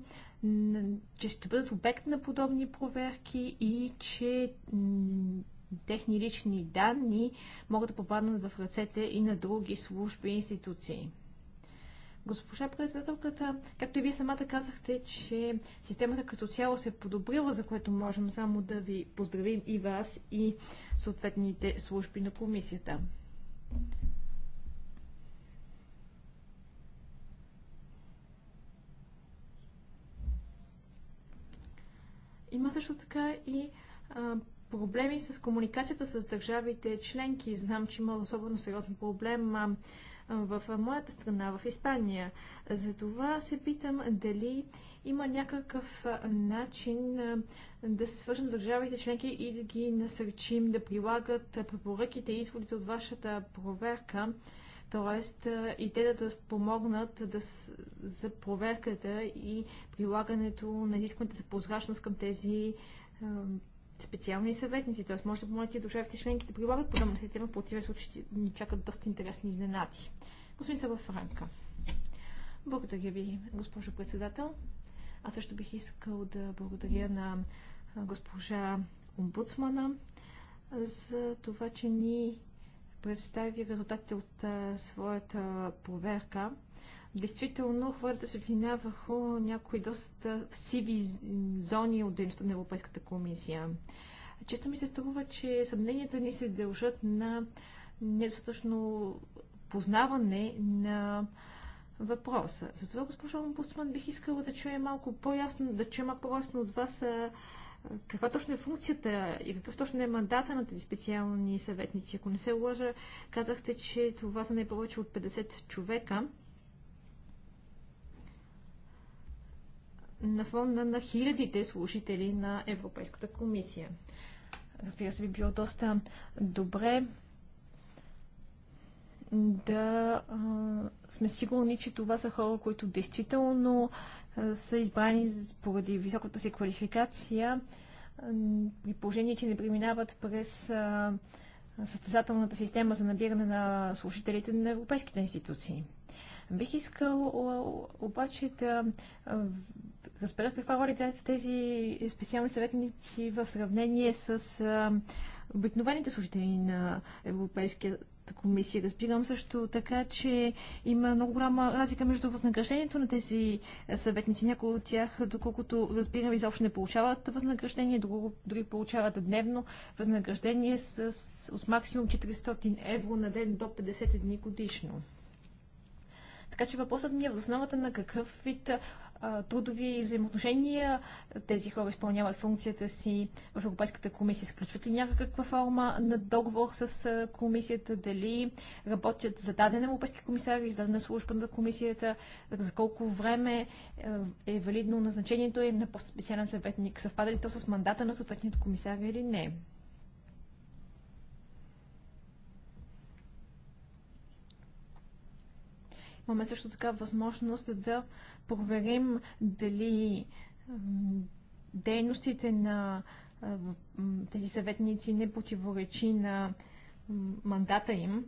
че ще бъдат обект на подобни проверки и че техни лични данни могат да попаднат в ръцете и на други служби и институции. Госпожа председателката, както и вие самата казахте, че системата като цяло се е подобрила, за което можем само да ви поздравим и вас, и съответните служби на комисията. Има също така и а, проблеми с комуникацията с държавите членки. Знам, че има особено сериозен проблем а, в моята страна, в Испания. Затова се питам дали има някакъв начин да се свържем с държавите членки и да ги насърчим да прилагат препоръките и изводите от вашата проверка, т.е. и те да помогнат да, за проверката и прилагането на изискването за прозрачност към тези специални съветници, т.е. може да помолите държавите членки да прилагат подобна система, по противен случай ще ни чакат доста интересни изненади. Господин Сава Франка. Благодаря ви, госпожо председател. Аз също бих искал да благодаря на госпожа омбудсмана за това, че ни представи резултатите от своята проверка действително хората светлина върху някои доста сиви зони от дейността на Европейската комисия. Често ми се струва, че съмненията ни се дължат на недостатъчно познаване на въпроса. Затова, госпожо Омбудсман, бих искала да чуя малко по-ясно, да чуя малко по-ясно от вас каква точно е функцията и какъв точно е мандата на тези специални съветници. Ако не се лъжа, казахте, че това са не повече от 50 човека. на фона на хилядите служители на Европейската комисия. Разбира се, би било доста добре да а, сме сигурни, че това са хора, които действително а, са избрани поради високата си квалификация, а, при положение, че не преминават през а, състезателната система за набиране на служителите на европейските институции. Бих искал обаче да разбера каква роля играят тези специални съветници в сравнение с обикновените служители на Европейския комисия. Разбирам също така, че има много голяма разлика между възнаграждението на тези съветници. Някои от тях, доколкото разбирам, изобщо не получават възнаграждение, друго, други получават дневно възнаграждение с, от максимум 400 евро на ден до 50 дни годишно. Така че въпросът ми е в основата на какъв вид трудови взаимоотношения тези хора изпълняват функцията си в Европейската комисия? Сключват ли някаква форма на договор с комисията? Дали работят за даден европейски комисар или за дадена служба на комисията? За колко време е валидно назначението им на по-специален съветник? Съвпада ли то с мандата на съответният комисар или не? Имаме също така възможност да проверим дали дейностите на тези съветници не противоречи на мандата им,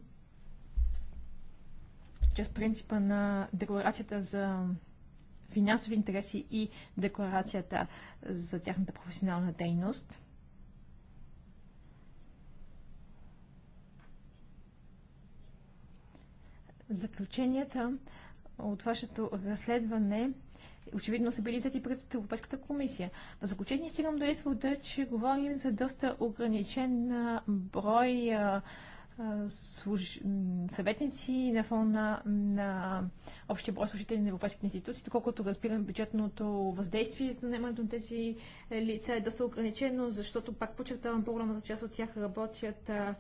чрез принципа на декларацията за финансови интереси и декларацията за тяхната професионална дейност. Заключенията от вашето разследване очевидно са били взети пред Европейската комисия. В заключение стигам до извода, че говорим за доста ограничен брой а, служ... съветници на фона на общия брой служители на европейските институции, доколкото разбирам бюджетното въздействие за наемането на тези лица е доста ограничено, защото, пак подчертавам, по-голямата част от тях работят а,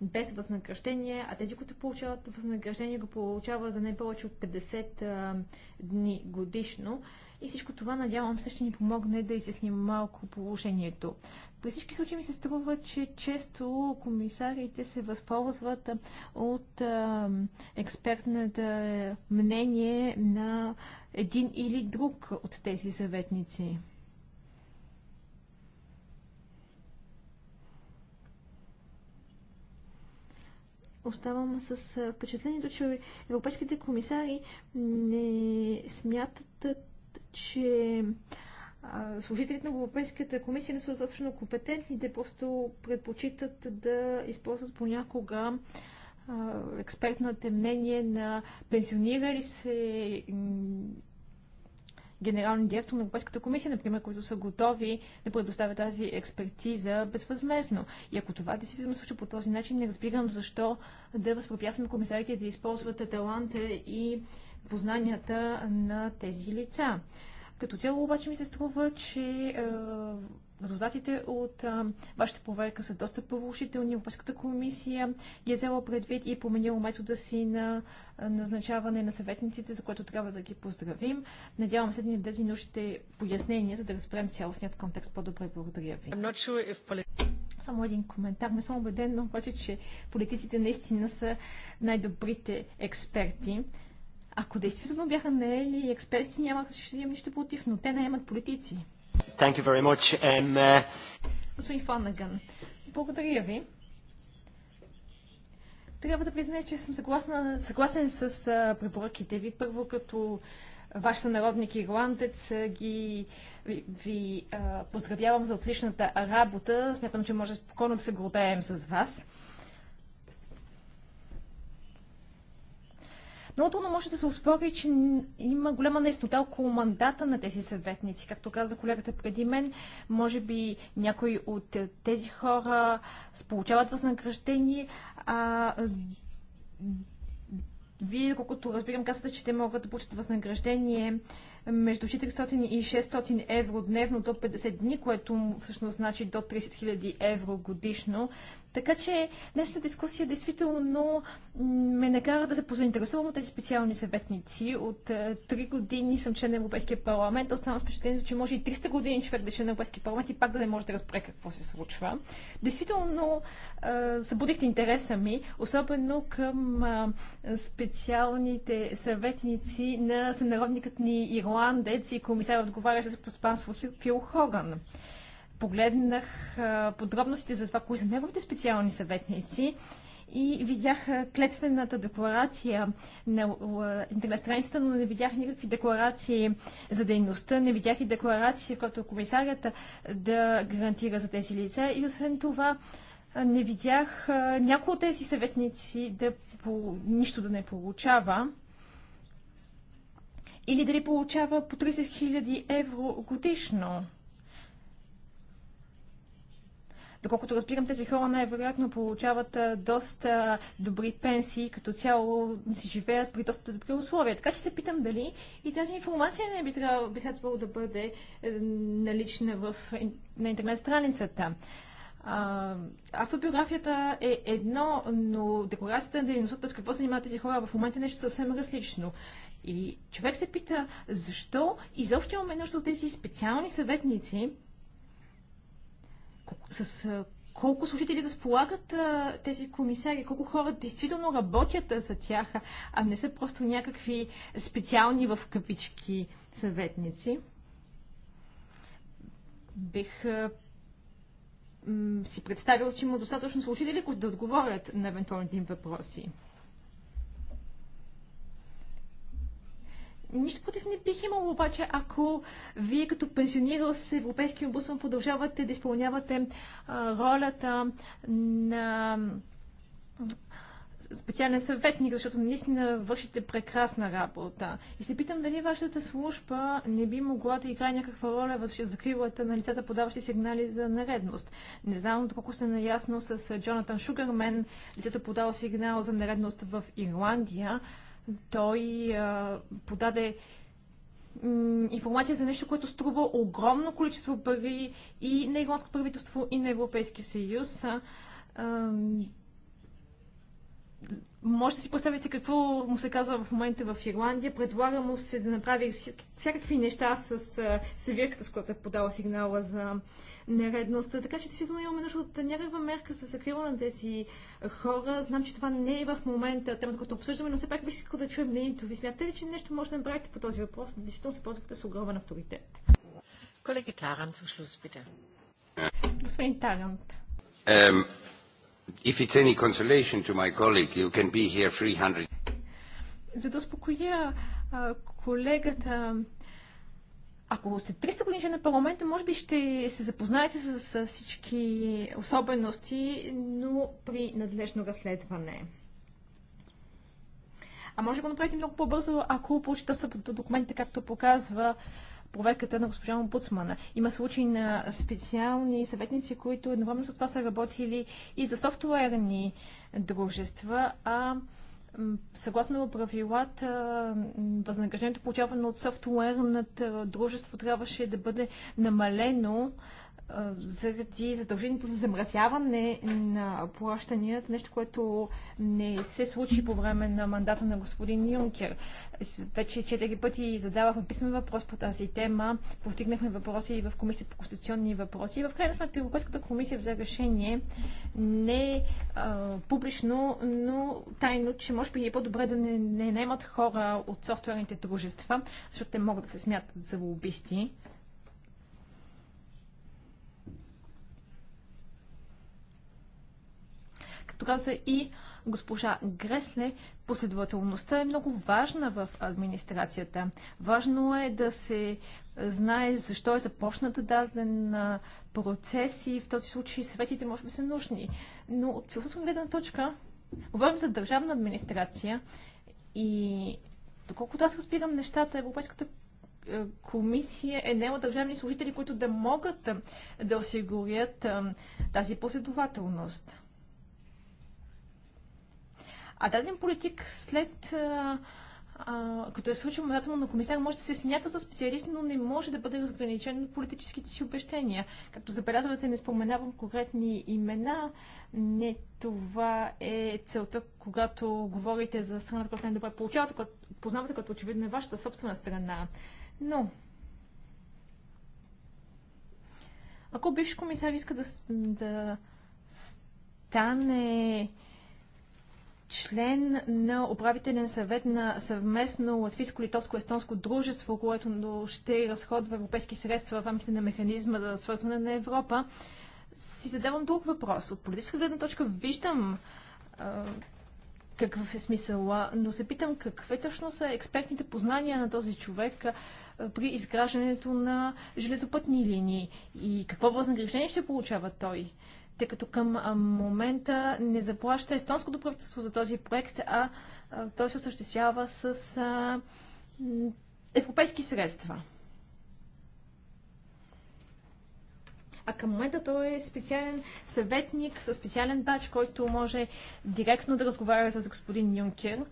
без възнаграждение, а тези, които получават възнаграждение, го получават за не повече от 50 дни годишно. И всичко това, надявам се, ще ни помогне да изясним малко положението. При всички случаи ми се струва, че често комисарите се възползват от експертната мнение на един или друг от тези съветници. оставам с впечатлението, че европейските комисари не смятат, че служителите на Европейската комисия не са достатъчно компетентни, те просто предпочитат да използват понякога експертното мнение на пенсионирали се генерални директор на Европейската комисия, например, които са готови да предоставят тази експертиза безвъзмезно. И ако това действително случва по този начин, не разбирам защо да възпрепятстваме комисарите да използват таланта и познанията на тези лица. Като цяло обаче ми се струва, че е, резултатите от а, вашата проверка са доста повълшителни. Европейската комисия ги е взела предвид и е променила метода си на назначаване на съветниците, за което трябва да ги поздравим. Надявам се да ни дадете нужните пояснения, за да разберем цялостният контекст по-добре. Благодаря ви. Само един коментар. Не съм убеден, но обаче, че политиците наистина са най-добрите експерти. Ако действително бяха ли експерти, нямах, ще имам нищо против, но те наемат политици. Thank you very much. Um, uh... Господин Фанаган, благодаря ви. Трябва да призная, че съм съгласна, съгласен с а, препоръките ви. Първо, като ваш народник ирландец, ги ви, ви а, поздравявам за отличната работа. Смятам, че може спокойно да се гордеем с вас. Много трудно може да се успори, че има голяма нестота около мандата на тези съветници. Както каза колегата преди мен, може би някои от тези хора получават възнаграждение, а вие, колкото разбирам, казвате, че те могат да получат възнаграждение между 400 и 600 евро дневно до 50 дни, което всъщност значи до 30 000 евро годишно. Така че днешната дискусия действително ме накара да се позаинтересувам от тези специални съветници. От е, три години съм член на Европейския парламент. Оставам впечатлението, че може и 300 години човек да е член на Европейския парламент и пак да не може да разбере какво се случва. Действително е, събудихте интереса ми, особено към е, специалните съветници на сънародникът ни ирландец и комисар отговарящ за стопанство Фил Хоган погледнах подробностите за това, кои са неговите специални съветници и видях клетвената декларация на интернет страницата, но не видях никакви декларации за дейността, не видях и декларации, която комисарията да гарантира за тези лица. И освен това, не видях някои от тези съветници да по, нищо да не получава или дали получава по 30 000 евро годишно. Доколкото разбирам, тези хора най-вероятно получават доста добри пенсии, като цяло си живеят при доста добри условия. Така че се питам дали и тази информация не би трябвало да бъде е, налична в, на интернет страницата. автобиографията е едно, но декларацията на дейността, с какво занимават тези хора в момента е нещо съвсем различно. И човек се пита, защо изобщо имаме нужда от тези специални съветници, с колко служители разполагат а, тези комисари, колко хора действително работят а, за тях, а не са просто някакви специални в кавички съветници. Бих а, си представил, че има достатъчно служители, които да отговорят на евентуалните им въпроси. Нищо против не бих имало обаче, ако вие като пенсионирал с европейски омбудсман продължавате да изпълнявате а, ролята на специален съветник, защото наистина вършите прекрасна работа. И се питам дали вашата служба не би могла да играе някаква роля в закривата на лицата, подаващи сигнали за наредност. Не знам доколко сте наясно с Джонатан Шугърмен, лицето подава сигнал за наредност в Ирландия, той а, подаде информация за нещо, което струва огромно количество пари и на ирландско правителство, и на Европейския съюз. А, може да си представите какво му се казва в момента в Ирландия. Предлага му се да направи всякакви неща с севирката, с която е подала сигнала за нередността. Така че действително имаме нужда от някаква мерка за закрила на тези хора. Знам, че това не е в момента темата, която обсъждаме, но все пак бих искал да чуем мнението ви. Смятате ли, че нещо може да направите по този въпрос? Действително се ползвате с огромен авторитет. Колеги Тарант, zum Schluss, Господин Тарант. Um... If it's any consolation to my colleague, you can be here 300. За да успокоя колегата, ако сте 300 години на парламента, може би ще се запознаете с, с всички особености, но при надлежно разследване. А може да го направите много по-бързо, ако получите достъп до документите, както показва проверката на госпожа Омбудсмана. Има случаи на специални съветници, които едновременно с това са работили и за софтуерни дружества, а съгласно правилата, възнаграждението, получавано от софтуерната дружество, трябваше да бъде намалено заради задължението за замразяване на плащанията, нещо, което не се случи по време на мандата на господин Юнкер. Вече четири пъти задавахме писмен въпрос по тази тема, постигнахме въпроси и в Комисията по конституционни въпроси и в крайна сметка Европейската комисия взе решение не а, публично, но тайно, че може би е по-добре да не, не наймат хора от софтуерните дружества, защото те могат да се смятат за лобисти. Както каза и госпожа Гресле, последователността е много важна в администрацията. Важно е да се знае защо е започната даден процес и в този случай съветите може би са нужни. Но от философска гледна точка, говорим за държавна администрация и доколкото аз разбирам нещата, Европейската комисия е нема държавни служители, които да могат да осигурят тази последователност. А даден политик след а, като е случил мандата му на комисар, може да се смята за специалист, но не може да бъде разграничен от политическите си обещания. Както забелязвате, не споменавам конкретни имена. Не това е целта, когато говорите за страната, която не е добре получавате, която познавате като очевидно е вашата собствена страна. Но, ако бивш комисар иска да, да стане член на управителен съвет на съвместно латвийско-литовско-естонско дружество, което ще разходва европейски средства в рамките на механизма за свързване на Европа, си задавам друг въпрос. От политическа гледна точка виждам какъв е смисъла, но се питам какви точно са експертните познания на този човек при изграждането на железопътни линии и какво възнаграждение ще получава той тъй като към момента не заплаща естонското правителство за този проект, а той се осъществява с европейски средства. а към момента той е специален съветник със специален бач, който може директно да разговаря с господин Юнкер.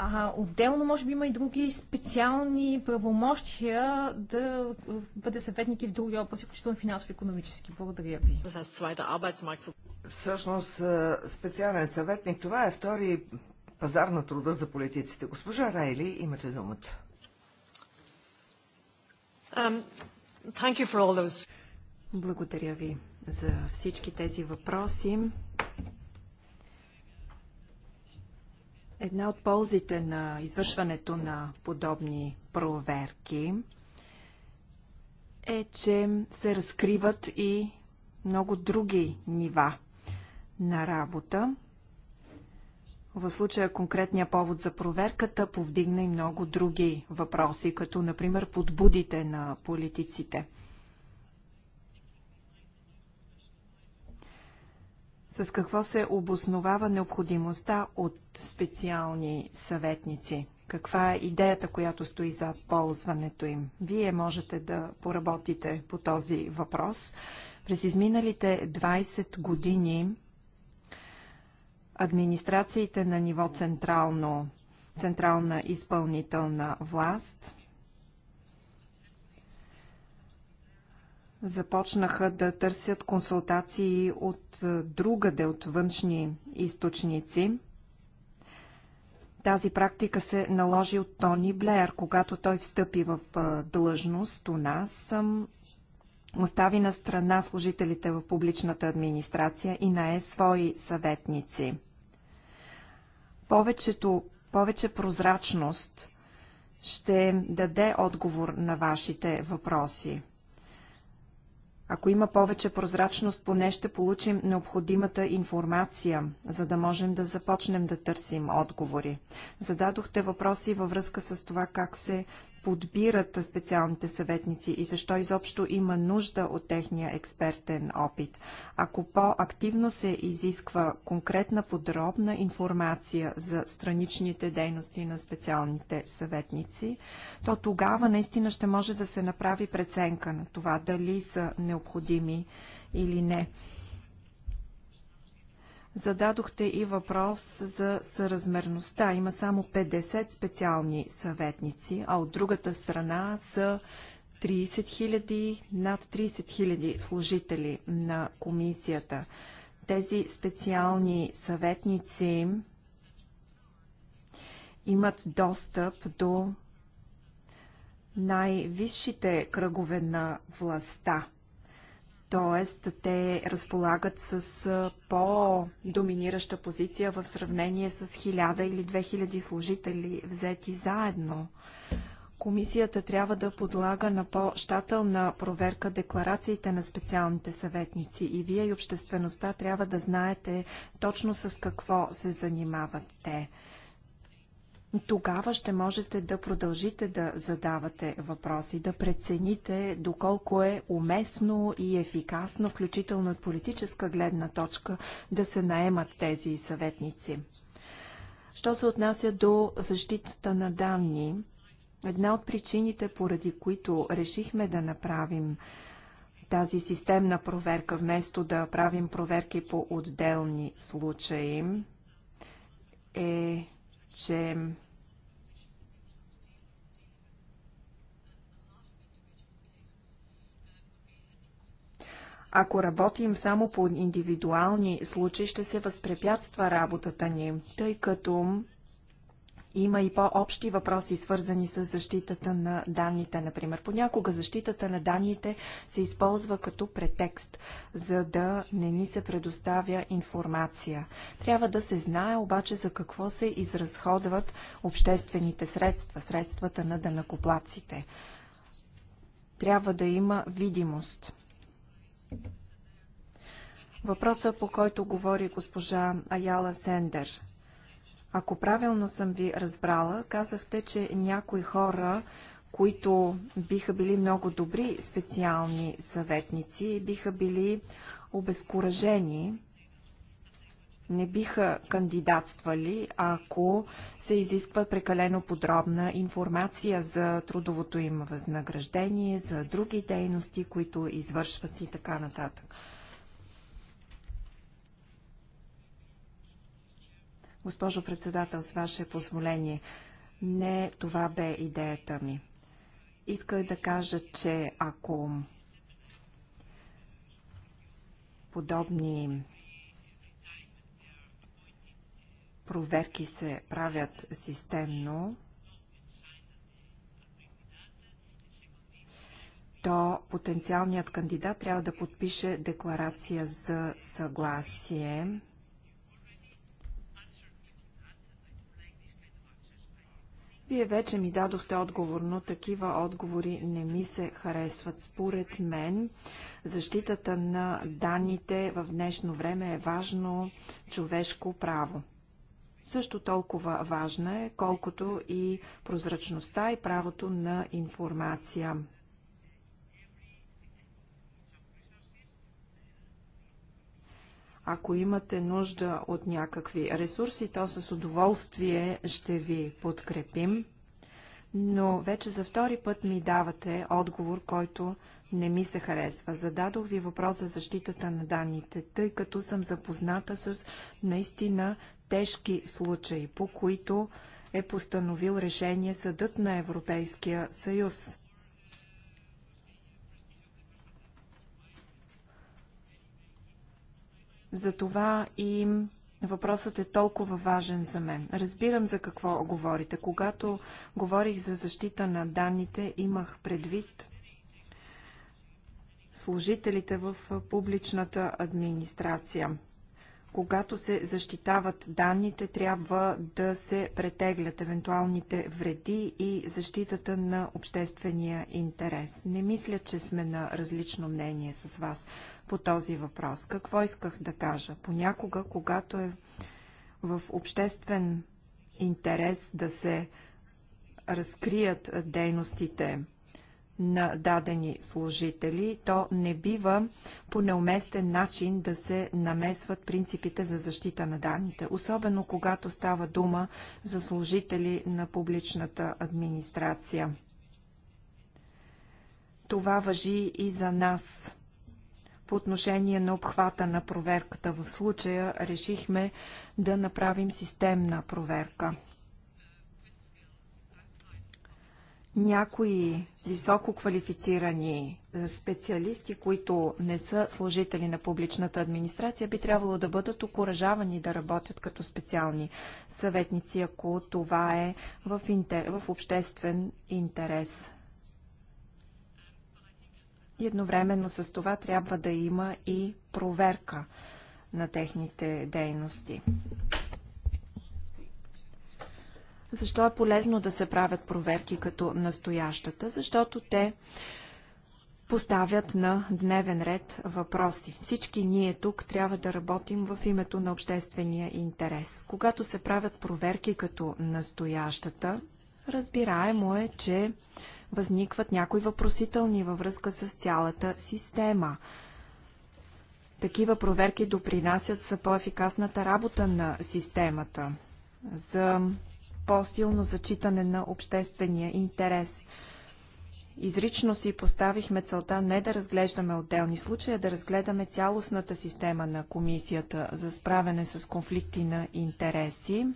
А отделно, може би, има и други специални правомощия да бъде съветник и в други области, включително финансово-економически. Благодаря ви. Всъщност, специален съветник, това е втори пазар на труда за политиците. Госпожа Райли, имате думата. Um, Благодаря ви за всички тези въпроси. Една от ползите на извършването на подобни проверки е, че се разкриват и много други нива на работа. В случая конкретния повод за проверката повдигна и много други въпроси, като например подбудите на политиците – с какво се обосновава необходимостта от специални съветници? Каква е идеята, която стои за ползването им? Вие можете да поработите по този въпрос. През изминалите 20 години администрациите на ниво централно, централна изпълнителна власт започнаха да търсят консултации от е, другаде, от външни източници. Тази практика се наложи от Тони Блеер, когато той встъпи в е, длъжност у нас. Остави на страна служителите в публичната администрация и нае свои съветници. Повечето, повече прозрачност ще даде отговор на вашите въпроси. Ако има повече прозрачност, поне ще получим необходимата информация, за да можем да започнем да търсим отговори. Зададохте въпроси във връзка с това как се подбират специалните съветници и защо изобщо има нужда от техния експертен опит. Ако по-активно се изисква конкретна подробна информация за страничните дейности на специалните съветници, то тогава наистина ще може да се направи преценка на това дали са необходими или не. Зададохте и въпрос за съразмерността. Има само 50 специални съветници, а от другата страна са 30 000, над 30 000 служители на комисията. Тези специални съветници имат достъп до най-висшите кръгове на властта. Т.е. те разполагат с по-доминираща позиция в сравнение с 1000 или 2000 служители взети заедно. Комисията трябва да подлага на по-щателна проверка декларациите на специалните съветници и вие и обществеността трябва да знаете точно с какво се занимават те тогава ще можете да продължите да задавате въпроси, да прецените доколко е уместно и ефикасно, включително от политическа гледна точка, да се наемат тези съветници. Що се отнася до защитата на данни, една от причините, поради които решихме да направим тази системна проверка, вместо да правим проверки по отделни случаи, е че Ако работим само по индивидуални случаи, ще се възпрепятства работата ни, тъй като има и по-общи въпроси, свързани с защитата на данните, например. Понякога защитата на данните се използва като претекст, за да не ни се предоставя информация. Трябва да се знае обаче за какво се изразходват обществените средства, средствата на данакоплаците. Трябва да има видимост. Въпросът, по който говори госпожа Аяла Сендер. Ако правилно съм ви разбрала, казахте, че някои хора, които биха били много добри специални съветници, биха били обезкуражени, не биха кандидатствали, ако се изисква прекалено подробна информация за трудовото им възнаграждение, за други дейности, които извършват и така нататък. Госпожо председател, с ваше позволение, не това бе идеята ми. Исках да кажа, че ако подобни проверки се правят системно, то потенциалният кандидат трябва да подпише декларация за съгласие Вие вече ми дадохте отговор, но такива отговори не ми се харесват. Според мен, защитата на данните в днешно време е важно човешко право. Също толкова важна е, колкото и прозрачността и правото на информация. Ако имате нужда от някакви ресурси, то с удоволствие ще ви подкрепим. Но вече за втори път ми давате отговор, който не ми се харесва. Зададох ви въпрос за защитата на данните, тъй като съм запозната с наистина тежки случаи, по които е постановил решение Съдът на Европейския съюз. Затова и въпросът е толкова важен за мен. Разбирам за какво говорите. Когато говорих за защита на данните, имах предвид служителите в публичната администрация. Когато се защитават данните, трябва да се претеглят евентуалните вреди и защитата на обществения интерес. Не мисля, че сме на различно мнение с вас по този въпрос. Какво исках да кажа? Понякога, когато е в обществен интерес да се разкрият дейностите на дадени служители, то не бива по неуместен начин да се намесват принципите за защита на данните, особено когато става дума за служители на публичната администрация. Това въжи и за нас. По отношение на обхвата на проверката в случая решихме да направим системна проверка. Някои високо квалифицирани е, специалисти, които не са служители на публичната администрация, би трябвало да бъдат окоръжавани да работят като специални съветници, ако това е в, интер... в обществен интерес и едновременно с това трябва да има и проверка на техните дейности. Защо е полезно да се правят проверки като настоящата? Защото те поставят на дневен ред въпроси. Всички ние тук трябва да работим в името на обществения интерес. Когато се правят проверки като настоящата, разбираемо е, че възникват някои въпросителни във връзка с цялата система. Такива проверки допринасят за по-ефикасната работа на системата, за по-силно зачитане на обществения интерес. Изрично си поставихме целта не да разглеждаме отделни случаи, а да разгледаме цялостната система на Комисията за справяне с конфликти на интереси.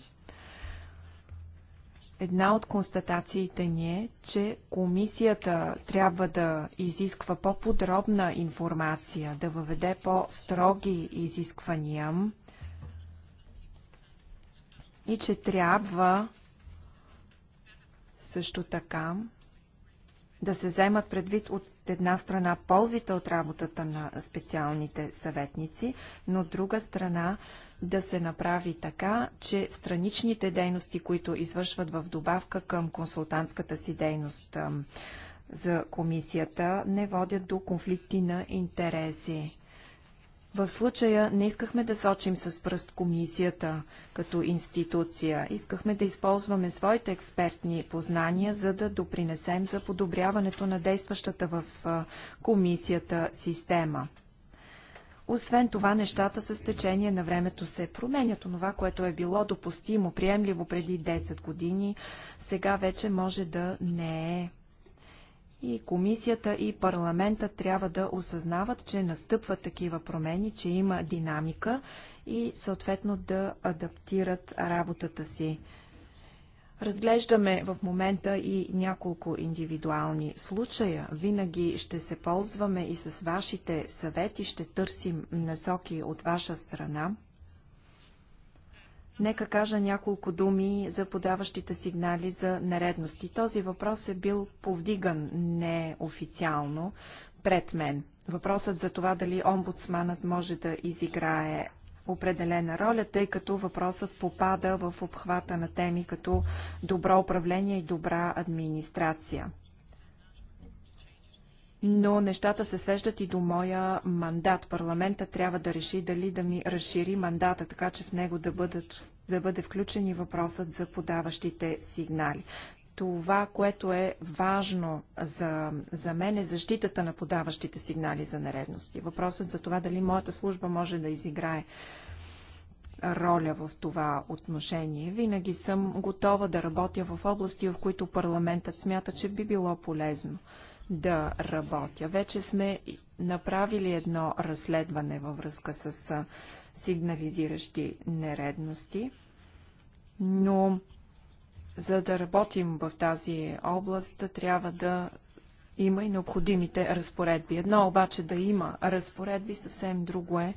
Една от констатациите ни е, че комисията трябва да изисква по-подробна информация, да въведе по-строги изисквания и че трябва също така да се вземат предвид от една страна ползите от работата на специалните съветници, но от друга страна да се направи така, че страничните дейности, които извършват в добавка към консултантската си дейност за комисията, не водят до конфликти на интереси. В случая не искахме да сочим с пръст комисията като институция. Искахме да използваме своите експертни познания, за да допринесем за подобряването на действащата в комисията система. Освен това, нещата с течение на времето се променят. Онова, което е било допустимо, приемливо преди 10 години, сега вече може да не е. И комисията и парламента трябва да осъзнават, че настъпват такива промени, че има динамика и съответно да адаптират работата си. Разглеждаме в момента и няколко индивидуални случая. Винаги ще се ползваме и с вашите съвети, ще търсим насоки от ваша страна. Нека кажа няколко думи за подаващите сигнали за нередности. Този въпрос е бил повдиган неофициално пред мен. Въпросът за това дали омбудсманът може да изиграе определена роля, тъй като въпросът попада в обхвата на теми като добро управление и добра администрация. Но нещата се свеждат и до моя мандат. Парламента трябва да реши дали да ми разшири мандата, така че в него да бъдат да бъде включен и въпросът за подаващите сигнали. Това, което е важно за, за мен е защитата на подаващите сигнали за нередности. Въпросът за това дали моята служба може да изиграе роля в това отношение. Винаги съм готова да работя в области, в които парламентът смята, че би било полезно да работя. Вече сме направили едно разследване във връзка с сигнализиращи нередности, но за да работим в тази област, трябва да има и необходимите разпоредби. Едно обаче да има разпоредби, съвсем друго е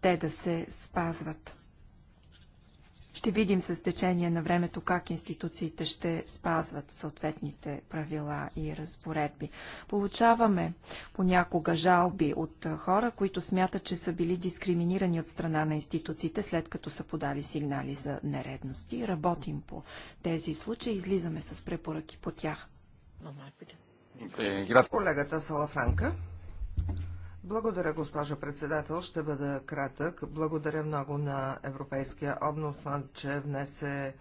те да се спазват. Ще видим с течение на времето как институциите ще спазват съответните правила и разпоредби. Получаваме понякога жалби от хора, които смятат, че са били дискриминирани от страна на институциите, след като са подали сигнали за нередности. Работим по тези случаи, излизаме с препоръки по тях. Колегата Салафранка. Благодаря, госпожа председател. Ще бъда кратък. Благодаря много на Европейския обновман, че внесе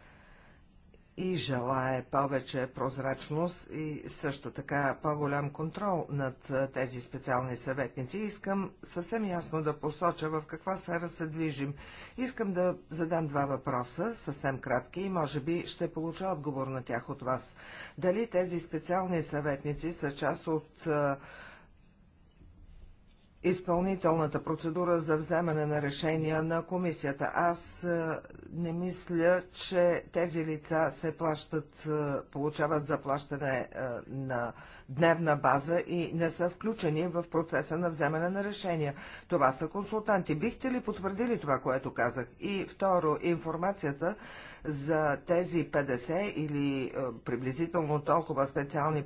и желае повече прозрачност и също така по-голям контрол над тези специални съветници. Искам съвсем ясно да посоча в каква сфера се движим. Искам да задам два въпроса, съвсем кратки, и може би ще получа отговор на тях от вас. Дали тези специални съветници са част от изпълнителната процедура за вземане на решения на комисията. Аз е, не мисля, че тези лица се плащат, е, получават заплащане е, на дневна база и не са включени в процеса на вземане на решения. Това са консултанти. Бихте ли потвърдили това, което казах? И второ, информацията за тези 50 или приблизително толкова специални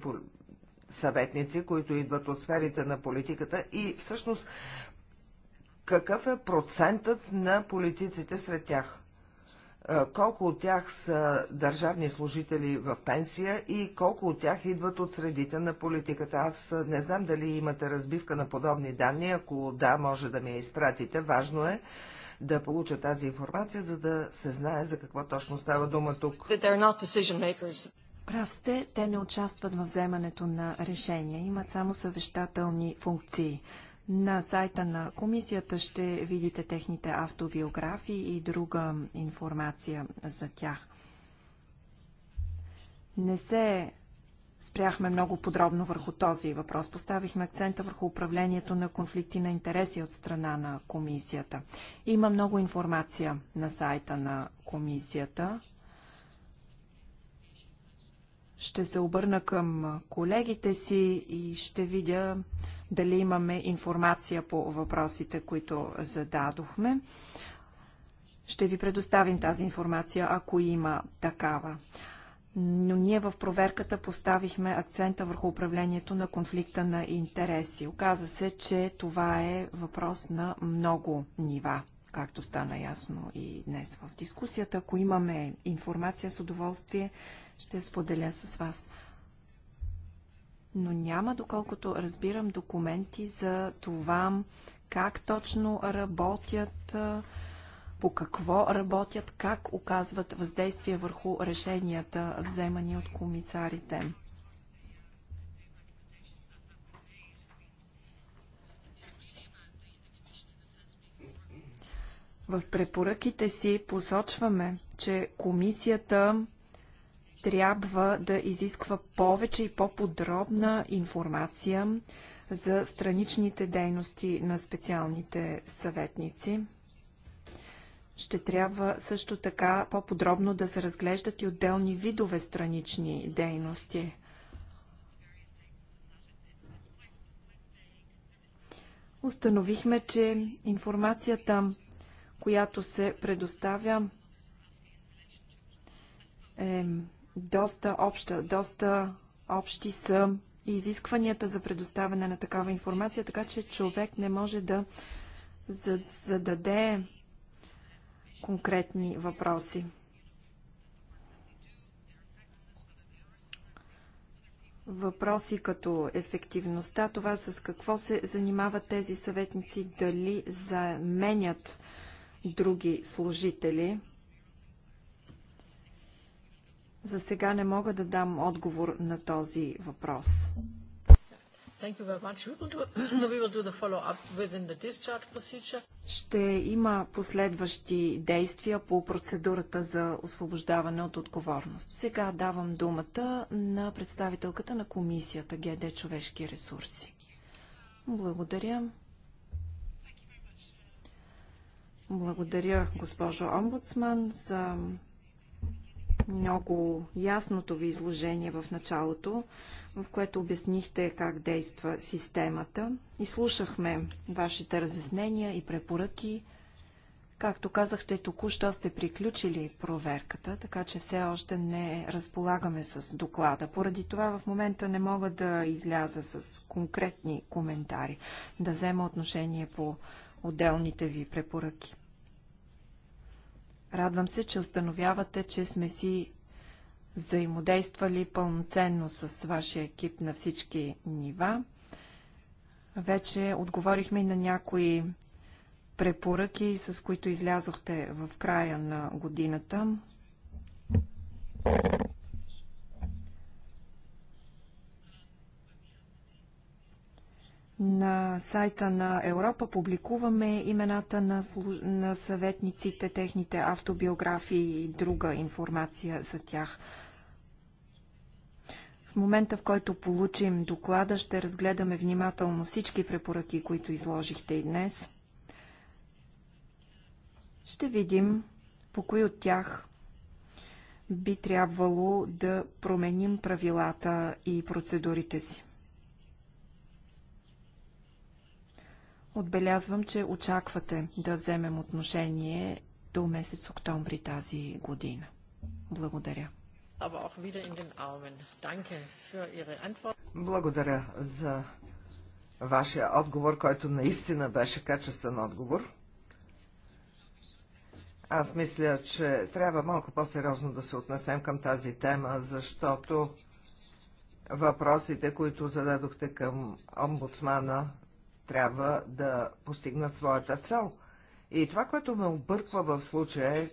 съветници, които идват от сферите на политиката и всъщност какъв е процентът на политиците сред тях? Е, колко от тях са държавни служители в пенсия и колко от тях идват от средите на политиката? Аз не знам дали имате разбивка на подобни данни. Ако да, може да ми я изпратите. Важно е да получа тази информация, за да се знае за какво точно става дума тук. Прав сте, те не участват в вземането на решения, имат само съвещателни функции. На сайта на комисията ще видите техните автобиографии и друга информация за тях. Не се спряхме много подробно върху този въпрос. Поставихме акцента върху управлението на конфликти на интереси от страна на комисията. Има много информация на сайта на комисията. Ще се обърна към колегите си и ще видя дали имаме информация по въпросите, които зададохме. Ще ви предоставим тази информация, ако има такава. Но ние в проверката поставихме акцента върху управлението на конфликта на интереси. Оказа се, че това е въпрос на много нива, както стана ясно и днес в дискусията. Ако имаме информация с удоволствие, ще споделя с вас. Но няма, доколкото разбирам, документи за това как точно работят, по какво работят, как оказват въздействие върху решенията, вземани от комисарите. В препоръките си посочваме, че комисията трябва да изисква повече и по-подробна информация за страничните дейности на специалните съветници. Ще трябва също така по-подробно да се разглеждат и отделни видове странични дейности. Установихме, че информацията, която се предоставя, е доста обща, доста общи са изискванията за предоставяне на такава информация, така че човек не може да зададе конкретни въпроси. Въпроси като ефективността, това с какво се занимават тези съветници, дали заменят други служители. За сега не мога да дам отговор на този въпрос. Ще има последващи действия по процедурата за освобождаване от отговорност. Сега давам думата на представителката на комисията ГД Човешки ресурси. Благодаря. Благодаря, госпожо Омбудсман, за много ясното ви изложение в началото, в което обяснихте как действа системата. И слушахме вашите разяснения и препоръки. Както казахте, току-що сте приключили проверката, така че все още не разполагаме с доклада. Поради това в момента не мога да изляза с конкретни коментари, да взема отношение по отделните ви препоръки. Радвам се, че установявате, че сме си взаимодействали пълноценно с вашия екип на всички нива. Вече отговорихме и на някои препоръки, с които излязохте в края на годината. На сайта на Европа публикуваме имената на, слу... на съветниците, техните автобиографии и друга информация за тях. В момента, в който получим доклада, ще разгледаме внимателно всички препоръки, които изложихте и днес. Ще видим по кои от тях би трябвало да променим правилата и процедурите си. Отбелязвам, че очаквате да вземем отношение до месец октомври тази година. Благодаря. Благодаря за вашия отговор, който наистина беше качествен отговор. Аз мисля, че трябва малко по-сериозно да се отнесем към тази тема, защото въпросите, които зададохте към омбудсмана, трябва да постигнат своята цел. И това, което ме обърква в случая е,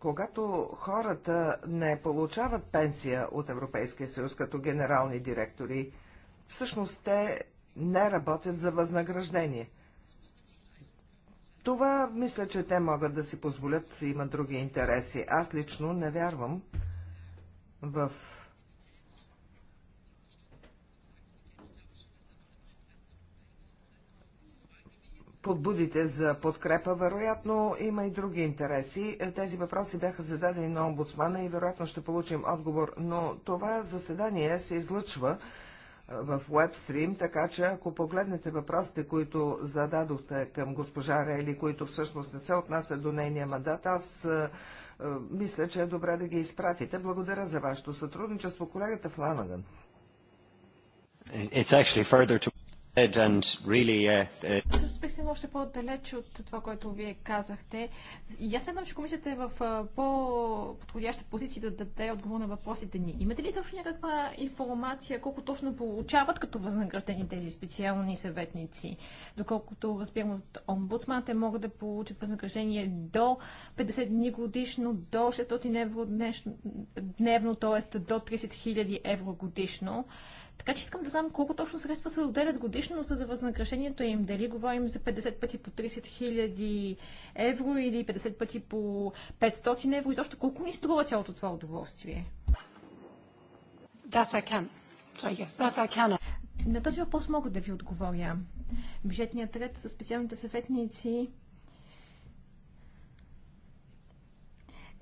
когато хората не получават пенсия от Европейския съюз като генерални директори, всъщност те не работят за възнаграждение. Това мисля, че те могат да си позволят, имат други интереси. Аз лично не вярвам в подбудите за подкрепа. Вероятно има и други интереси. Тези въпроси бяха зададени на омбудсмана и вероятно ще получим отговор, но това заседание се излъчва в вебстрим, така че ако погледнете въпросите, които зададохте към госпожа Рейли, които всъщност не се отнасят до нейния мандат, аз мисля, че е добре да ги изпратите. Благодаря за вашето сътрудничество, колегата Фланаган. To... Really, uh, uh, Също бих още по-далеч от това, което вие казахте. И аз смятам, че комисията е в по-подходяща позиция да даде отговор на въпросите ни. Имате ли също някаква информация, колко точно получават като възнаграждени тези специални съветници? Доколкото разбирам от омбудсмана, те могат да получат възнаграждение до 50 дни годишно, до 600 евро днешно, дневно, т.е. до 30 000 евро годишно. Така че искам да знам колко точно средства се отделят годишно за възнаграждението им. Дали говорим за 50 пъти по 30 хиляди евро или 50 пъти по 500 евро. И колко ни струва цялото това удоволствие? That I can. So yes, that I can. На този въпрос мога да ви отговоря. Бюджетният ред със специалните съветници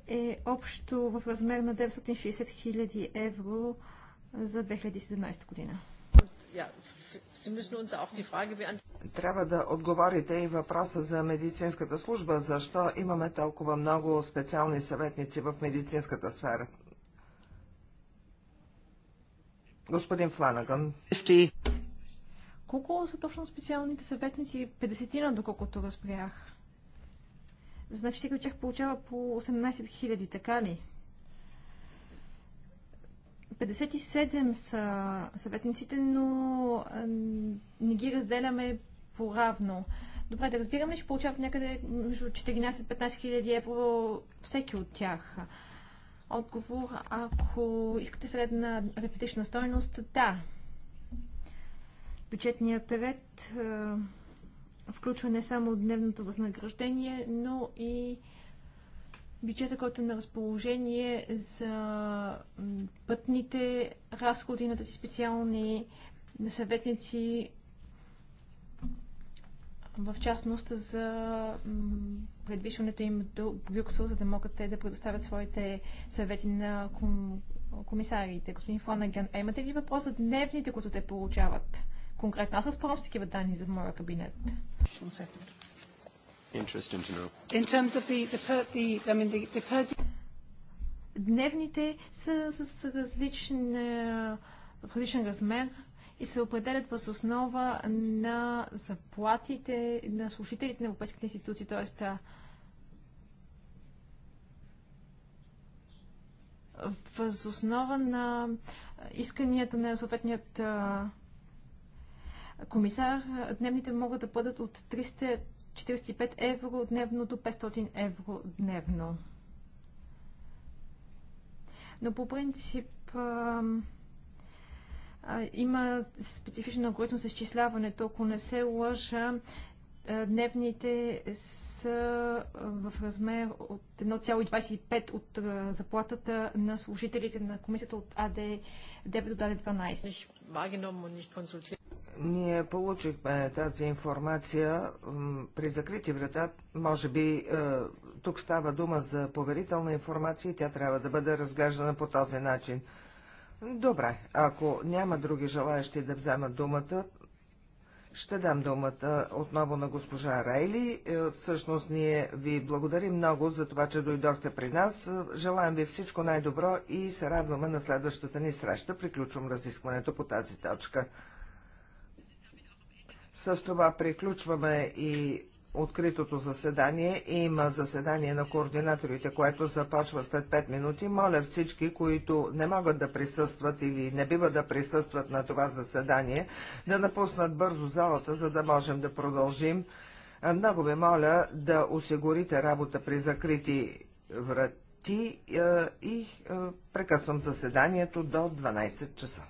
е общо в размер на 960 000 евро за 2017 година. Трябва да отговорите и въпроса за медицинската служба. Защо имаме толкова много специални съветници в медицинската сфера? Господин Фланаган. Колко са точно специалните съветници? 50-на, доколкото възприях. Значи всеки от тях получава по 18 000, така ли? 57 са съветниците, но не ги разделяме по-равно. Добре, да разбираме, ще получават някъде между 14-15 хиляди евро всеки от тях. Отговор, ако искате средна репетична стойност, да. Бюджетният ред включва не само дневното възнаграждение, но и бюджета, който е на разположение за пътните разходи на тези специални съветници, в частност за предвижването им до Брюксел, за да могат те да предоставят своите съвети на ком... комисарите. Господин Фланаген, а имате ли въпрос за дневните, които те получават? Конкретно аз разполагам с такива данни за моя кабинет. Interesting to know. In terms of the, the, per, the, I mean, the, the per... Дневните са с различен, е, различен размер и се определят въз основа на заплатите на служителите на европейските институции, т.е. въз основа на исканията на съответният е, комисар, дневните могат да бъдат от 300 45 евро дневно до 500 евро дневно. Но по принцип а, а, има специфичен алгоритм за изчисляването. Ако не се лъжа, дневните са в размер от 1,25 от заплатата на служителите на комисията от АД 9 до АД 12. Ние получихме тази информация при закрити врата. Може би е, тук става дума за поверителна информация и тя трябва да бъде разглеждана по този начин. Добре, ако няма други желаящи да вземат думата, ще дам думата отново на госпожа Райли. Е, всъщност ние ви благодарим много за това, че дойдохте при нас. Е, желаем ви всичко най-добро и се радваме на следващата ни среща. Приключвам разискването по тази точка. С това приключваме и откритото заседание. Има заседание на координаторите, което започва след 5 минути. Моля всички, които не могат да присъстват или не бива да присъстват на това заседание, да напуснат бързо залата, за да можем да продължим. Много ви моля да осигурите работа при закрити врати и прекъсвам заседанието до 12 часа.